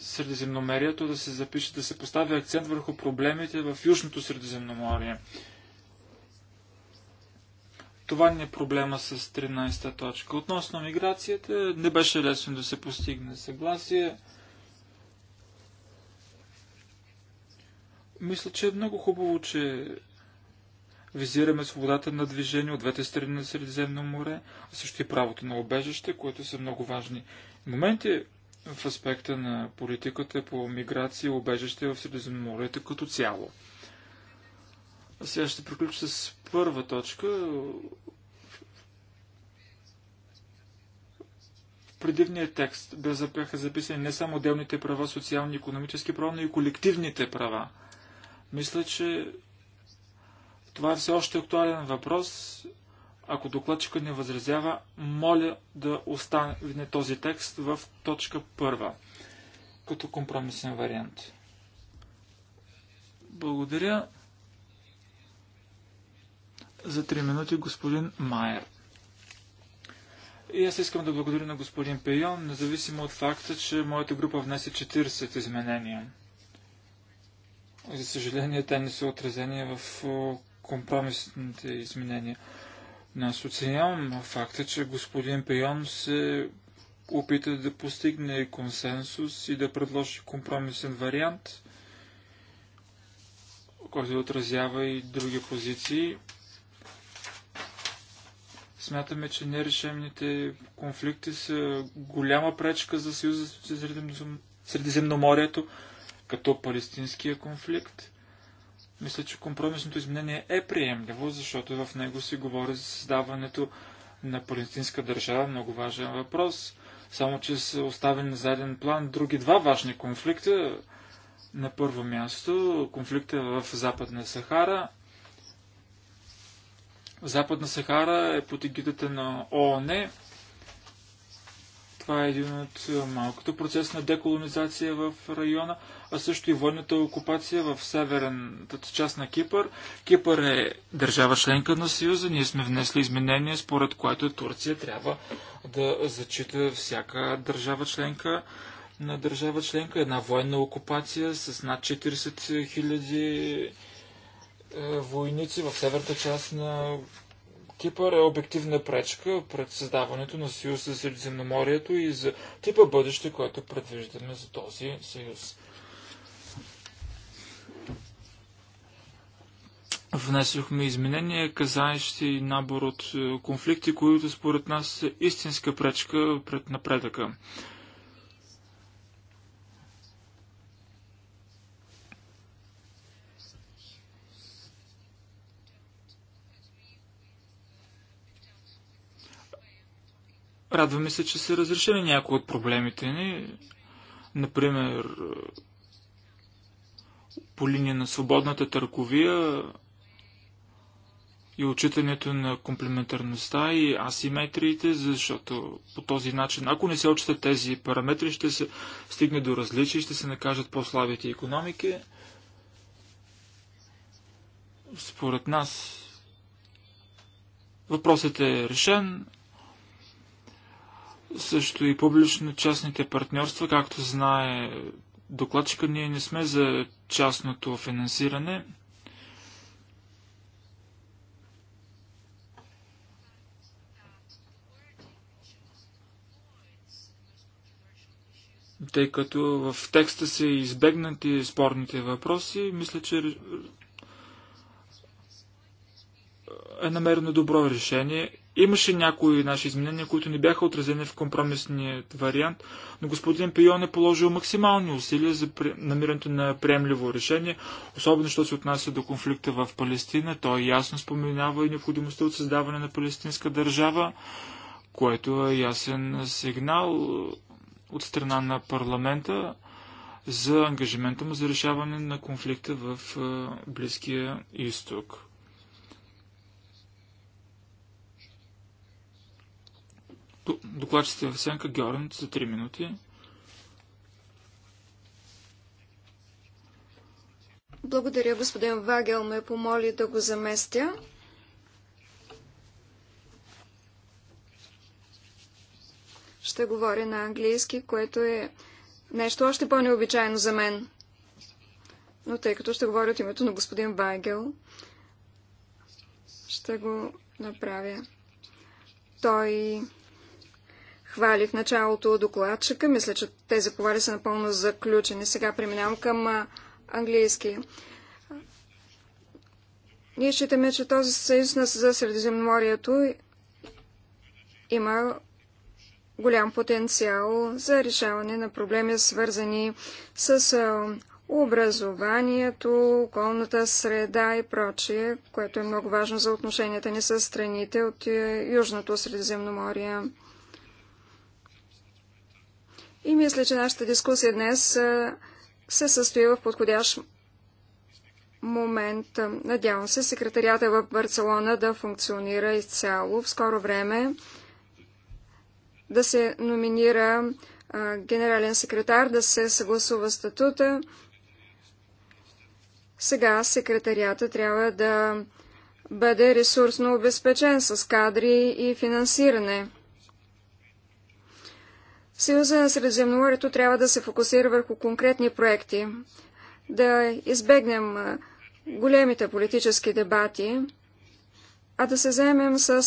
D: Средиземноморието, да се запише, да се постави акцент върху проблемите в Южното Средиземноморие. Това не е проблема с 13-та точка. Относно миграцията, не беше лесно да се постигне съгласие. Мисля, че е много хубаво, че визираме свободата на движение от двете страни на Средиземно море, а също и правото на обежище, което са много важни моменти в аспекта на политиката по миграция и обежище в море като цяло. А сега ще приключа с първа точка. В предивния текст бяха записани не само отделните права, социални и економически права, но и колективните права. Мисля, че това е все още актуален въпрос. Ако докладчика не възразява, моля да остане този текст в точка първа, като компромисен вариант. Благодаря. За 3 минути господин Майер. И аз искам да благодаря на господин Пейон, независимо от факта, че моята група внесе 40 изменения. За съжаление, те не са отразени в компромисните изменения. Но аз оценявам факта, че господин Пейон се опита да постигне консенсус и да предложи компромисен вариант, който отразява и други позиции. Смятаме, че нерешемните конфликти са голяма пречка за Съюза Средиземноморието, като палестинския конфликт. Мисля, че компромисното изменение е приемливо, защото в него се говори за създаването на палестинска държава, много важен въпрос. Само, че са оставени на заден план други два важни конфликта. На първо място конфликта в Западна Сахара – Западна Сахара е под егидата на ООН. Това е един от е, малкото процес на деколонизация в района, а също и военната окупация в северната част на Кипър. Кипър е държава членка на Съюза. Ние сме внесли изменения, според което Турция трябва да зачита всяка държава членка на държава членка. Една военна окупация с над 40 000 е, войници в северната част на Кипър е обективна пречка пред създаването на съюз за Средиземноморието и за типа бъдеще, което предвиждаме за този съюз. Внесохме изменения, казаещи набор от е, конфликти, които според нас е истинска пречка пред напредъка Радваме се, че са разрешили някои от проблемите ни. Например, по линия на свободната търговия и отчитането на комплементарността и асиметриите, защото по този начин, ако не се отчитат тези параметри, ще се стигне до различия, ще се накажат по-слабите економики. Според нас въпросът е решен, също и публично-частните партньорства, както знае докладчика, ние не сме за частното финансиране. Тъй като в текста са избегнати спорните въпроси, мисля, че е намерено добро решение Имаше някои наши изменения, които не бяха отразени в компромисният вариант, но господин Пион е положил максимални усилия за намирането на приемливо решение, особено що се отнася до конфликта в Палестина. Той ясно споменава и необходимостта от създаване на палестинска държава, което е ясен сигнал от страна на парламента за ангажимента му за решаване на конфликта в е, Близкия изток. Докладчите в Сенка Георен за 3 минути.
B: Благодаря, господин Вагел ме помоли да го заместя. Ще говоря на английски, което е нещо още по-необичайно за мен. Но тъй като ще говоря от името на господин Вагел, ще го направя. Той Хвалих началото докладчика. Мисля, че тези повари са напълно заключени. Сега преминавам към английски. Ние считаме, че този съюз на за Средиземноморието има голям потенциал за решаване на проблеми, свързани с образованието, околната среда и прочие, което е много важно за отношенията ни с страните от е, Южното Средиземноморие. И мисля, че нашата дискусия днес се състои в подходящ момент. Надявам се секретарията в Барселона да функционира изцяло в скоро време, да се номинира генерален секретар, да се съгласува статута. Сега секретарията трябва да бъде ресурсно обезпечен с кадри и финансиране. Съюза на Средиземноморието трябва да се фокусира върху конкретни проекти, да избегнем големите политически дебати, а да се заемем с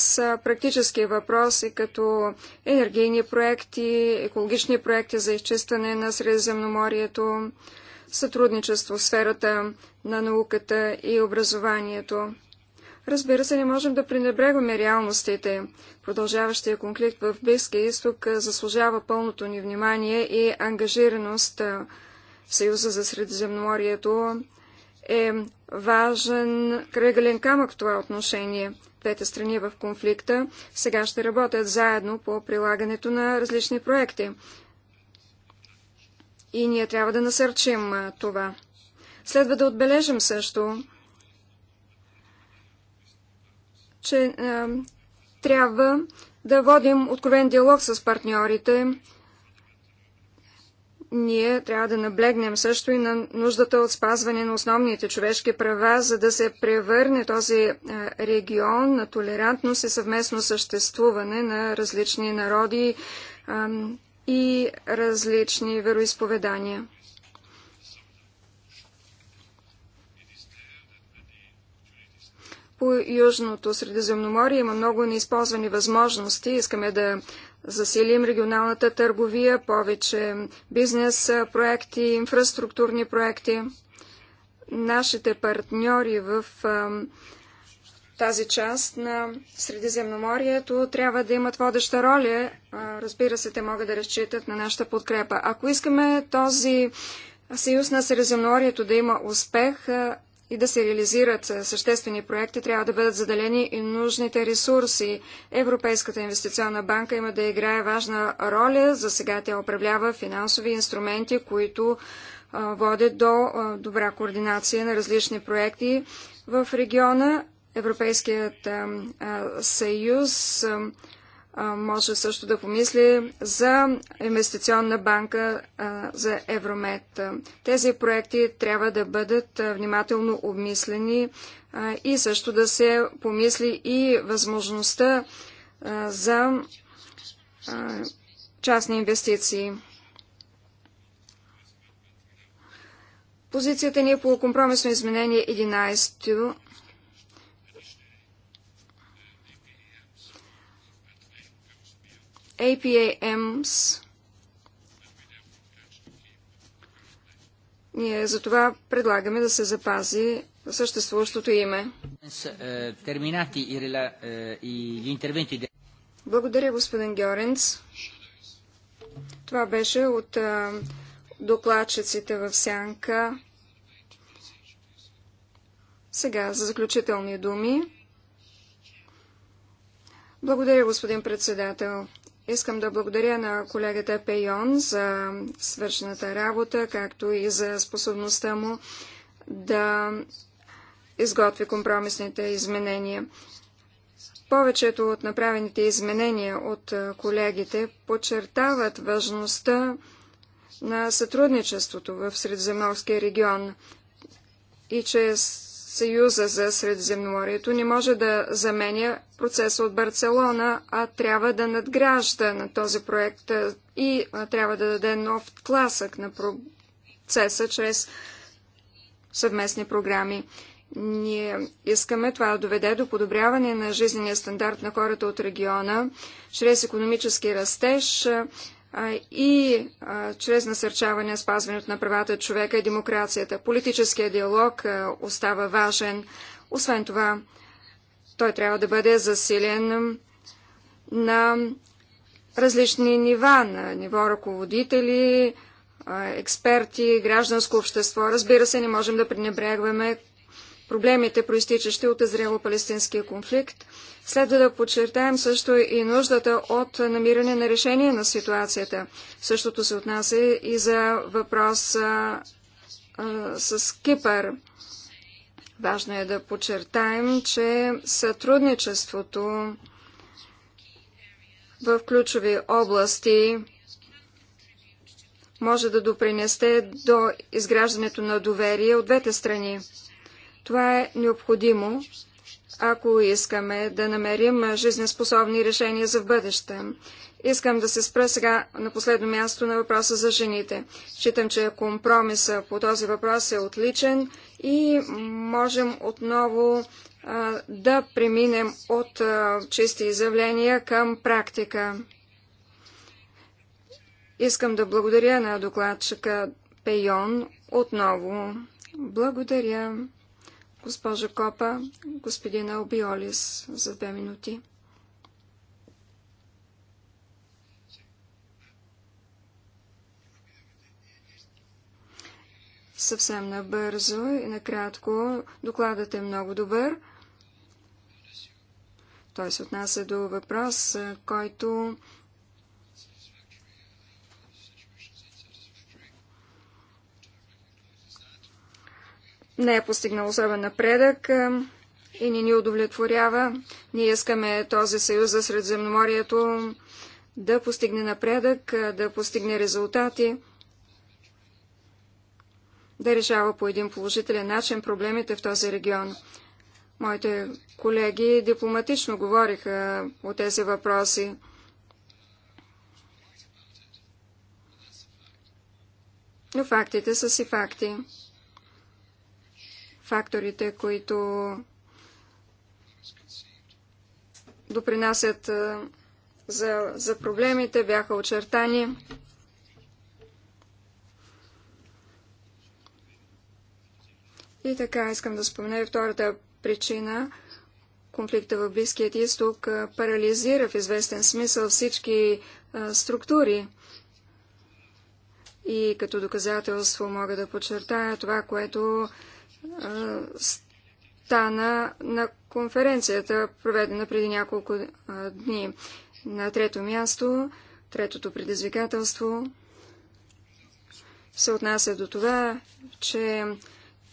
B: практически въпроси, като енергийни проекти, екологични проекти за изчистване на Средиземноморието, сътрудничество в сферата на науката и образованието. Разбира се, не можем да пренебрегваме реалностите. Продължаващия конфликт в Близкия изток заслужава пълното ни внимание и ангажираност. Съюза за Средиземноморието е важен кръгален камък в това отношение. Двете страни в конфликта сега ще работят заедно по прилагането на различни проекти. И ние трябва да насърчим това. Следва да отбележим също, че е, трябва да водим откровен диалог с партньорите. Ние трябва да наблегнем също и на нуждата от спазване на основните човешки права, за да се превърне този е, регион на толерантност и съвместно съществуване на различни народи и различни вероисповедания. по Южното Средиземноморие има много неизползвани възможности. Искаме да засилим регионалната търговия, повече бизнес проекти, инфраструктурни проекти. Нашите партньори в тази част на Средиземноморието трябва да имат водеща роля. Разбира се, те могат да разчитат на нашата подкрепа. Ако искаме този съюз на Средиземноморието да има успех, и да се реализират е, съществени проекти, трябва да бъдат заделени и нужните ресурси. Европейската инвестиционна банка има да играе важна роля. За сега тя управлява финансови инструменти, които е, водят до е, добра координация на различни проекти в региона. Европейският съюз може също да помисли за инвестиционна банка за Евромет. Тези проекти трябва да бъдат внимателно обмислени и също да се помисли и възможността за частни инвестиции. Позицията ни е по компромисно изменение 11 APAMs. Ние за това предлагаме да се запази съществуващото име.
A: Е, е,
B: Благодаря, господин Георенц. Това беше от е, докладчиците в сянка. Сега за заключителни думи. Благодаря, господин председател. Искам да благодаря на колегата Пейон за свършената работа, както и за способността му да изготви компромисните изменения. Повечето от направените изменения от колегите подчертават важността на сътрудничеството в Средиземноморския регион и че Съюза за Средиземноморието не може да заменя процеса от Барселона, а трябва да надгражда на този проект и трябва да даде нов тласък на процеса чрез съвместни програми. Ние искаме това да доведе до подобряване на жизнения стандарт на хората от региона, чрез економически растеж, и чрез насърчаване спазването на правата човека и демокрацията. Политическия диалог остава важен. Освен това, той трябва да бъде засилен на различни нива, на ниво ръководители, експерти, гражданско общество. Разбира се, не можем да пренебрегваме проблемите, проистичащи от израело-палестинския конфликт. Следва да подчертаем също и нуждата от намиране на решение на ситуацията. Същото се отнася и за въпроса с Кипър. Важно е да подчертаем, че сътрудничеството в ключови области може да допринесте до изграждането на доверие от двете страни. Това е необходимо, ако искаме да намерим жизнеспособни решения за в бъдеще. Искам да се спра сега на последно място на въпроса за жените. Считам, че компромиса по този въпрос е отличен и можем отново а, да преминем от а, чисти изявления към практика. Искам да благодаря на докладчика Пейон отново. Благодаря госпожа Копа, господин Албиолис за две минути. Съвсем набързо и накратко. Докладът е много добър. Той се отнася до въпрос, който не е постигнал особен напредък и не ни удовлетворява. Ние искаме този съюз за Средземноморието да постигне напредък, да постигне резултати, да решава по един положителен начин проблемите в този регион. Моите колеги дипломатично говориха о тези въпроси. Но фактите са си факти факторите, които допринасят за, за проблемите, бяха очертани. И така искам да спомена и втората причина. Конфликта в Близкият изток парализира в известен смисъл всички структури. И като доказателство мога да подчертая това, което стана на конференцията, проведена преди няколко дни. На трето място, третото предизвикателство се отнася до това, че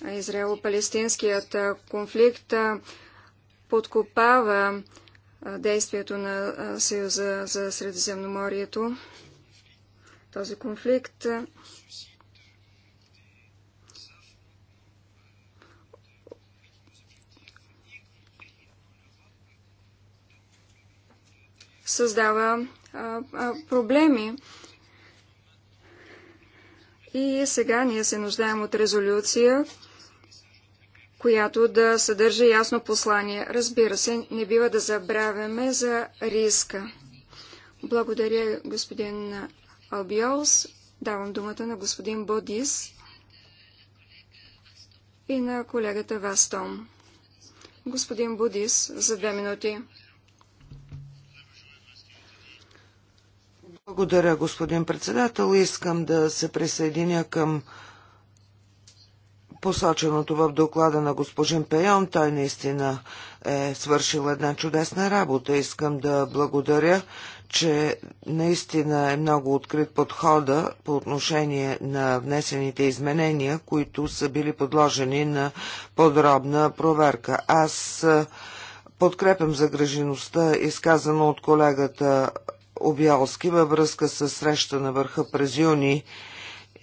B: Израело-палестинският конфликт подкопава действието на Съюза за Средиземноморието. Този конфликт създава а, а, проблеми. И сега ние се нуждаем от резолюция, която да съдържа ясно послание. Разбира се, не бива да забравяме за риска. Благодаря, господин Албиолс. Давам думата на господин Бодис и на колегата Вастом. Господин Будис, за две минути.
C: Благодаря, господин председател. Искам да се присъединя към посоченото в доклада на господин Пейон. Той наистина е свършил една чудесна работа. Искам да благодаря, че наистина е много открит подхода по отношение на внесените изменения, които са били подложени на подробна проверка. Аз подкрепям загрежеността, изказана от колегата Обялски във връзка с среща на върха през юни.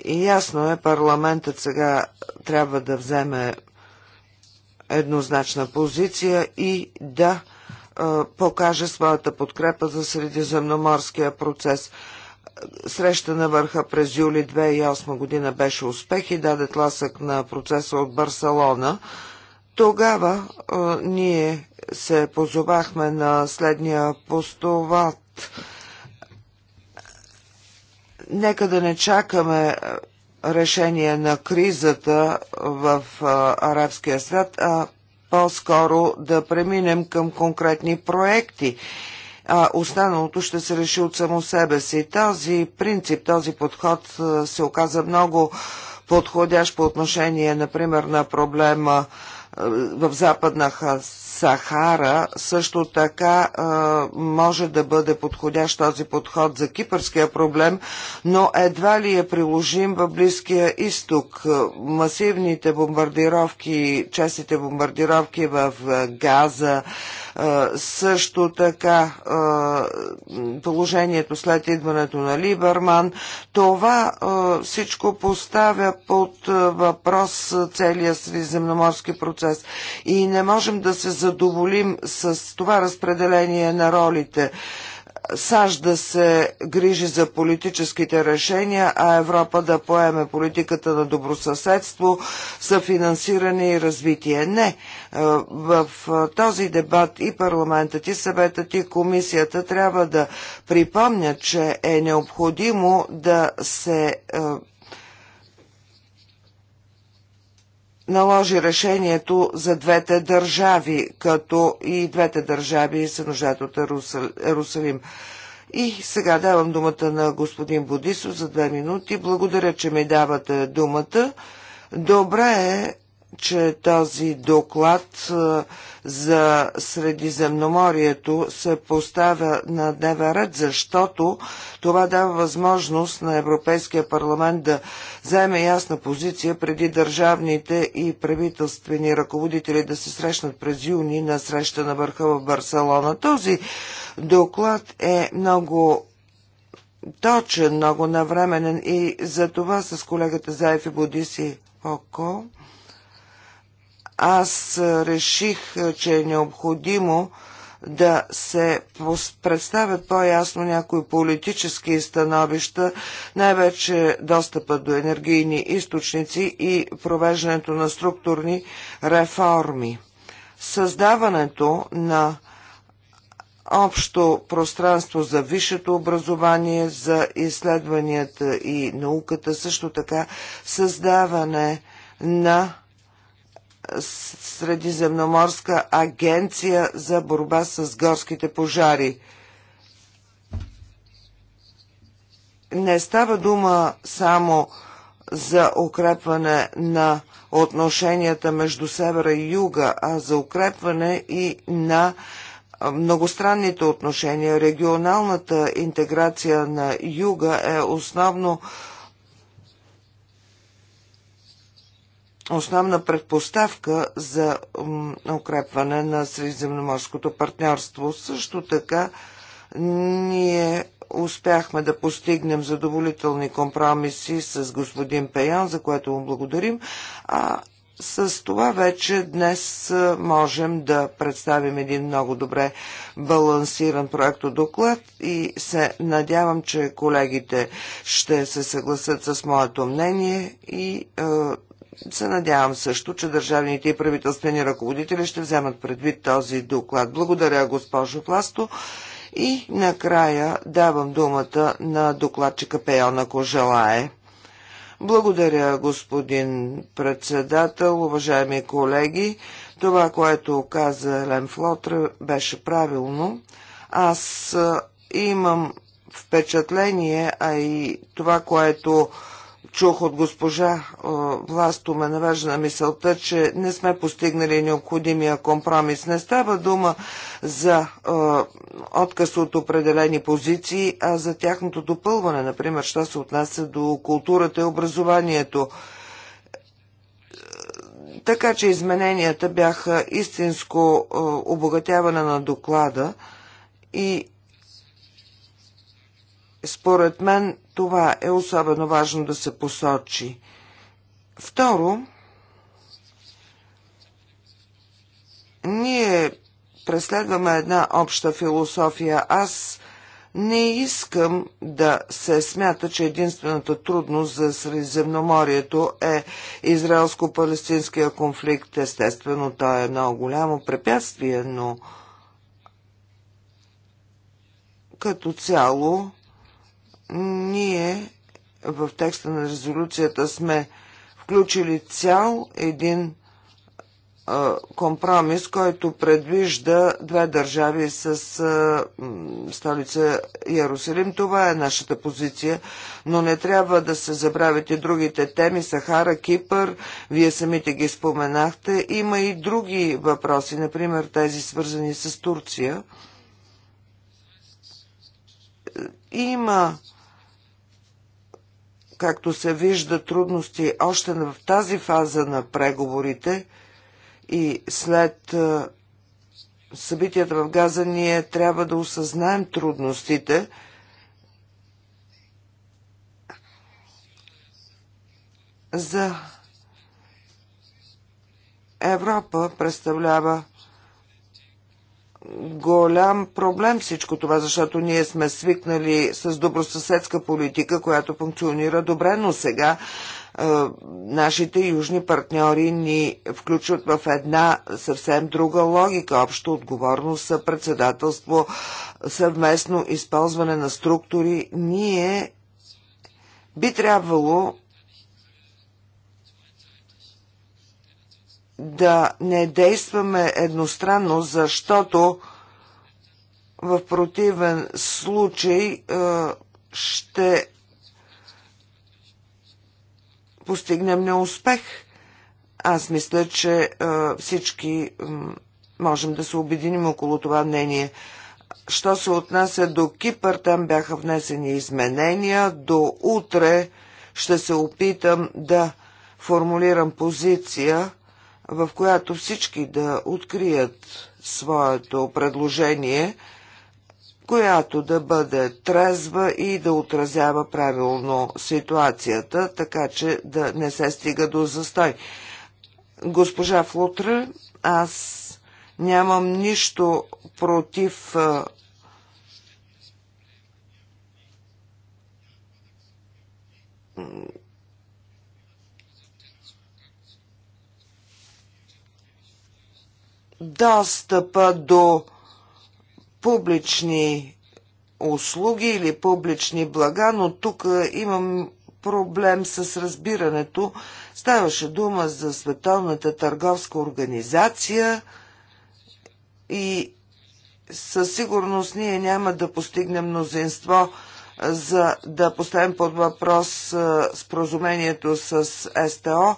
C: И ясно е, парламентът сега трябва да вземе еднозначна позиция и да е, покаже своята подкрепа за средиземноморския процес. Среща на върха през юли 2008 година беше успех и даде тласък на процеса от Барселона. Тогава е, ние се позовахме на следния постулат – Нека да не чакаме е, решение на кризата в е, арабския свят, а по-скоро да преминем към конкретни проекти а останалото ще се реши от само себе си. Този принцип, този подход е, се оказа много подходящ по отношение, например, на проблема в Западна Хас Сахара също така може да бъде подходящ този подход за кипърския проблем, но едва ли е приложим в Близкия изток. Масивните бомбардировки, честите бомбардировки в Газа, също така положението след идването на Либерман. Това всичко поставя под въпрос целия средиземноморски процес и не можем да се задоволим с това разпределение на ролите. САЩ да се грижи за политическите решения, а Европа да поеме политиката на добросъседство, съфинансиране и развитие. Не. Е, в е, този дебат и парламентът, и съветът, и комисията трябва да припомнят, че е необходимо да се е, наложи решението за двете държави, като и двете държави се нуждаят от Ерусалим. И сега давам думата на господин Бодисов за две минути. Благодаря, че ми давате думата. Добре е че този доклад е, за Средиземноморието се поставя на дневен ред, защото това дава възможност на Европейския парламент да заеме ясна позиция преди държавните и правителствени ръководители да се срещнат през юни на среща на върха в Барселона. Този доклад е много точен, много навременен и за това с колегата Зайфи Бодиси Око аз реших, че е необходимо да се представят по-ясно някои политически становища, най-вече достъпа до енергийни източници и провеждането на структурни реформи. Създаването на общо пространство за висшето образование, за изследванията и науката, също така създаване на Средиземноморска агенция за борба с горските пожари. Не става дума само за укрепване на отношенията между севера и юга, а за укрепване и на многостранните отношения. Регионалната интеграция на юга е основно основна предпоставка за укрепване на средиземноморското партньорство. Също така ние успяхме да постигнем задоволителни компромиси с господин Пеян, за което му благодарим. А с това вече днес можем да представим един много добре балансиран проектодоклад и се надявам, че колегите ще се съгласят с моето мнение и е, се надявам също, че държавните и правителствени ръководители ще вземат предвид този доклад. Благодаря, госпожо Пласто. И накрая давам думата на докладчика Пеон, ако желае. Благодаря, господин председател, уважаеми колеги. Това, което каза Елен Флотра, беше правилно. Аз имам впечатление, а и това, което чух от госпожа Власто ме навежда на мисълта, че не сме постигнали необходимия компромис. Не става дума за отказ от определени позиции, а за тяхното допълване, например, що се отнася до културата и образованието. Така че измененията бяха истинско обогатяване на доклада и според мен това е особено важно да се посочи. Второ, ние преследваме една обща философия. Аз не искам да се смята, че единствената трудност за Средиземноморието е израелско-палестинския конфликт. Естествено, той е много голямо препятствие, но като цяло ние в текста на резолюцията сме включили цял един компромис, който предвижда две държави с столица Ярусалим. Това е нашата позиция, но не трябва да се забравят и другите теми. Сахара, Кипър, вие самите ги споменахте. Има и други въпроси, например тези свързани с Турция. Има както се вижда, трудности още в тази фаза на преговорите и след е, събитията в Газа ние трябва да осъзнаем трудностите. За Европа представлява голям проблем всичко това, защото ние сме свикнали с добросъседска политика, която функционира добре, но сега е, нашите южни партньори ни включват в една съвсем друга логика. Общо отговорност, председателство, съвместно използване на структури. Ние би трябвало да не действаме едностранно, защото в противен случай е, ще постигнем неуспех. Аз мисля, че е, всички можем да се обединим около това мнение. Що се отнася до Кипър, там бяха внесени изменения. До утре ще се опитам да формулирам позиция в която всички да открият своето предложение, която да бъде трезва и да отразява правилно ситуацията, така че да не се стига до застой. Госпожа Флутра, аз нямам нищо против достъпа до публични услуги или публични блага, но тук имам проблем с разбирането. Ставаше дума за Световната търговска организация и със сигурност ние няма да постигнем мнозинство за да поставим под въпрос споразумението с СТО,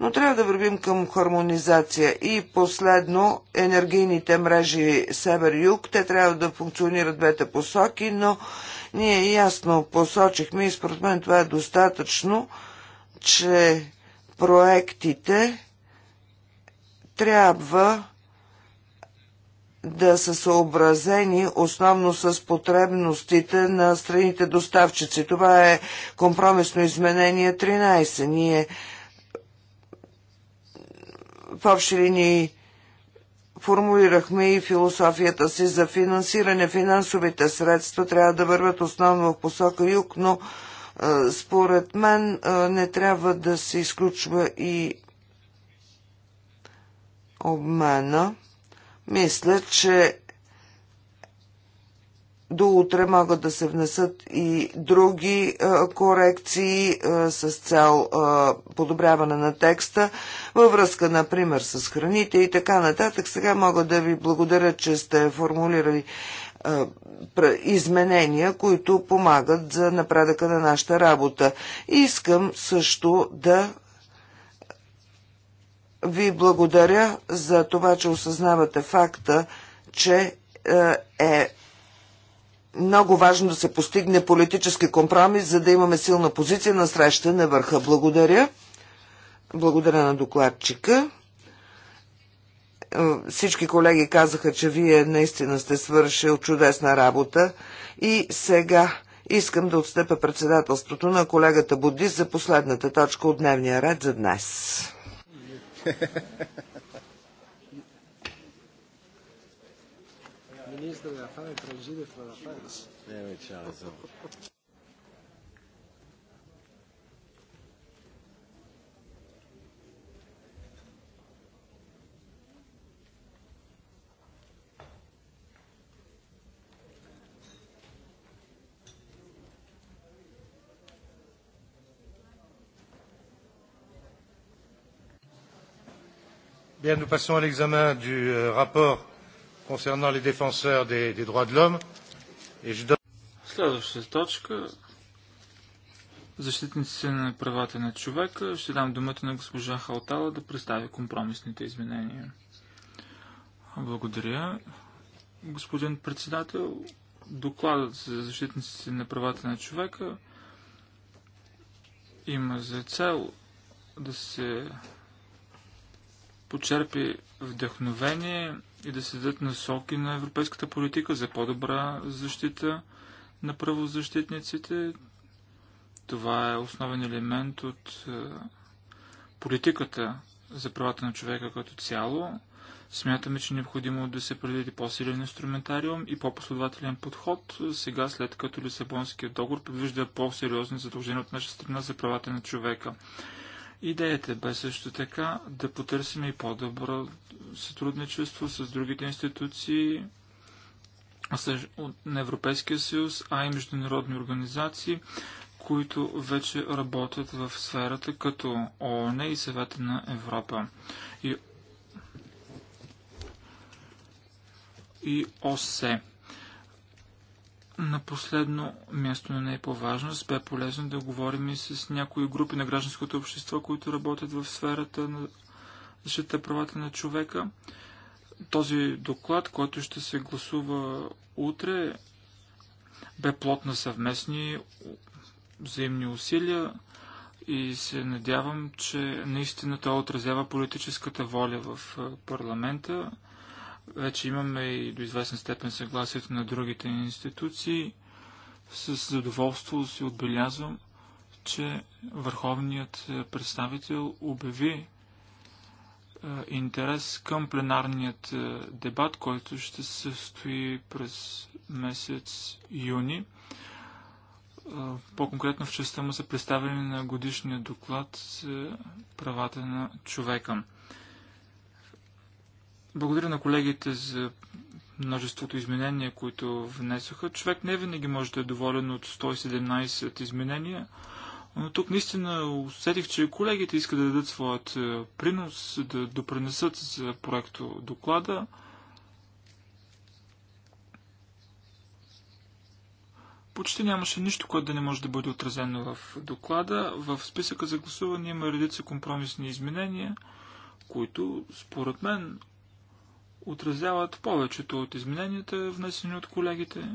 C: но трябва да вървим към хармонизация. И последно, енергийните мрежи Север-Юг, те трябва да функционират двете посоки, но ние ясно посочихме и според мен това е достатъчно, че проектите трябва да са съобразени основно с потребностите на страните доставчици. Това е компромисно изменение 13. Ние в общи линии формулирахме и философията си за финансиране. Финансовите средства трябва да върват основно в посока юг, но е, според мен е, не трябва да се изключва и обмена. Мисля, че до утре могат да се внесат и други а, корекции а, с цел а, подобряване на текста във връзка, например, с храните и така нататък. Сега мога да ви благодаря, че сте формулирали изменения, които помагат за напредъка на нашата работа. Искам също да ви благодаря за това, че осъзнавате факта, че е много важно да се постигне политически компромис, за да имаме силна позиция на среща на върха. Благодаря. Благодаря на докладчика. Е, всички колеги казаха, че вие наистина сте свършил чудесна работа. И сега искам да отстъпя председателството на колегата Буди за последната точка от дневния ред за днес.
A: questa deve fare tre giri fra la France.
C: Eh, ciao. Bien, nous passons à l'examen du rapport concernant les défenseurs des, des droits de l'homme. Et je donne...
D: Следващата точка защитниците на правата на човека. Ще дам думата на госпожа Халтала да представи компромисните изменения. Благодаря. Господин председател, докладът за защитниците на правата на човека има за цел да се почерпи вдъхновение и да се дадат насоки на европейската политика за по-добра защита на правозащитниците. Това е основен елемент от е, политиката за правата на човека като цяло. Смятаме, че е необходимо да се предвиди по-силен инструментариум и по-последователен подход. Сега, след като Лисабонският договор предвижда по-сериозни задължения от наша страна за правата на човека. Идеята бе също така да потърсим и по-добро сътрудничество с другите институции на Европейския съюз, а и международни организации, които вече работят в сферата като ООН и Съвета на Европа. И и ОСЕ. На последно място, но не е по-важно, бе полезно да говорим и с някои групи на гражданското общество, които работят в сферата на защита правата на човека. Този доклад, който ще се гласува утре, бе плод на съвместни взаимни усилия и се надявам, че наистина той отразява политическата воля в парламента вече имаме и до известна степен съгласието на другите институции. С задоволство си отбелязвам, че върховният е, представител обяви е, интерес към пленарният е, дебат, който ще се състои през месец юни. По-конкретно в частта му са представени на годишния доклад за правата на човека. Благодаря на колегите за множеството изменения, които внесоха. Човек не винаги може да е доволен от 117 изменения, но тук наистина усетих, че колегите искат да дадат своят е, принос, да допренесат за проекто доклада. Почти нямаше нищо, което да не може да бъде отразено в доклада. В списъка за гласуване има редица компромисни изменения, които, според мен, отразяват повечето от измененията, внесени от колегите.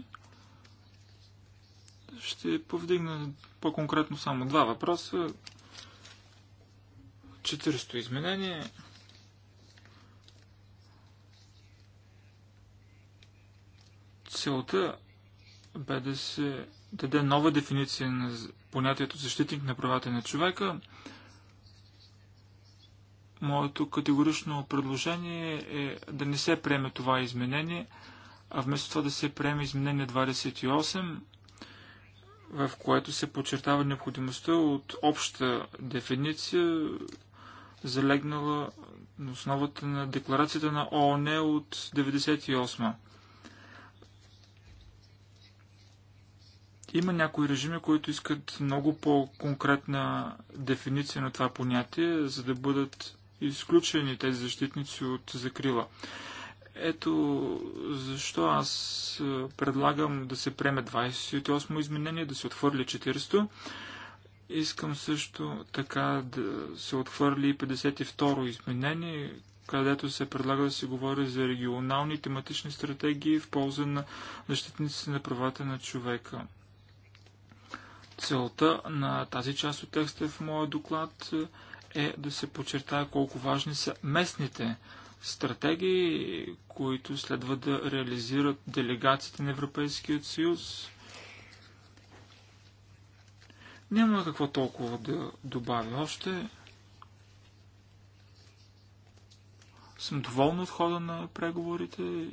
D: Ще повдигна по-конкретно само два въпроса. 400 изменение. Целта бе да се даде нова дефиниция на понятието защитник на правата на човека. Моето категорично предложение е да не се приеме това изменение, а вместо това да се приеме изменение 28, в което се подчертава необходимостта от обща дефиниция, залегнала на основата на декларацията на ООН от 98. Има някои режими, които искат много по-конкретна дефиниция на това понятие, за да бъдат изключени тези защитници от закрила. Ето защо аз е, предлагам да се преме 28 изменение, да се отвърли 400. Искам също така да се отхвърли 52 изменение, където се предлага да се говори за регионални тематични стратегии в полза на защитниците на правата на човека. Целта на тази част от текста в моя доклад е е да се подчертая колко важни са местните стратегии, които следва да реализират делегациите на Европейския съюз. Няма какво толкова да добавя още. Съм доволна от хода на преговорите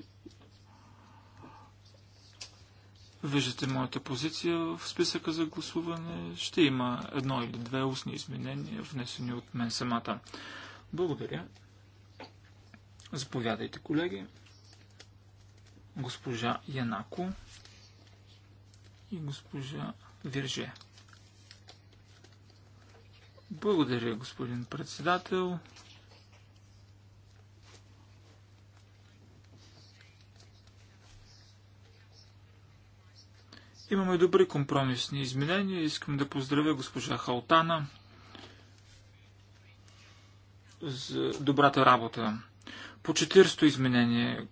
D: Виждате моята позиция в списъка за гласуване. Ще има едно или две устни изменения, внесени от мен самата. Благодаря. Заповядайте, колеги. Госпожа Янако и госпожа Вирже. Благодаря, господин председател. Имаме добри компромисни изменения. Искам да поздравя госпожа Халтана за добрата работа. По 400 изменение.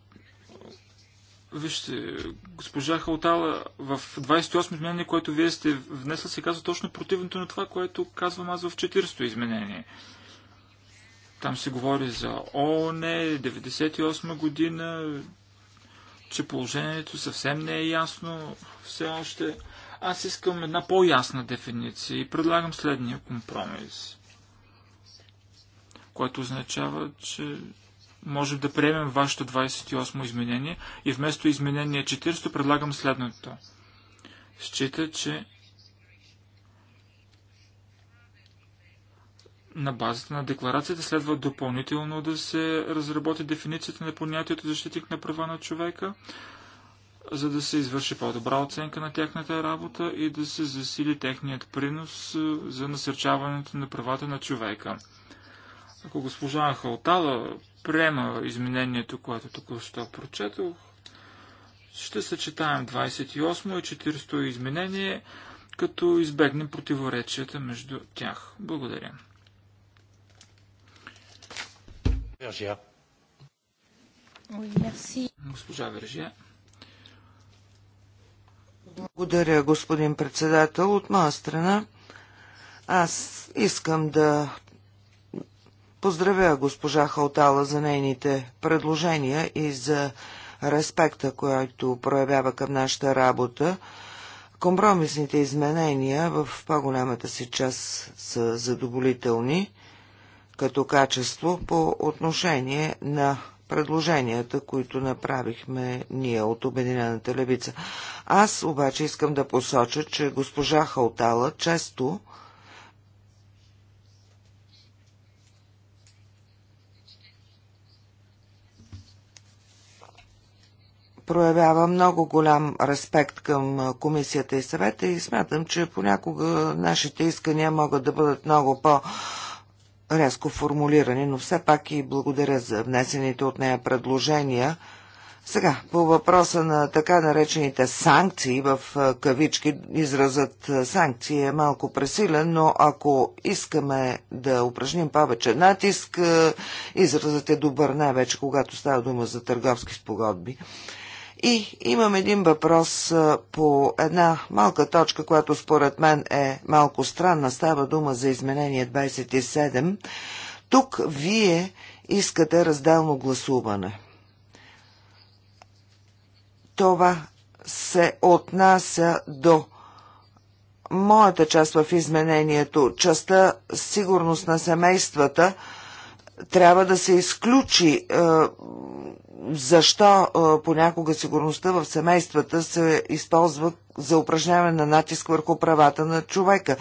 D: Вижте, госпожа Халтала в 28 изменение, което вие сте внесла, се казва точно противното на това, което казвам аз в 400 изменение. Там се говори за ООН, 98 година, че положението съвсем не е ясно все още. Аз искам една по-ясна дефиниция и предлагам следния компромис, което означава, че можем да приемем вашето 28 изменение и вместо изменение 400 предлагам следното. Счита, че на базата на декларацията следва допълнително да се разработи дефиницията на понятието защитник на права на човека, за да се извърши по-добра оценка на тяхната работа и да се засили техният принос е, за насърчаването на правата на човека. Ако госпожа Халтала приема изменението, което току-що прочетох, ще съчетаем 28 и 40 изменение, като избегнем противоречията между тях. Благодаря. Вержия. Госпожа Вержия.
C: Благодаря, господин председател. От моя страна аз искам да поздравя госпожа Халтала за нейните предложения и за респекта, който проявява към нашата работа. Компромисните изменения в по-голямата си част са задоволителни като качество по отношение на предложенията, които направихме ние от Обединената левица. Аз обаче искам да посоча, че госпожа Халтала често проявява много голям респект към комисията и съвета и смятам, че понякога нашите искания могат да бъдат много по- рязко формулирани, но все пак и благодаря за внесените от нея предложения. Сега, по въпроса на така наречените санкции, в кавички изразът санкции е малко пресилен, но ако искаме да упражним повече натиск, изразът е добър най-вече, когато става дума за търговски спогодби. И имам един въпрос по една малка точка, която според мен е малко странна. Става дума за изменение 27. Тук вие искате разделно гласуване. Това се отнася до моята част в изменението, частта сигурност на семействата, трябва да се изключи е, защо понякога сигурността в семействата се използва за упражняване на натиск върху правата на човека.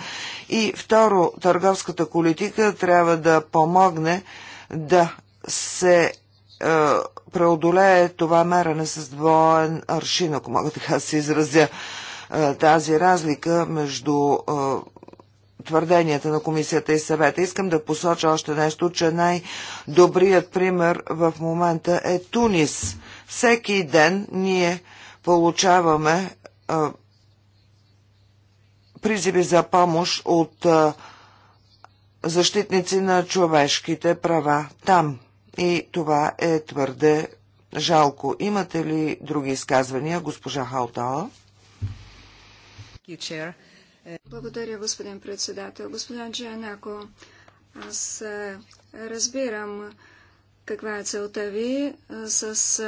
C: И второ, търговската политика трябва да помогне да се преодолее това меране с двоен аршин, ако мога така да се изразя тази разлика между твърденията на комисията и съвета. Искам да посоча още нещо, че най-добрият пример в момента е Тунис. Всеки ден ние получаваме а, призиви за помощ от а, защитници на човешките права там. И това е твърде жалко. Имате ли други изказвания, госпожа Халтала?
B: You, благодаря, господин председател. Господин Джанако, аз е, разбирам каква е целта ви е, с е,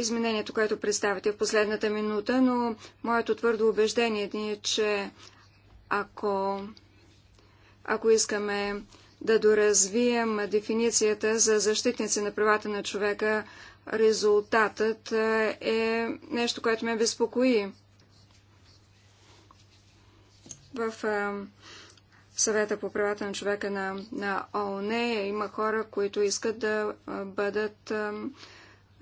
B: изменението, което представите в последната минута, но моето твърдо убеждение е, че ако, ако искаме да доразвием дефиницията за защитници на правата на човека, резултатът е нещо, което ме безпокои. В съвета по правата на човека на, на ООН има хора, които искат да бъдат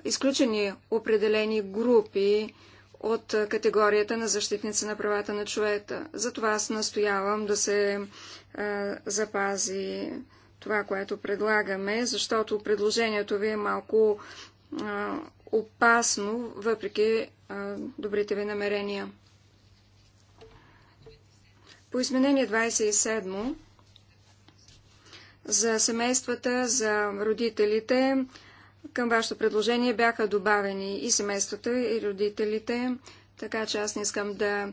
B: изключени определени групи от категорията на защитници на правата на човека. Затова аз настоявам да се а, запази това, което предлагаме, защото предложението ви е малко а, опасно, въпреки а, добрите ви намерения. По изменение 27 за семействата, за родителите, към вашето предложение бяха добавени и семействата, и родителите, така че аз не искам да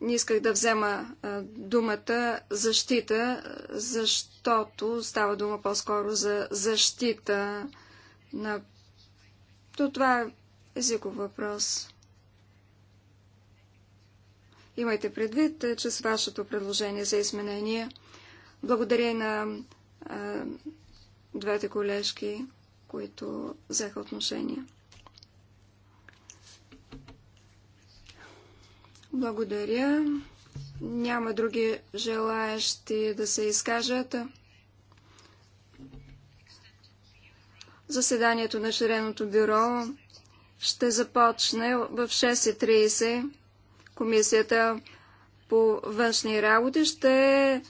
B: не исках да взема думата защита, защото става дума по-скоро за защита на... То това е езиков въпрос. Имайте предвид, е, че с вашето предложение за изменение, благодаря на а, двете колежки, които взеха отношение. Благодаря. Няма други желаящи да се изкажат. Заседанието на Ширеното бюро ще започне в 6.30. Комисията по външни работи ще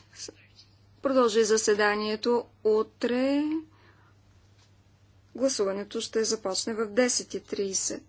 B: продължи заседанието утре. Гласуването ще започне в 10.30.